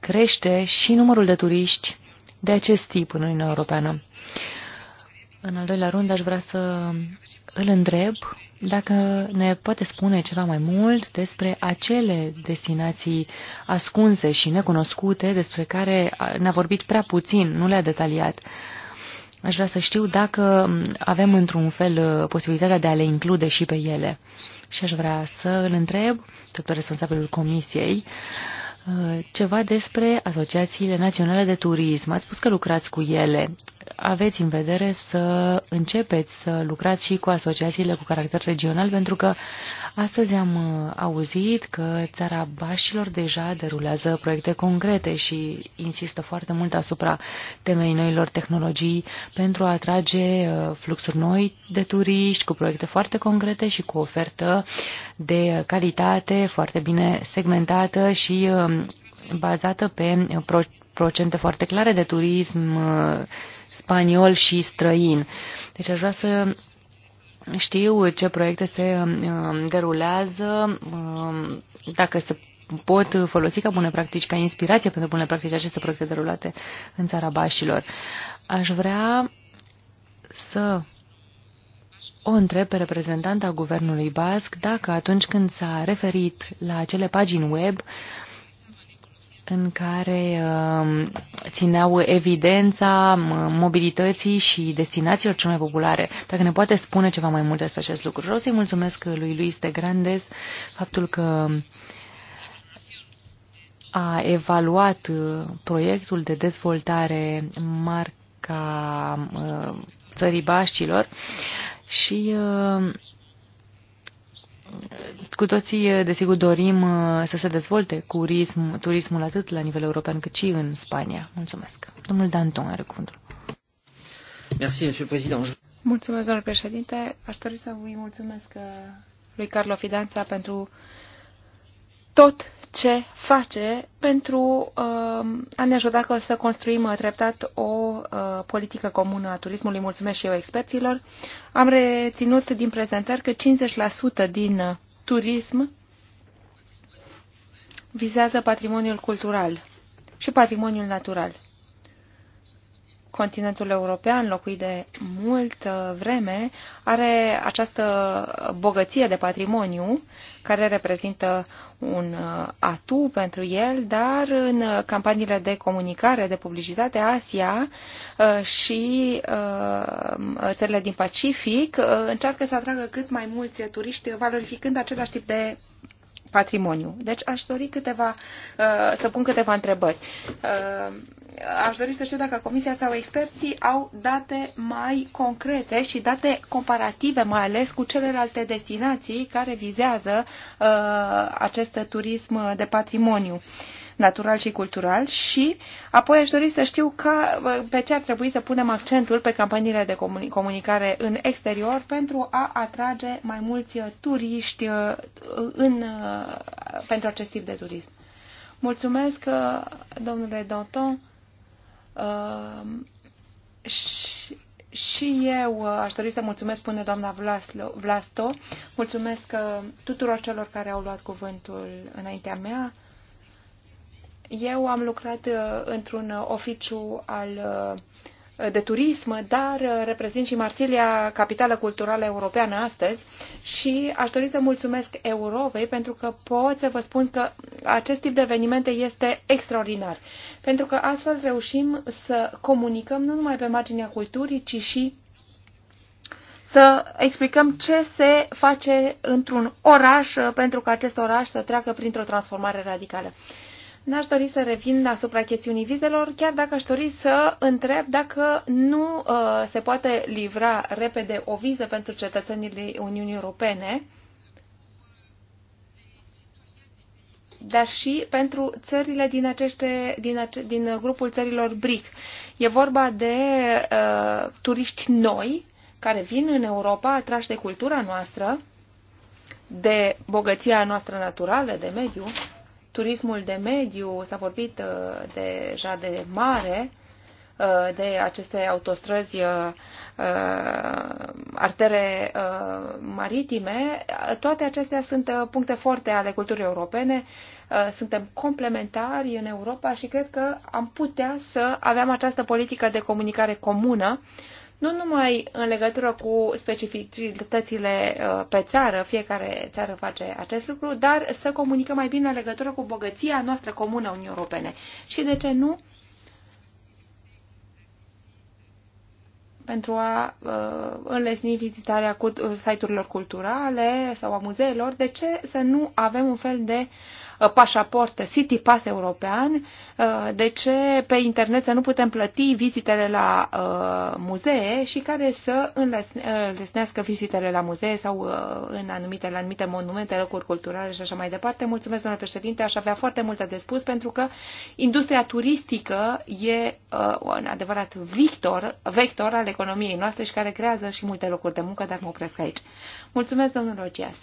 crește și numărul de turiști de acest tip în Uniunea Europeană. În al doilea rând, aș vrea să îl întreb dacă ne poate spune ceva mai mult despre acele destinații ascunse și necunoscute despre care ne-a vorbit prea puțin, nu le-a detaliat. Aș vrea să știu dacă avem într-un fel uh, posibilitatea de a le include și pe ele. Și aș vrea să îl întreb, tot pe responsabilul comisiei, uh, ceva despre asociațiile naționale de turism. Ați spus că lucrați cu ele aveți în vedere să începeți să lucrați și cu asociațiile cu caracter regional, pentru că astăzi am uh, auzit că țara Bașilor deja derulează proiecte concrete și insistă foarte mult asupra temei noilor tehnologii pentru a atrage uh, fluxuri noi de turiști cu proiecte foarte concrete și cu ofertă de calitate foarte bine segmentată și um, bazată pe uh, procente foarte clare de turism spaniol și străin. Deci aș vrea să știu ce proiecte se um, um, derulează, um, dacă se pot folosi ca bune practici, ca inspirație pentru bune practici aceste proiecte derulate în țara Bașilor. Aș vrea să o întreb pe reprezentanta Guvernului Basc dacă atunci când s-a referit la acele pagini web în care um, țineau evidența mobilității și destinațiilor cel mai populare. Dacă ne poate spune ceva mai mult despre acest lucru. Vreau să-i mulțumesc lui Luis de Grandes faptul că a evaluat uh, proiectul de dezvoltare marca uh, țării Baștilor și uh, cu toții, eh, desigur, dorim eh, să se dezvolte curism, turismul atât la nivel european cât și în Spania. Mulțumesc. Domnul Danton are cuvântul. Merci, monsieur président. Mulțumesc, domnul președinte. Aș dori să vă mulțumesc eh, lui Carlo Fidanța pentru tot ce face pentru uh, a ne ajuta că să construim treptat o uh, politică comună a turismului. Mulțumesc și eu experților. Am reținut din prezentări că 50% din turism vizează patrimoniul cultural și patrimoniul natural continentul european, locuit de mult uh, vreme, are această bogăție de patrimoniu care reprezintă un uh, atu pentru el, dar în campaniile de comunicare, de publicitate, Asia uh, și țările din Pacific încearcă să atragă cât mai mulți turiști, valorificând același tip de patrimoniu. Deci aș dori câteva, uh, să pun câteva întrebări. Uh, aș dori să știu dacă Comisia sau experții au date mai concrete și date comparative, mai ales cu celelalte destinații care vizează uh, acest turism de patrimoniu. Uh, natural și cultural și apoi aș dori să știu ca, pe ce ar trebui să punem accentul pe campaniile de comunicare în exterior pentru a atrage mai mulți uh, turiști uh, în, uh, pentru acest tip de turism. Mulțumesc, domnule Danton. Și și eu aș dori să mulțumesc, spune doamna Vlasto, mulțumesc tuturor celor care au luat cuvântul înaintea mea. Eu am lucrat uh, într-un uh, oficiu al uh, de turism, dar reprezint și Marsilia, capitală culturală europeană astăzi și aș dori să mulțumesc Europei pentru că pot să vă spun că acest tip de evenimente este extraordinar. Pentru că astfel reușim să comunicăm nu numai pe marginea culturii, ci și să explicăm ce se face într-un oraș pentru că acest oraș să treacă printr-o transformare radicală. N-aș dori să revin asupra chestiunii vizelor, chiar dacă aș dori să întreb dacă nu uh, se poate livra repede o viză pentru cetățenii Uniunii Europene, dar și pentru țările din, aceste, din, ace, din grupul țărilor BRIC. E vorba de uh, turiști noi care vin în Europa atrași de cultura noastră, de bogăția noastră naturală, de mediu turismul de mediu, s-a vorbit uh, deja de mare, uh, de aceste autostrăzi, uh, artere maritime, toate acestea sunt puncte forte ale culturii europene, suntem complementari în Europa și cred că am putea să avem această politică de comunicare comună nu numai în legătură cu specificitățile uh, pe țară, fiecare țară face acest lucru, dar să comunicăm mai bine în legătură cu bogăția noastră comună Uniunii Europene. Și de ce nu? pentru a uh, înlesni vizitarea cu, uh, site-urilor culturale sau a muzeelor, de ce să nu avem un fel de Uh, pașaport City Pass european, uh, de ce pe internet să nu putem plăti vizitele la uh, muzee și care să înlesnească vizitele la muzee sau în anumite, la anumite monumente, locuri culturale și așa mai departe. Mulțumesc, domnule președinte, aș avea foarte multe de spus pentru că industria turistică e un adevărat victor, vector al economiei noastre și care creează și multe locuri de muncă, dar mă opresc aici. Mulțumesc, domnul Rogias.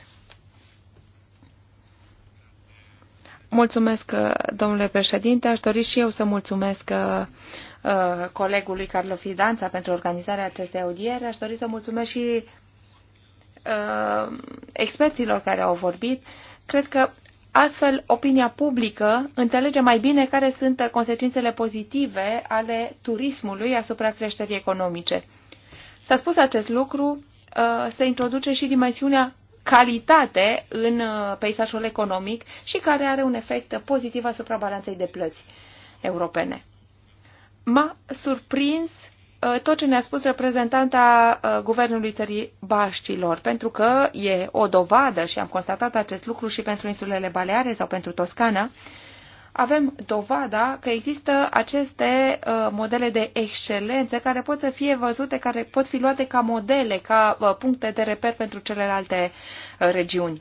Mulțumesc, uh, domnule președinte. Aș dori și eu să mulțumesc uh, uh, colegului Carlo Fidanța pentru organizarea acestei audiere. Aș dori să mulțumesc și experților care au vorbit. Cred că astfel opinia publică înțelege mai bine care sunt consecințele pozitive ale turismului asupra creșterii economice. S-a spus acest lucru, se introduce și dimensiunea calitate în uh, peisajul economic și care are un efect pozitiv asupra balanței de plăți europene. M-a surprins uh, tot ce ne-a spus reprezentanta uh, Guvernului Tării Baștilor, pentru că e o dovadă și am constatat acest lucru și pentru insulele Baleare sau pentru Toscana, avem dovada că există aceste uh, modele de excelență care pot să fie văzute, care pot fi luate ca modele, ca uh, puncte de reper pentru celelalte uh, regiuni.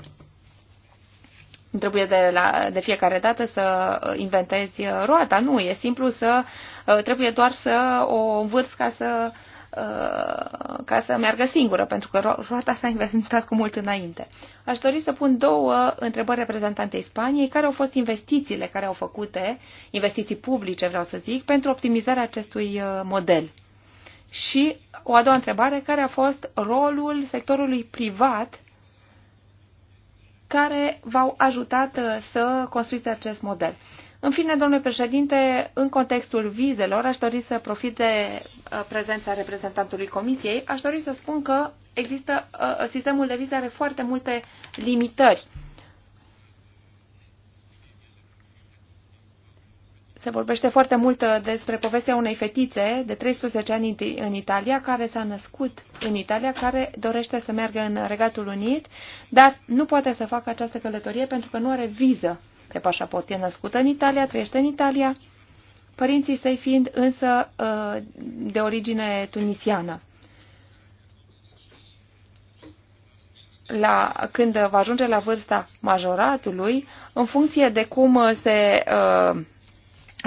Trebuie de, la, de fiecare dată să uh, inventezi uh, roata, nu, e simplu să, uh, trebuie doar să o învârți ca să uh, Uh, ca să meargă singură, pentru că roata s-a inventat cu mult înainte. Aș dori să pun două întrebări reprezentantei Spaniei. Care au fost investițiile care au făcute, investiții publice, vreau să zic, pentru optimizarea acestui uh, model? Și o a doua întrebare, care a fost rolul sectorului privat care v-au ajutat uh, să construiți acest model? În fine, domnule președinte, în contextul vizelor, aș dori să profit de uh, prezența reprezentantului Comisiei. Aș dori să spun că există, uh, uh, sistemul de vize are foarte multe limitări. Se vorbește foarte mult despre povestea unei fetițe de 13 ani în Italia, care s-a născut în Italia, care dorește să meargă în Regatul Unit, dar nu poate să facă această călătorie pentru că nu are viză pe pașaport. E născută în Italia, trăiește în Italia, părinții săi fiind însă uh, de origine tunisiană. la, când va ajunge la vârsta majoratului, în funcție de cum se uh,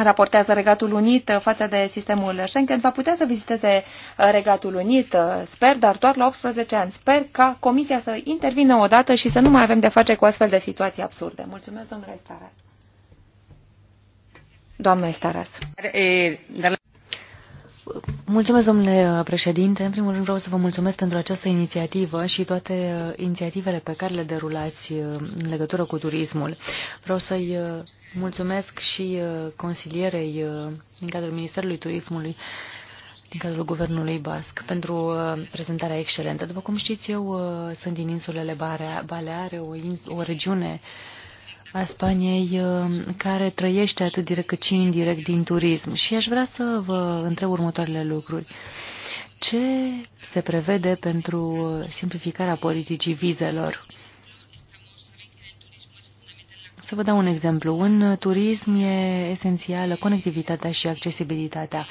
raportează Regatul Unit uh, față de sistemul Schengen, va putea să viziteze uh, Regatul Unit, uh, sper, dar doar la 18 ani. Sper ca Comisia să intervină odată și să nu mai avem de face cu astfel de situații absurde. Mulțumesc, domnule Staras. Doamna Staras. Eh, Mulțumesc, domnule uh, președinte. În primul rând vreau să vă mulțumesc pentru această inițiativă și toate uh, inițiativele pe care le derulați uh, în legătură cu turismul. Vreau să-i mulțumesc și consilierei din cadrul Ministerului Turismului din cadrul Guvernului Basc pentru prezentarea excelentă. După cum știți, eu sunt din insulele Baleare, o, o regiune a Spaniei uh, care trăiește atât direct cât și indirect din turism. Și aș vrea să vă întreb următoarele lucruri. Ce se prevede pentru simplificarea politicii vizelor? Să vă dau un exemplu. În turism e esențială conectivitatea și accesibilitatea.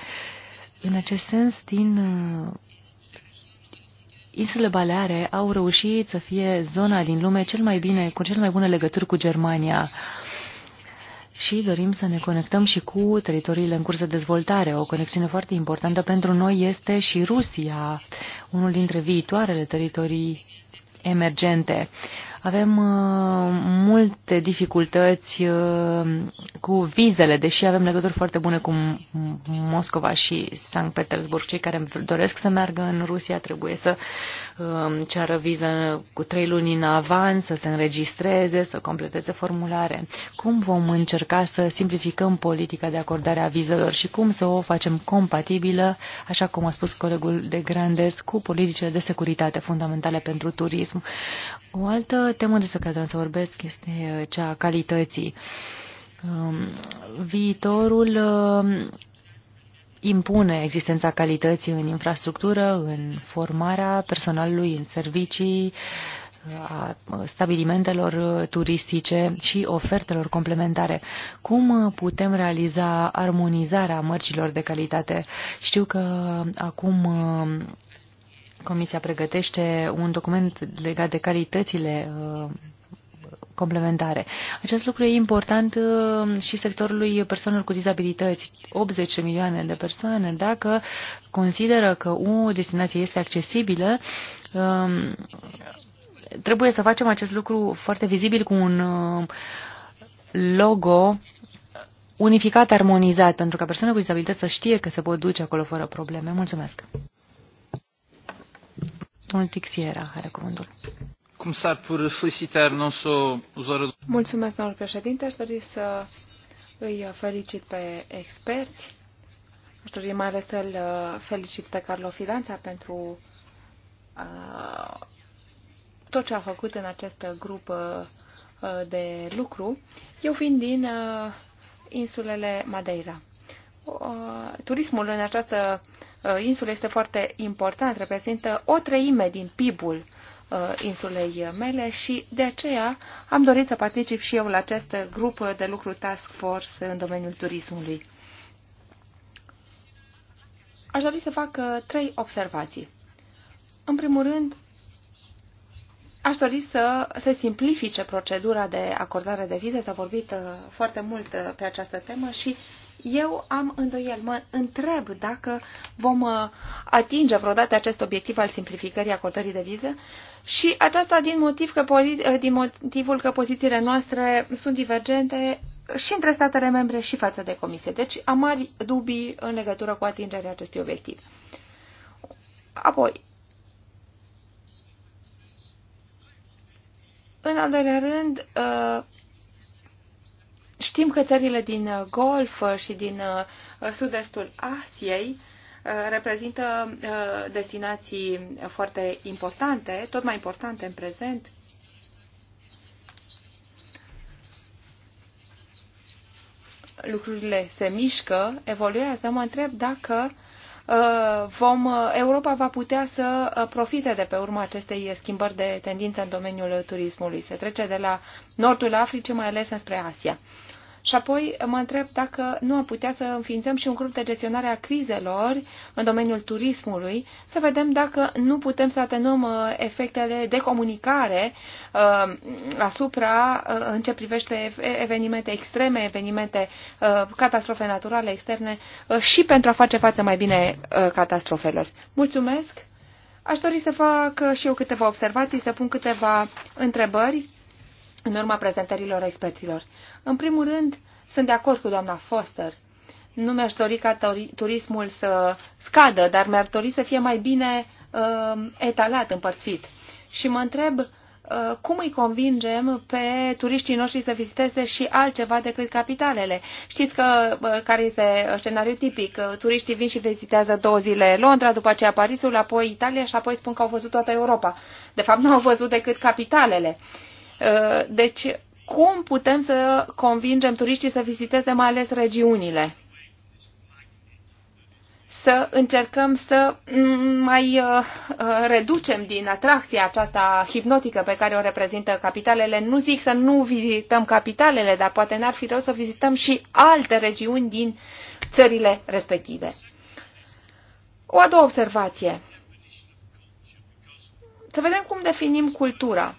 În acest sens, din uh, Insulele Baleare au reușit să fie zona din lume cel mai bine, cu cel mai bune legături cu Germania și dorim să ne conectăm și cu teritoriile în curs de dezvoltare. O conexiune foarte importantă pentru noi este și Rusia, unul dintre viitoarele teritorii emergente. Avem uh, multe dificultăți uh, cu vizele, deși avem legături foarte bune cu Moscova și Sankt Petersburg. Cei care doresc să meargă în Rusia trebuie să um, ceară viză cu trei luni în avans, să se înregistreze, să completeze formulare. Cum vom încerca să simplificăm politica de acordare a vizelor și cum să o facem compatibilă, așa cum a spus colegul de Grandes, cu politicile de securitate fundamentale pentru turism? O altă temă despre care vreau să vorbesc este uh, cea a calității. Um, viitorul um, impune existența calității în infrastructură, în formarea personalului, în servicii, uh, a stabilimentelor uh, turistice și ofertelor complementare. Cum putem realiza armonizarea mărcilor de calitate? Știu că acum Comisia pregătește un document legat de calitățile uh, complementare. Acest lucru e important uh, și sectorului persoanelor cu dizabilități. 80 milioane de persoane, dacă consideră că o destinație este accesibilă, um, trebuie să facem acest lucru foarte vizibil cu un uh, logo unificat, armonizat, pentru ca persoanele cu dizabilități să știe că se pot duce acolo fără probleme. Mulțumesc! Domnul Tixiera are cuvântul. Cum s-ar pur felicitar, nu s-o Mulțumesc, domnul președinte. Aș dori să îi felicit pe experți. Aș dori mai ales să-l uh, felicit pe Carlo Filanța pentru uh, tot ce a făcut în acest grup uh, de lucru. Eu vin din uh, insulele Madeira. Uh, turismul în această uh, Uh, insulă este foarte important, reprezintă o treime din PIB-ul uh, insulei mele și de aceea am dorit să particip și eu la acest grup de lucru Task Force în domeniul turismului. Aș dori să fac uh, trei observații. În primul rând, aș dori să se simplifice procedura de acordare de vize. S-a vorbit foarte mult pe această temă și eu am îndoiel, mă întreb dacă vom uh, atinge vreodată acest obiectiv al simplificării acordării de viză și aceasta din, motiv că, uh, din motivul că pozițiile noastre sunt divergente și între statele membre și față de comisie. Deci am mari dubii în legătură cu atingerea acestui obiectiv. Apoi, în al doilea rând, uh, Știm că țările din uh, Golf uh, și din uh, sud-estul Asiei reprezintă destinații foarte importante, tot mai importante în prezent. Lucrurile se mișcă, evoluează. Mă întreb dacă vom, Europa va putea să profite de pe urma acestei schimbări de tendință în domeniul turismului. Se trece de la nordul Africii, mai ales înspre Asia. Și apoi mă întreb dacă nu am putea să înființăm și un grup de gestionare a crizelor în domeniul turismului, să vedem dacă nu putem să atenuăm uh, efectele de comunicare uh, asupra, uh, în ce privește evenimente extreme, evenimente uh, catastrofe naturale externe uh, și pentru a face față mai bine uh, catastrofelor. Mulțumesc! Aș dori să fac uh, și eu câteva observații, să pun câteva întrebări în urma prezentărilor experților. În primul rând, sunt de acord cu doamna Foster. Nu mi-aș dori ca turismul să scadă, dar mi-ar dori să fie mai bine uh, etalat, împărțit. Și mă întreb uh, cum îi convingem pe turiștii noștri să viziteze și altceva decât capitalele. Știți că uh, care este scenariul tipic? Uh, turiștii vin și vizitează două zile Londra, după aceea Parisul, apoi Italia și apoi spun că au văzut toată Europa. De fapt, nu au văzut decât capitalele. Uh, Uh, deci, cum putem să convingem turiștii să viziteze mai ales regiunile? Să încercăm să mai uh, uh, reducem din atracția aceasta hipnotică pe care o reprezintă capitalele. Nu zic să nu vizităm capitalele, dar poate n-ar fi rău să vizităm și alte regiuni din țările respective. O a doua observație. Să vedem cum definim cultura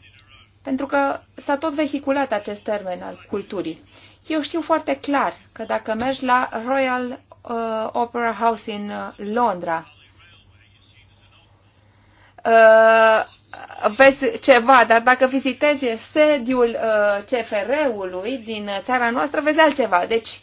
pentru că s-a tot vehiculat acest termen al culturii. Eu știu foarte clar că dacă mergi la Royal uh, Opera House în uh, Londra, uh, vezi ceva, dar dacă vizitezi sediul uh, CFR-ului din țara noastră, vezi altceva. Deci,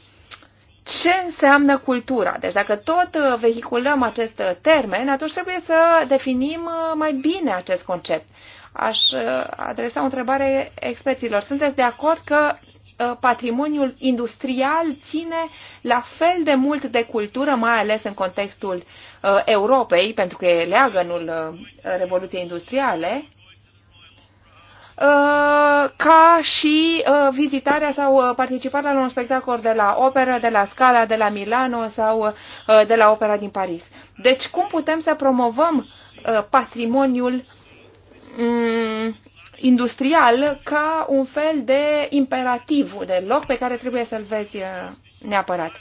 ce înseamnă cultura? Deci dacă tot uh, vehiculăm acest termen, atunci trebuie să definim uh, mai bine acest concept. Aș uh, adresa o întrebare experților. Sunteți de acord că uh, patrimoniul industrial ține la fel de mult de cultură, mai ales în contextul uh, Europei, pentru că e leagănul Revoluției Industriale, ca și vizitarea sau participarea la un spectacol de la operă, de la Scala, de la Milano sau de la opera din Paris. Deci cum putem să promovăm patrimoniul Mm, industrial ca un fel de imperativ, de loc pe care trebuie să-l vezi uh, neapărat.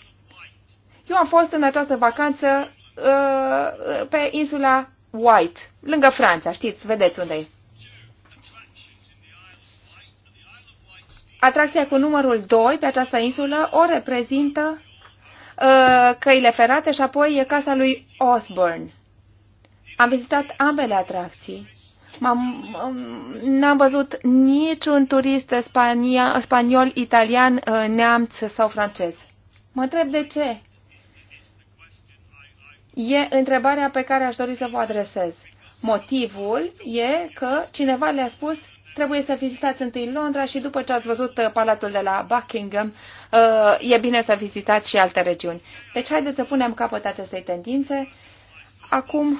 Eu am fost în această vacanță uh, pe insula White, lângă Franța, știți, vedeți unde e. Atracția cu numărul 2 pe această insulă o reprezintă uh, căile ferate și apoi e casa lui Osborne. Am vizitat ambele atracții Um, n-am văzut niciun turist spania, spaniol, italian, uh, neamț sau francez. Mă întreb de ce. E întrebarea pe care aș dori să vă adresez. Motivul e că cineva le-a spus trebuie să vizitați întâi Londra și după ce ați văzut uh, palatul de la Buckingham, uh, e bine să vizitați și alte regiuni. Deci haideți să punem capăt acestei tendințe. Acum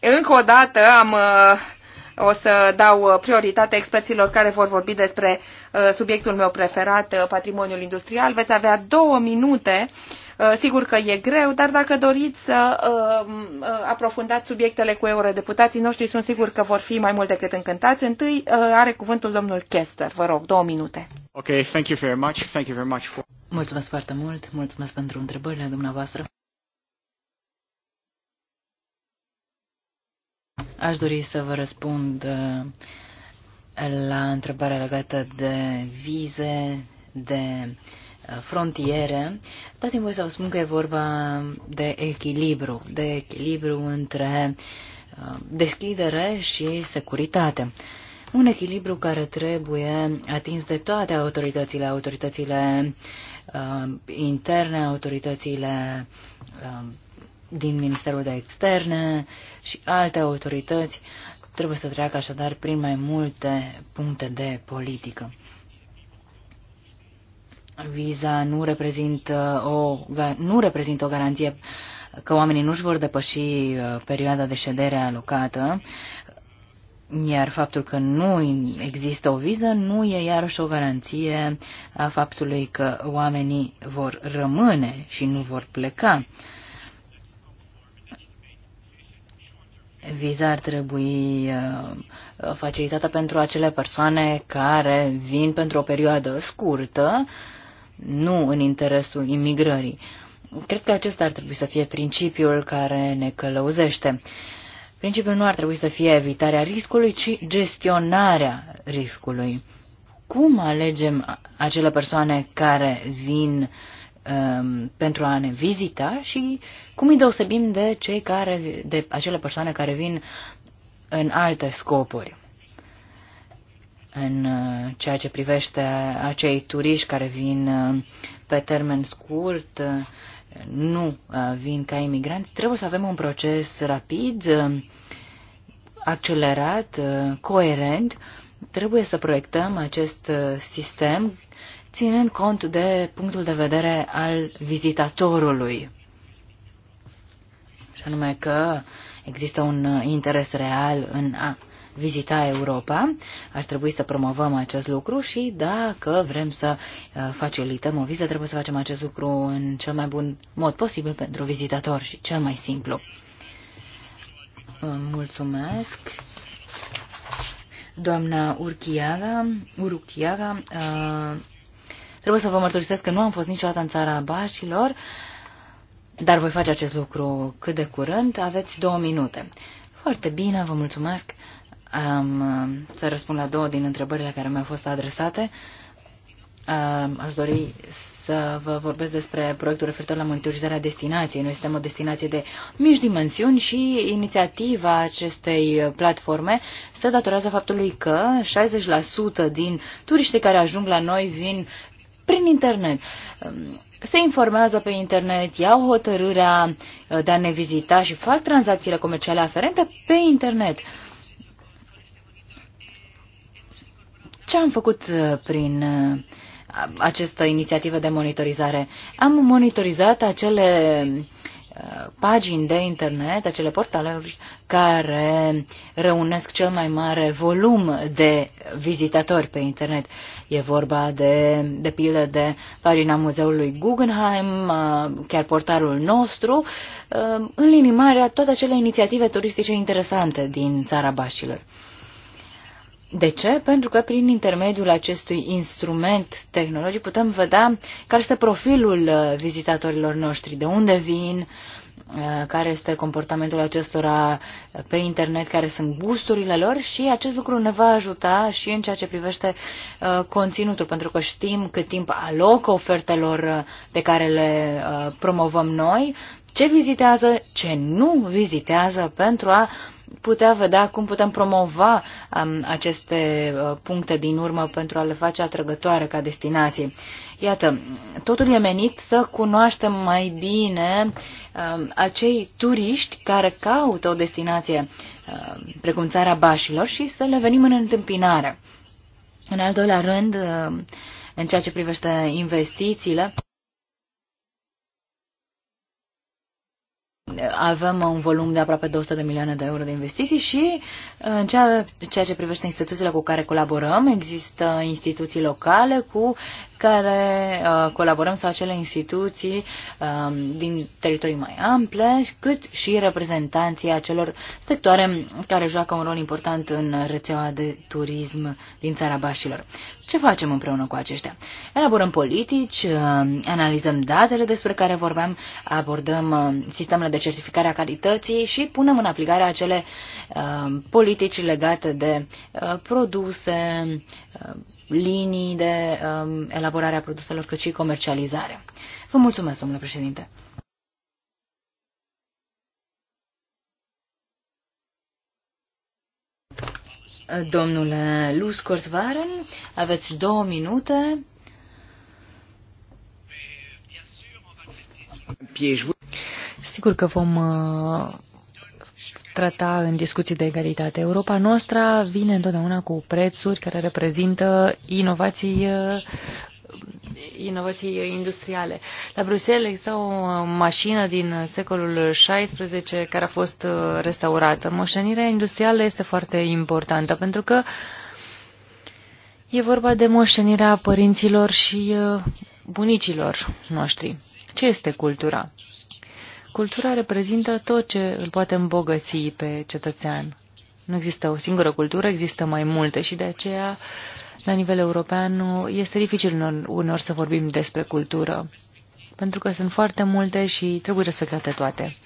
încă o dată am, uh, o să dau prioritate experților care vor vorbi despre uh, subiectul meu preferat, uh, patrimoniul industrial. Veți avea două minute. Sigur că e greu, dar dacă doriți să aprofundați subiectele cu eurodeputații noștri, sunt sigur că vor fi mai mult decât încântați. Întâi are cuvântul domnul Chester. Vă rog, două minute. Okay, thank you very much. Thank you very much for... Mulțumesc foarte mult. Mulțumesc pentru întrebările dumneavoastră. Aș dori să vă răspund uh, la întrebarea legată de vize, de uh, frontiere. Dați-mi voi să vă spun că e vorba de echilibru, de echilibru între uh, deschidere și securitate. Un echilibru care trebuie atins de toate autoritățile, autoritățile uh, interne, autoritățile uh, din Ministerul de Externe, uh, și alte autorități trebuie să treacă așadar prin mai multe puncte de politică. Viza nu reprezintă o, nu reprezintă o garanție că oamenii nu-și vor depăși uh, perioada de ședere alocată, iar faptul că nu există o viză nu e iarăși o garanție a faptului că oamenii vor rămâne și nu vor pleca. Viza ar trebui uh, facilitată pentru acele persoane care vin pentru o perioadă scurtă, nu în interesul imigrării. Cred că acesta ar trebui să fie principiul care ne călăuzește. Principiul nu ar trebui să fie evitarea riscului, ci gestionarea riscului. Cum alegem acele persoane care vin um, pentru a ne vizita și cum îi deosebim de cei care, de acele persoane care vin în alte scopuri. În uh, ceea ce privește acei turiști care vin uh, pe termen scurt, uh, nu vin ca imigranți, trebuie să avem un proces rapid, accelerat, coerent. Trebuie să proiectăm acest sistem ținând cont de punctul de vedere al vizitatorului. Și anume că există un interes real în a vizita Europa, ar trebui să promovăm acest lucru și dacă vrem să uh, facilităm o viză, trebuie să facem acest lucru în cel mai bun mod posibil pentru vizitator și cel mai simplu. Mulțumesc. Doamna Urchiaga, Uruchiaga uh, Trebuie să vă mărturisesc că nu am fost niciodată în țara Bașilor, dar voi face acest lucru cât de curând. Aveți două minute. Foarte bine, vă mulțumesc. Am, uh, să răspund la două din întrebările care mi-au fost adresate. Aș dori să vă vorbesc despre proiectul referitor la monitorizarea destinației. Noi suntem o destinație de mici dimensiuni și inițiativa acestei platforme se datorează faptului că 60% din turiștii care ajung la noi vin prin internet. Se informează pe internet, iau hotărârea uh, de a ne vizita și fac tranzacțiile comerciale aferente pe internet. Ce am făcut uh, prin uh, această inițiativă de monitorizare? Am monitorizat acele pagini de internet, acele portaluri care reunesc cel mai mare volum de vizitatori pe internet. E vorba de, de pildă de pagina muzeului Guggenheim, chiar portalul nostru, în linii mari toate acele inițiative turistice interesante din țara Bașilor. De ce? Pentru că prin intermediul acestui instrument tehnologic putem vedea care este profilul uh, vizitatorilor noștri, de unde vin, uh, care este comportamentul acestora pe internet, care sunt gusturile lor și acest lucru ne va ajuta și în ceea ce privește uh, conținutul, pentru că știm cât timp alocă ofertelor pe care le promovăm noi, ce vizitează, ce nu vizitează pentru a putea vedea cum putem promova um, aceste uh, puncte din urmă pentru a le face atrăgătoare ca destinație. Iată, totul e menit să cunoaștem mai bine uh, acei turiști care caută o destinație uh, precum țara Bașilor și să le venim în întâmpinare. În al doilea rând, uh, în ceea ce privește investițiile, avem un volum de aproape 200 de milioane de euro de investiții și în ceea, ceea ce privește instituțiile cu care colaborăm, există instituții locale cu care uh, colaborăm sau acele instituții uh, din teritorii mai ample, cât și reprezentanții acelor sectoare care joacă un rol important în rețeaua de turism din țara Bașilor. Ce facem împreună cu aceștia? Elaborăm politici, uh, analizăm datele despre care vorbeam, abordăm uh, sistemele de certificare a calității și punem în aplicare acele uh, politici legate de uh, produse, uh, linii de um, elaborare a produselor, cât și comercializare. Vă mulțumesc, domnule președinte. Domnule Luscorsvaren, aveți două minute. Sigur că vom uh trata în discuții de egalitate. Europa noastră vine întotdeauna cu prețuri care reprezintă inovații eh, inovații industriale. La Bruxelles există o mașină din secolul XVI care a fost eh, restaurată. Moștenirea industrială este foarte importantă pentru că e vorba de moștenirea părinților și eh, bunicilor noștri. Ce este cultura? Cultura reprezintă tot ce îl poate îmbogăți pe cetățean. Nu există o singură cultură, există mai multe și de aceea, la nivel european, este dificil unor să vorbim despre cultură, pentru că sunt foarte multe și trebuie respectate toate.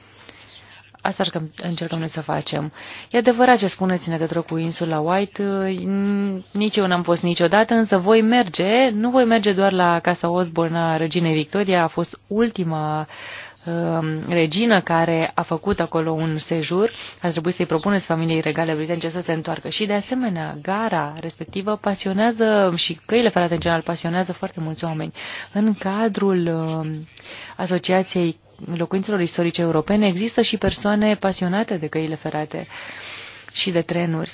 Asta ar încercăm noi să facem. E adevărat ce spuneți în legătură cu insula White, nici eu n-am fost niciodată, însă voi merge, nu voi merge doar la Casa Osborne a Reginei Victoria, a fost ultima Um, regină care a făcut acolo un sejur, ar trebui să-i propuneți familiei regale britanice să se întoarcă. Și de asemenea, gara respectivă pasionează și căile ferate în general pasionează foarte mulți oameni. În cadrul um, Asociației Locuințelor Istorice Europene există și persoane pasionate de căile ferate și de trenuri.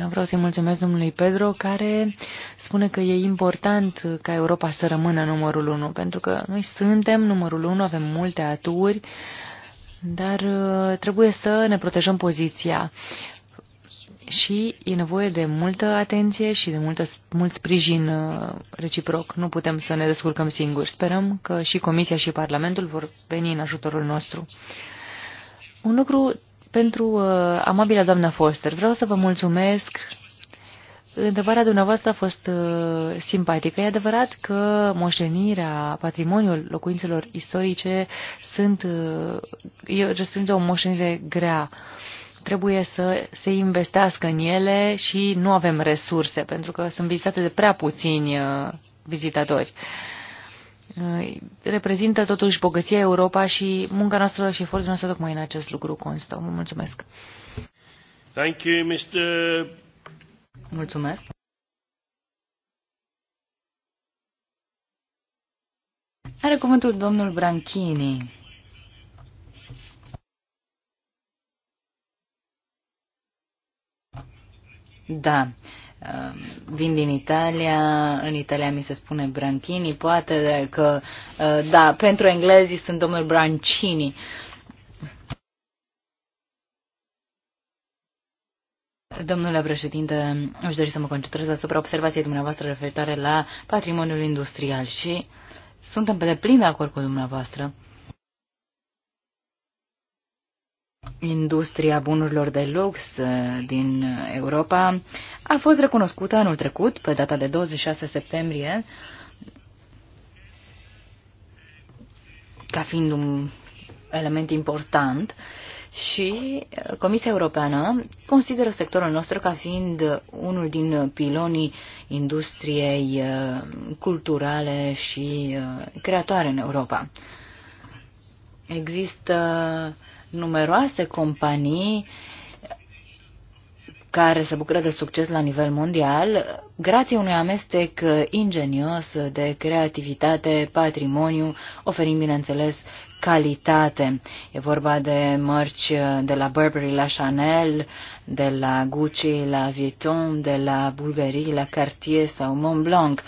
Eu vreau să-i mulțumesc domnului Pedro, care spune că e important ca Europa să rămână numărul 1, pentru că noi suntem numărul 1, avem multe aturi, dar uh, trebuie să ne protejăm poziția. Și e nevoie de multă atenție și de multă, mult sprijin uh, reciproc. Nu putem să ne descurcăm singuri. Sperăm că și Comisia și Parlamentul vor veni în ajutorul nostru. Un lucru pentru uh, amabila doamnă Foster, vreau să vă mulțumesc. Întrebarea dumneavoastră a fost uh, simpatică. E adevărat că moștenirea, patrimoniul locuințelor istorice sunt, uh, răspund o moștenire grea. Trebuie să se investească în ele și nu avem resurse, pentru că sunt vizitate de prea puțini uh, vizitatori. Uh, Uh, reprezintă totuși bogăția Europa și munca noastră și efortul nostru tocmai în acest lucru constă. Vă mulțumesc. Thank you, Mr. Mulțumesc. Are cuvântul domnul Branchini. Da. Ehm, vin din Italia, în Italia mi se spune Branchini, poate că, eh, da, pentru englezii sunt domnul Brancini. Domnule președinte, aș dori să mă concentrez asupra observației dumneavoastră referitoare la patrimoniul industrial și suntem pe deplin de acord cu dumneavoastră. industria bunurilor de lux uh, din Europa a fost recunoscută anul trecut, pe data de 26 septembrie, ca fiind un element important și uh, Comisia Europeană consideră sectorul nostru ca fiind unul din pilonii industriei uh, culturale și creatoare în Europa. Există numeroase companii care se bucură de succes la nivel mondial, grație unui amestec ingenios de creativitate, patrimoniu, oferind, bineînțeles, calitate. E vorba de mărci de la Burberry la Chanel, de la Gucci la Vuitton, de la Bulgarie la Cartier sau Montblanc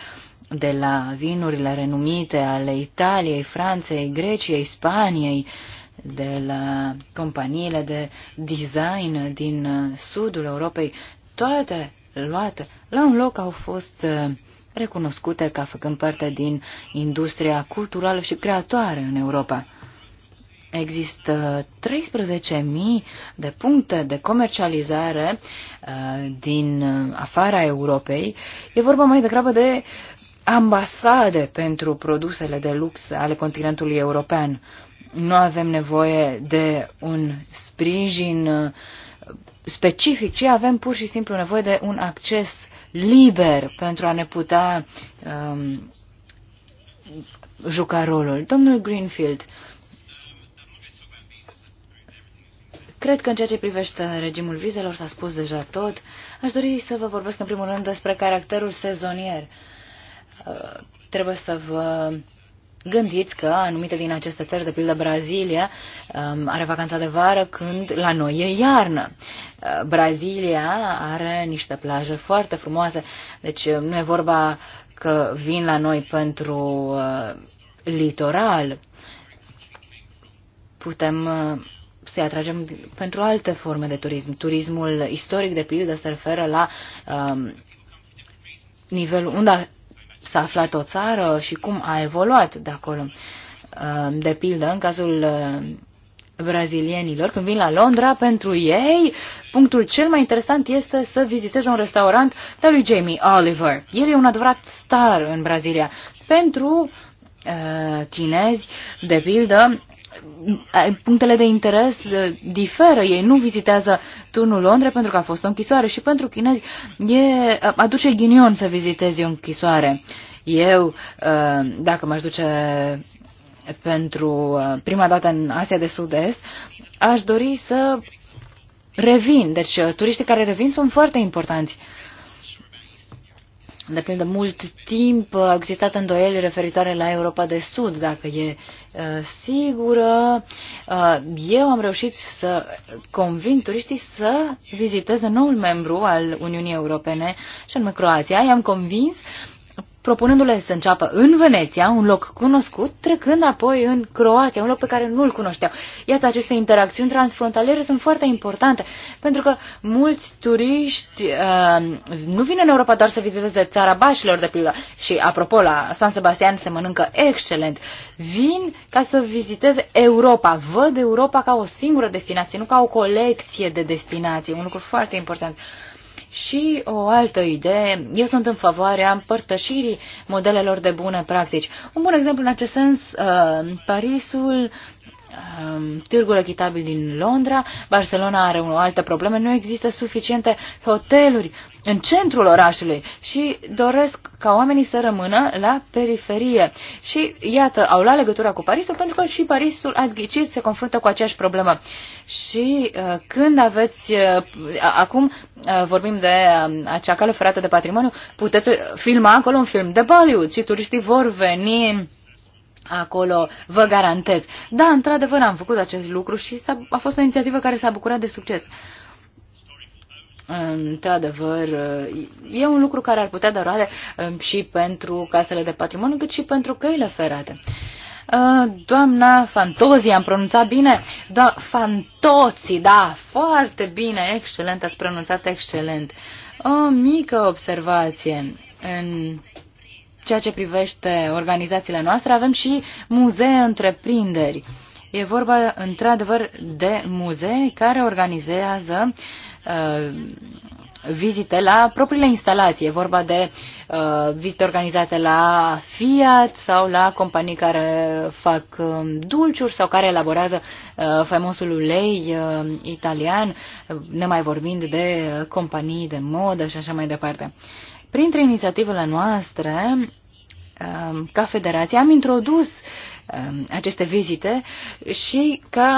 de la vinurile renumite ale Italiei, Franței, Greciei, Spaniei, de la companiile de design din uh, sudul Europei, toate luate la un loc au fost uh, recunoscute ca făcând parte din industria culturală și creatoare în Europa. Există 13.000 de puncte de comercializare uh, din afara Europei. E vorba mai degrabă de ambasade pentru produsele de lux ale continentului european. Nu avem nevoie de un sprijin uh, specific, ci avem pur și simplu nevoie de un acces liber pentru a ne putea um, juca rolul. Domnul Greenfield, Cred că în ceea ce privește regimul vizelor s-a spus deja tot. Aș dori să vă vorbesc în primul rând despre caracterul sezonier. Uh, trebuie să vă Gândiți că anumite din aceste țări, de pildă Brazilia, um, are vacanța de vară când la noi e iarnă. Uh, Brazilia are niște plaje foarte frumoase, deci uh, nu e vorba că vin la noi pentru uh, litoral. Putem să-i atragem pentru alte forme de turism. Turismul istoric, de pildă, se referă la um, nivelul unde s-a aflat o țară și cum a evoluat de acolo. Ehm, de pildă, în cazul ehm, brazilienilor, când vin la Londra, pentru ei, punctul cel mai interesant este să viziteze un restaurant de lui Jamie Oliver. El e un adevărat star în Brazilia. Pentru uh, chinezi, de pildă, punctele de interes diferă. Ei nu vizitează turnul Londra pentru că a fost o închisoare și pentru chinezi e, aduce ghinion să vizitezi o închisoare. Eu, ă, dacă m-aș duce pentru ă, prima dată în Asia de Sud-Est, aș dori să revin. Deci ă, turiștii care revin sunt foarte importanți de pildă, mult timp uh, au existat îndoieli referitoare la Europa de Sud, dacă e uh, sigură. Uh, eu am reușit să convin turiștii să viziteze noul membru al Uniunii Europene, și anume Croația. I-am convins propunându-le să înceapă în Veneția, un loc cunoscut, trecând apoi în Croația, un loc pe care nu-l cunoșteau. Iată, aceste interacțiuni transfrontaliere sunt foarte importante, pentru că mulți turiști uh, nu vin în Europa doar să viziteze țara Bașilor, de pildă, și apropo, la San Sebastian se mănâncă excelent, vin ca să viziteze Europa, văd Europa ca o singură destinație, nu ca o colecție de destinații, un lucru foarte important. Și o altă idee, eu sunt în favoarea împărtășirii modelelor de bune practici. Un bun exemplu în acest sens, uh, Parisul Um, târgul echitabil din Londra, Barcelona are o altă problemă, nu există suficiente hoteluri în centrul orașului și doresc ca oamenii să rămână la periferie. Și iată, au luat legătura cu Parisul pentru că și Parisul, ați ghicit, se confruntă cu aceeași problemă. Și uh, când aveți, uh, acum uh, vorbim de uh, acea cale ferată de patrimoniu, puteți uh, filma acolo un film de Bollywood și turiștii vor veni acolo, vă garantez. Da, într-adevăr am făcut acest lucru și a a fost o inițiativă care s-a bucurat de succes. Într-adevăr, e un lucru care ar putea da roade um, și pentru casele de patrimoniu, cât și pentru căile ferate. Uh, doamna Fantozi, am pronunțat bine? Da, Fantozi, da, foarte bine, excelent, ați pronunțat excelent. O mică observație. În ceea ce privește organizațiile noastre, avem și muzee întreprinderi. E vorba, într-adevăr, de muzee care organizează uh, vizite la propriile instalații. E vorba de uh, vizite organizate la Fiat sau la companii care fac uh, dulciuri sau care elaborează uh, faimosul ulei uh, italian, ne mai vorbind de uh, companii de modă și așa mai departe. Printre inițiativele noastre Um, ca federație am introdus um, aceste vizite și ca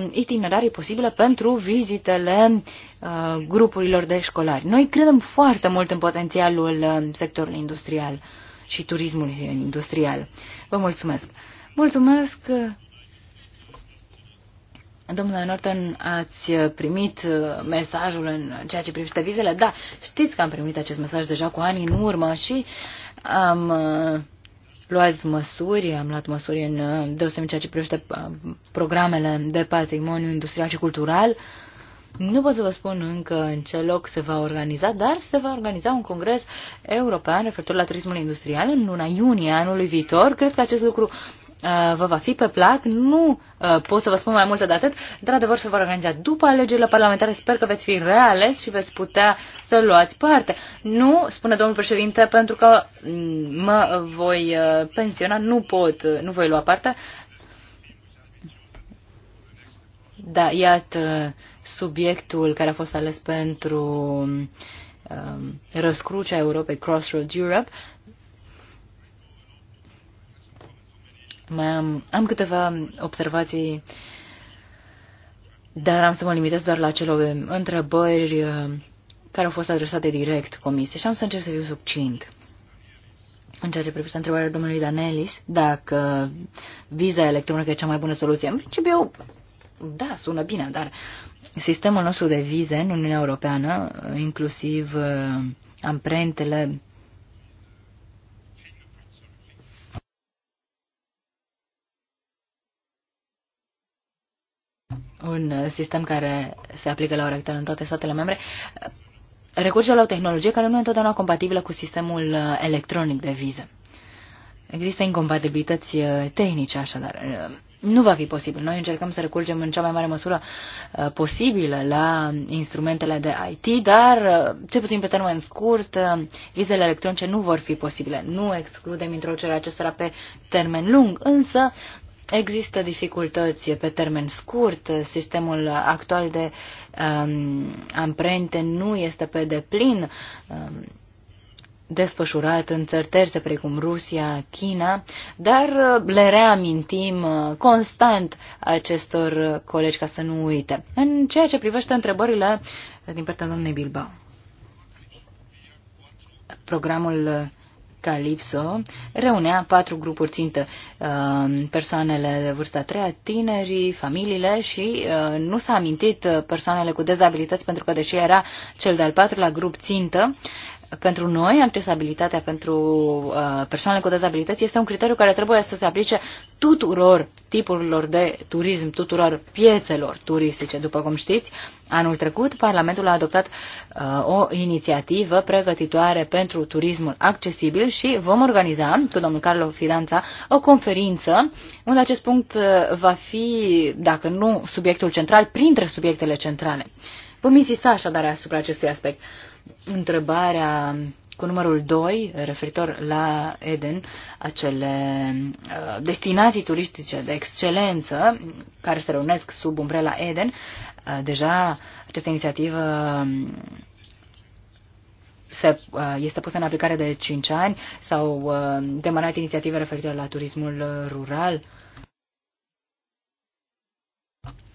um, itinerarii posibile pentru vizitele uh, grupurilor de școlari. Noi credem foarte mult în potențialul sectorului industrial și turismului industrial. Vă mulțumesc! Mulțumesc! Uh, domnule Norton, ați uh, primit mesajul în ceea ce privește vizele? Da, știți că am primit acest mesaj deja cu ani în urmă și uh, am uh, luat măsuri, am luat măsuri în uh, deosebit ceea ce privește uh, programele de patrimoniu industrial și cultural. Nu pot să vă spun încă în ce loc se va organiza, dar se va organiza un congres european referitor la turismul industrial în luna iunie anului viitor. Cred că acest lucru Uh, vă va fi pe plac. Nu uh, pot să vă spun mai multe de atât. Într-adevăr, se vor organiza după alegerile parlamentare. Sper că veți fi reales și veți putea să luați parte. Nu, spune domnul președinte, pentru că mm, mă voi uh, pensiona, nu pot, nu voi lua parte. Da, iată subiectul care a fost ales pentru um, răscrucea Europei, Crossroads Europe. Uh, Mai am, am câteva observații, dar am să mă limitez doar la acele întrebări uh, care au fost adresate direct comisiei și am să încerc să fiu succint. În ceea ce privește întrebarea domnului Danelis, dacă viza electronică e cea mai bună soluție, în principiu, da, sună bine, dar sistemul nostru de vize în Uniunea Europeană, inclusiv uh, amprentele un sistem care se aplică la ora actuală în toate statele membre, recurge la o tehnologie care nu e întotdeauna compatibilă cu sistemul uh, electronic de vize. Există incompatibilități uh, tehnice, așadar. Uh, nu va fi posibil. Noi încercăm să recurgem în cea mai mare măsură posibilă la instrumentele de IT, dar, cel puțin pe termen scurt, vizele electronice nu vor fi posibile. Nu excludem introducerea acestora pe termen lung, însă Există dificultăți pe termen scurt, sistemul actual de um, amprente nu este pe deplin um, desfășurat în țări terțe precum Rusia, China, dar uh, le reamintim uh, constant acestor uh, colegi ca să nu uite. În ceea ce privește întrebările din partea doamnei Bilbao, programul Calypso reunea patru grupuri țintă, uh, persoanele de vârsta a treia, tinerii, familiile și uh, nu s-a amintit uh, persoanele cu dezabilități pentru că deși era cel de-al patrulea grup țintă, pentru noi, accesibilitatea pentru uh, persoanele cu dezabilități este un criteriu care trebuie să se aplice tuturor tipurilor de turism, tuturor piețelor turistice. După cum știți, anul trecut Parlamentul a adoptat uh, o inițiativă pregătitoare pentru turismul accesibil și vom organiza cu domnul Carlo Fidanța o conferință unde acest punct uh, va fi, dacă nu subiectul central, printre subiectele centrale. Vom insista așadar asupra acestui aspect. Uh, întrebarea cu numărul 2, referitor la Eden, acele uh, destinații turistice de excelență care se reunesc sub umbrela Eden, uh, deja această inițiativă um, se, uh, este pusă în aplicare de 5 ani, sau uh, demarat inițiative referitoare la turismul rural,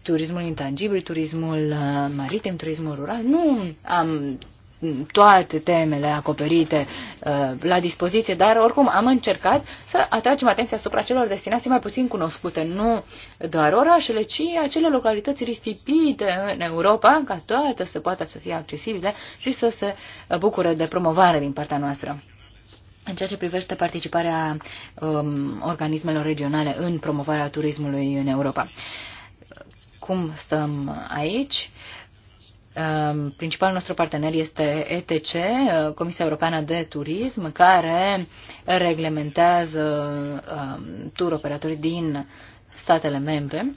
turismul intangibil, turismul uh, maritim, turismul rural. Nu am toate temele acoperite uh, la dispoziție, dar oricum am încercat să atragem atenția asupra celor destinații mai puțin cunoscute, nu doar orașele, ci acele localități risipite în Europa, ca toate să poată să fie accesibile și să se bucure de promovare din partea noastră. În ceea ce privește participarea um, organismelor regionale în promovarea turismului în Europa. Cum stăm aici? Uh, Ehm, principalul nostru partener este ETC, eh, Comisia Europeană de Turism, care reglementează ehm, tur operatorii din statele membre.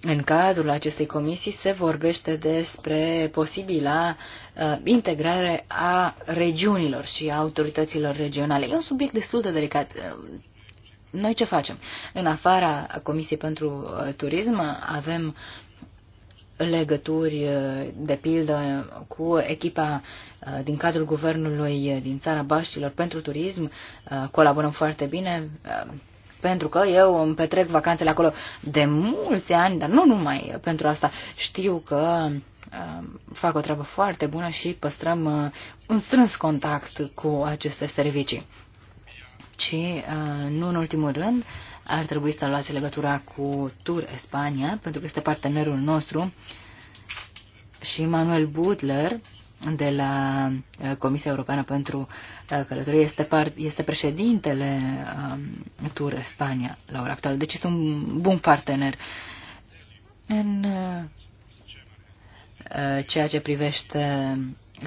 În cadrul acestei comisii se vorbește despre posibila uh, integrare a regiunilor și a autorităților regionale. E un subiect destul de delicat. Noi ce facem? În afara Comisiei pentru eh, Turism avem legături, eh, de pildă, cu echipa eh, din cadrul guvernului eh, din țara Baștilor pentru turism. Colaborăm foarte bine pentru că eu îmi petrec vacanțele acolo de mulți ani, dar nu numai pentru asta. Știu că fac o treabă foarte bună și păstrăm un strâns contact cu aceste servicii. Și, nu în ultimul rând, ar trebui să luați legătura cu Tur Spania, pentru că este partenerul nostru, și Manuel Butler de la uh, Comisia Europeană pentru uh, Călătorie este, part, este președintele um, Tur Spania la ora actuală. Deci este un bun partener. În uh, uh, ceea ce privește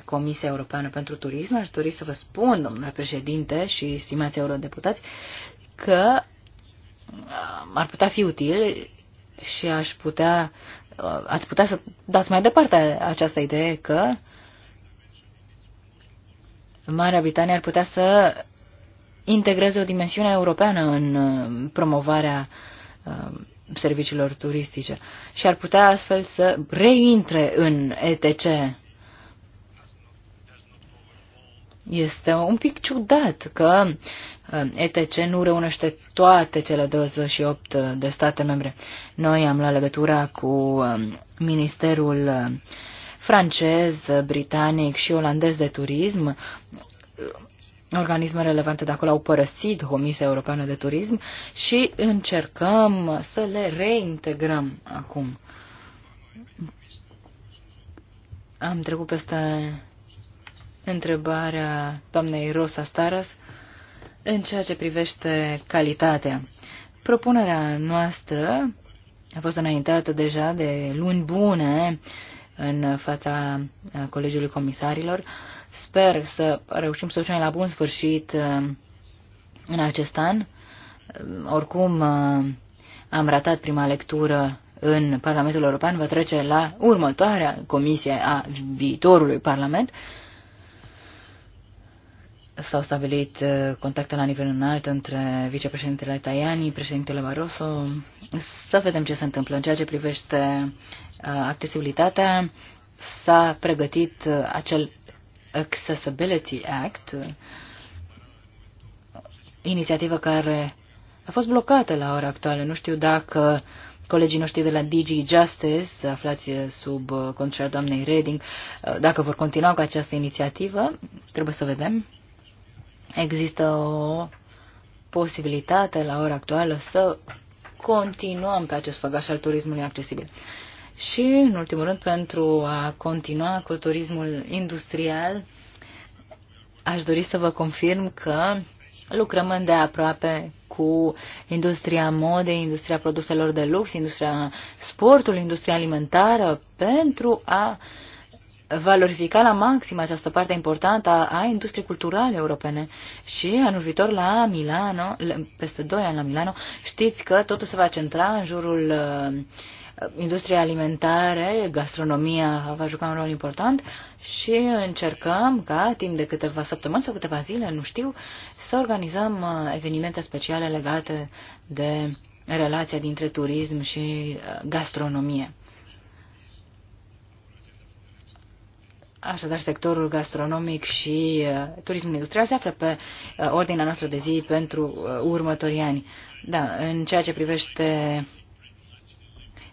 Comisia Europeană pentru Turism, aș dori să vă spun, domnule președinte și stimați eurodeputați, că ar putea fi util și aș putea, ați putea să dați mai departe această idee că Marea Britanie ar putea să integreze o dimensiune europeană în uh, promovarea uh, serviciilor turistice și ar putea astfel să reintre în ETC. Este un pic ciudat că uh, ETC nu reunește toate cele 28 uh, de state membre. Noi am luat legătura cu uh, Ministerul francez, britanic și olandez de turism. Organisme relevante de acolo au părăsit Comisia Europeană de Turism și încercăm să le reintegrăm acum. Am trecut peste întrebarea doamnei Rosa Staras în ceea ce privește calitatea. Propunerea noastră a fost înaintată deja de luni bune în fața Colegiului Comisarilor. Sper să reușim să ducem la bun sfârșit uh, în acest an. Oricum, uh, am ratat prima lectură în Parlamentul European, va trece la următoarea comisie a viitorului Parlament S-au stabilit uh, contacte la nivel înalt între vicepreședintele Tajani, președintele Barroso. Să vedem ce se întâmplă. În ceea ce privește uh, accesibilitatea, s-a pregătit uh, acel Accessibility Act, inițiativă care a fost blocată la ora actuală. Nu știu dacă colegii noștri de la DG Justice, aflați sub conducerea doamnei Reding, dacă vor continua cu această inițiativă, trebuie să vedem. Există o posibilitate la ora actuală să continuăm pe acest făgaș al turismului accesibil. Și, în ultimul rând, pentru a continua cu turismul industrial, aș dori să vă confirm că lucrăm îndeaproape cu industria modei, industria produselor de lux, industria sportului, industria alimentară, pentru a uh, valorifica la maxim această parte importantă a industriei culturale europene. Și anul viitor la Milano, peste doi ani la Milano, știți că totul se va centra în jurul uh, industriei alimentare, gastronomia va juca un rol important și încercăm ca timp de câteva săptămâni sau câteva zile, nu știu, să organizăm uh, evenimente speciale legate de relația dintre turism și uh, gastronomie. Așadar, sectorul gastronomic și uh, turismul industrial se află pe uh, ordinea noastră de zi pentru uh, următorii ani. Da, în ceea ce privește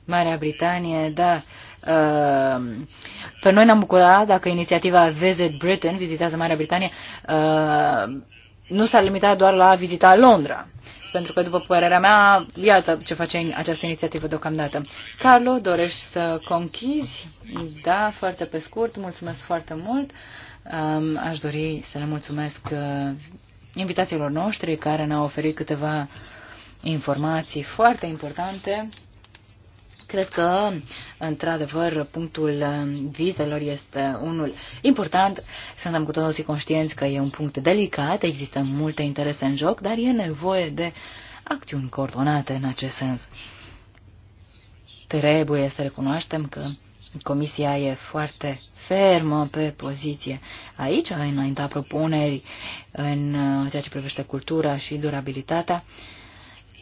Marea Britanie, da, uh, pe noi ne-am bucurat dacă inițiativa Visit Britain, vizitează Marea Britanie, uh, nu s a limitat doar la vizita Londra pentru că, după părerea mea, iată ce face această inițiativă deocamdată. Carlo, dorești să conchizi? Da, foarte pe scurt, mulțumesc foarte mult. Aș dori să le mulțumesc uh, invitațiilor noștri care ne-au oferit câteva informații foarte importante Cred că, într-adevăr, punctul um, vizelor este unul important. Suntem cu toții conștienți că e un punct delicat, există multe interese în joc, dar e nevoie de acțiuni coordonate în acest sens. Trebuie să recunoaștem că Comisia e foarte fermă pe poziție. Aici a înaintat propuneri în uh, ceea ce privește cultura și durabilitatea.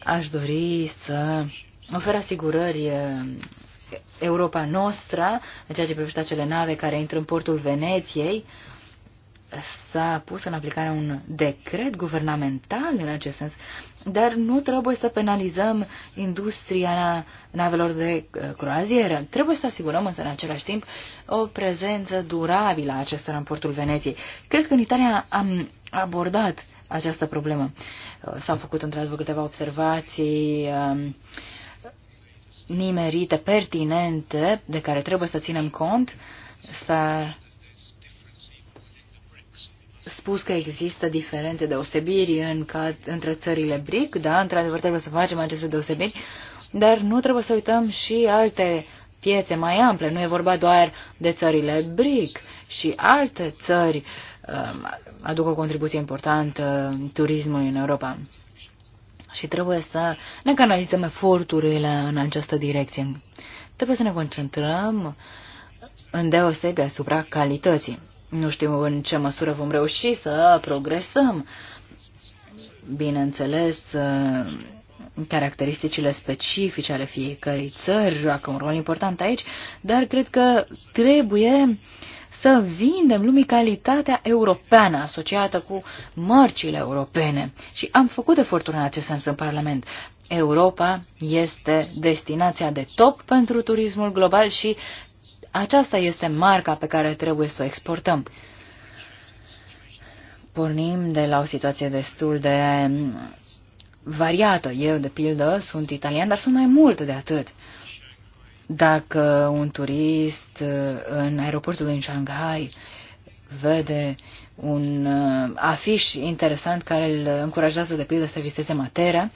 Aș dori să oferă asigurări Europa Nostra, în ceea ce privește acele nave care intră în portul Veneției, s-a pus în aplicare un decret guvernamental în acest sens, dar nu trebuie să penalizăm industria navelor de croazieră. Trebuie să asigurăm însă în același timp o prezență durabilă a acestora în portul Veneției. Cred că în Italia am abordat această problemă. S-au făcut într-adevăr câteva observații nimerite, pertinente, de care trebuie să ținem cont. să spus că există diferente deosebiri în ca, între țările BRIC, da, într-adevăr trebuie să facem aceste deosebiri, dar nu trebuie să uităm și alte piețe mai ample. Nu e vorba doar de țările BRIC și alte țări um, aduc o contribuție importantă turismului în Europa și trebuie să ne canalizăm eforturile în această direcție. Trebuie să ne concentrăm deosebi asupra calității. Nu știu în ce măsură vom reuși să progresăm. Bineînțeles, caracteristicile specifice ale fiecărei țări joacă un rol important aici, dar cred că trebuie uh, să vindem lumii calitatea europeană asociată cu mărcile europene. Și am făcut eforturi în acest sens în Parlament. Europa este destinația de top pentru turismul global și aceasta este marca pe care trebuie să o exportăm. Pornim de la o situație destul de variată. Eu, de pildă, sunt italian, dar sunt mai mult de atât. Dacă un turist uh, în aeroportul din Shanghai vede un uh, afiș interesant care îl încurajează de pildă să viziteze Matera,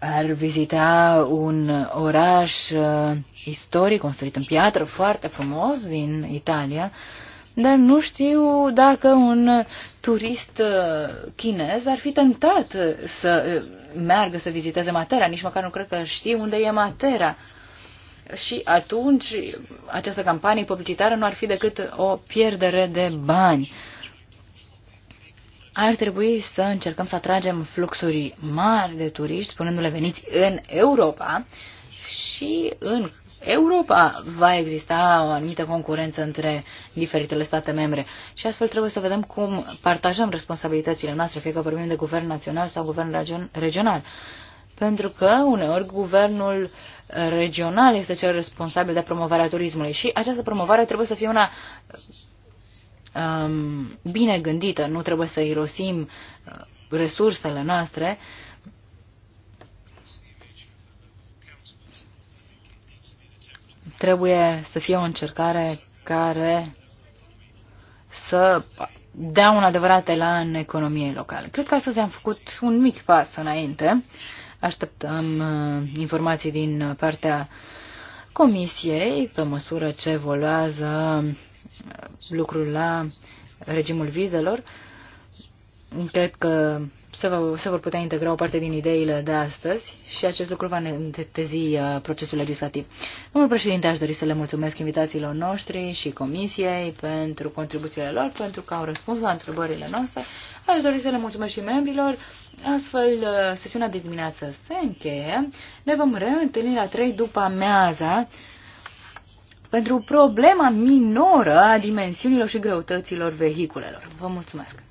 ar vizita un oraș uh, istoric construit în piatră foarte frumos din Italia, uh, dar nu știu dacă un turist uh, chinez ar fi tentat uh, să uh, meargă să viziteze Matera, nici măcar nu cred că știe unde e Matera. Și atunci această campanie publicitară nu ar fi decât o pierdere de bani. Ar trebui să încercăm să atragem fluxuri mari de turiști, spunându-le veniți în Europa și în Europa va exista o anumită concurență între diferitele state membre și astfel trebuie să vedem cum partajăm responsabilitățile noastre, fie că vorbim de guvern național sau guvern regional. Pentru că uneori guvernul regional este cel responsabil de promovarea turismului și această promovare trebuie să fie una um, bine gândită, nu trebuie să irosim uh, resursele noastre uh, Trebuie să fie o încercare care să dea un adevărat elan economiei locale. Cred că astăzi am făcut un mic pas înainte. Așteptăm uh, informații din partea Comisiei pe măsură ce evoluează uh, lucrul la regimul vizelor. Cred că se, vă, se vor putea integra o parte din ideile de astăzi și acest lucru va întetezi uh, procesul legislativ. Domnul președinte, aș dori să le mulțumesc invitațiilor noștri și comisiei pentru contribuțiile lor, pentru că au răspuns la întrebările noastre. Aș dori să le mulțumesc și membrilor. Astfel, uh, sesiunea de dimineață se încheie. Ne vom reîntâlni la 3 după amiaza pentru problema minoră a dimensiunilor și greutăților vehiculelor. Vă mulțumesc!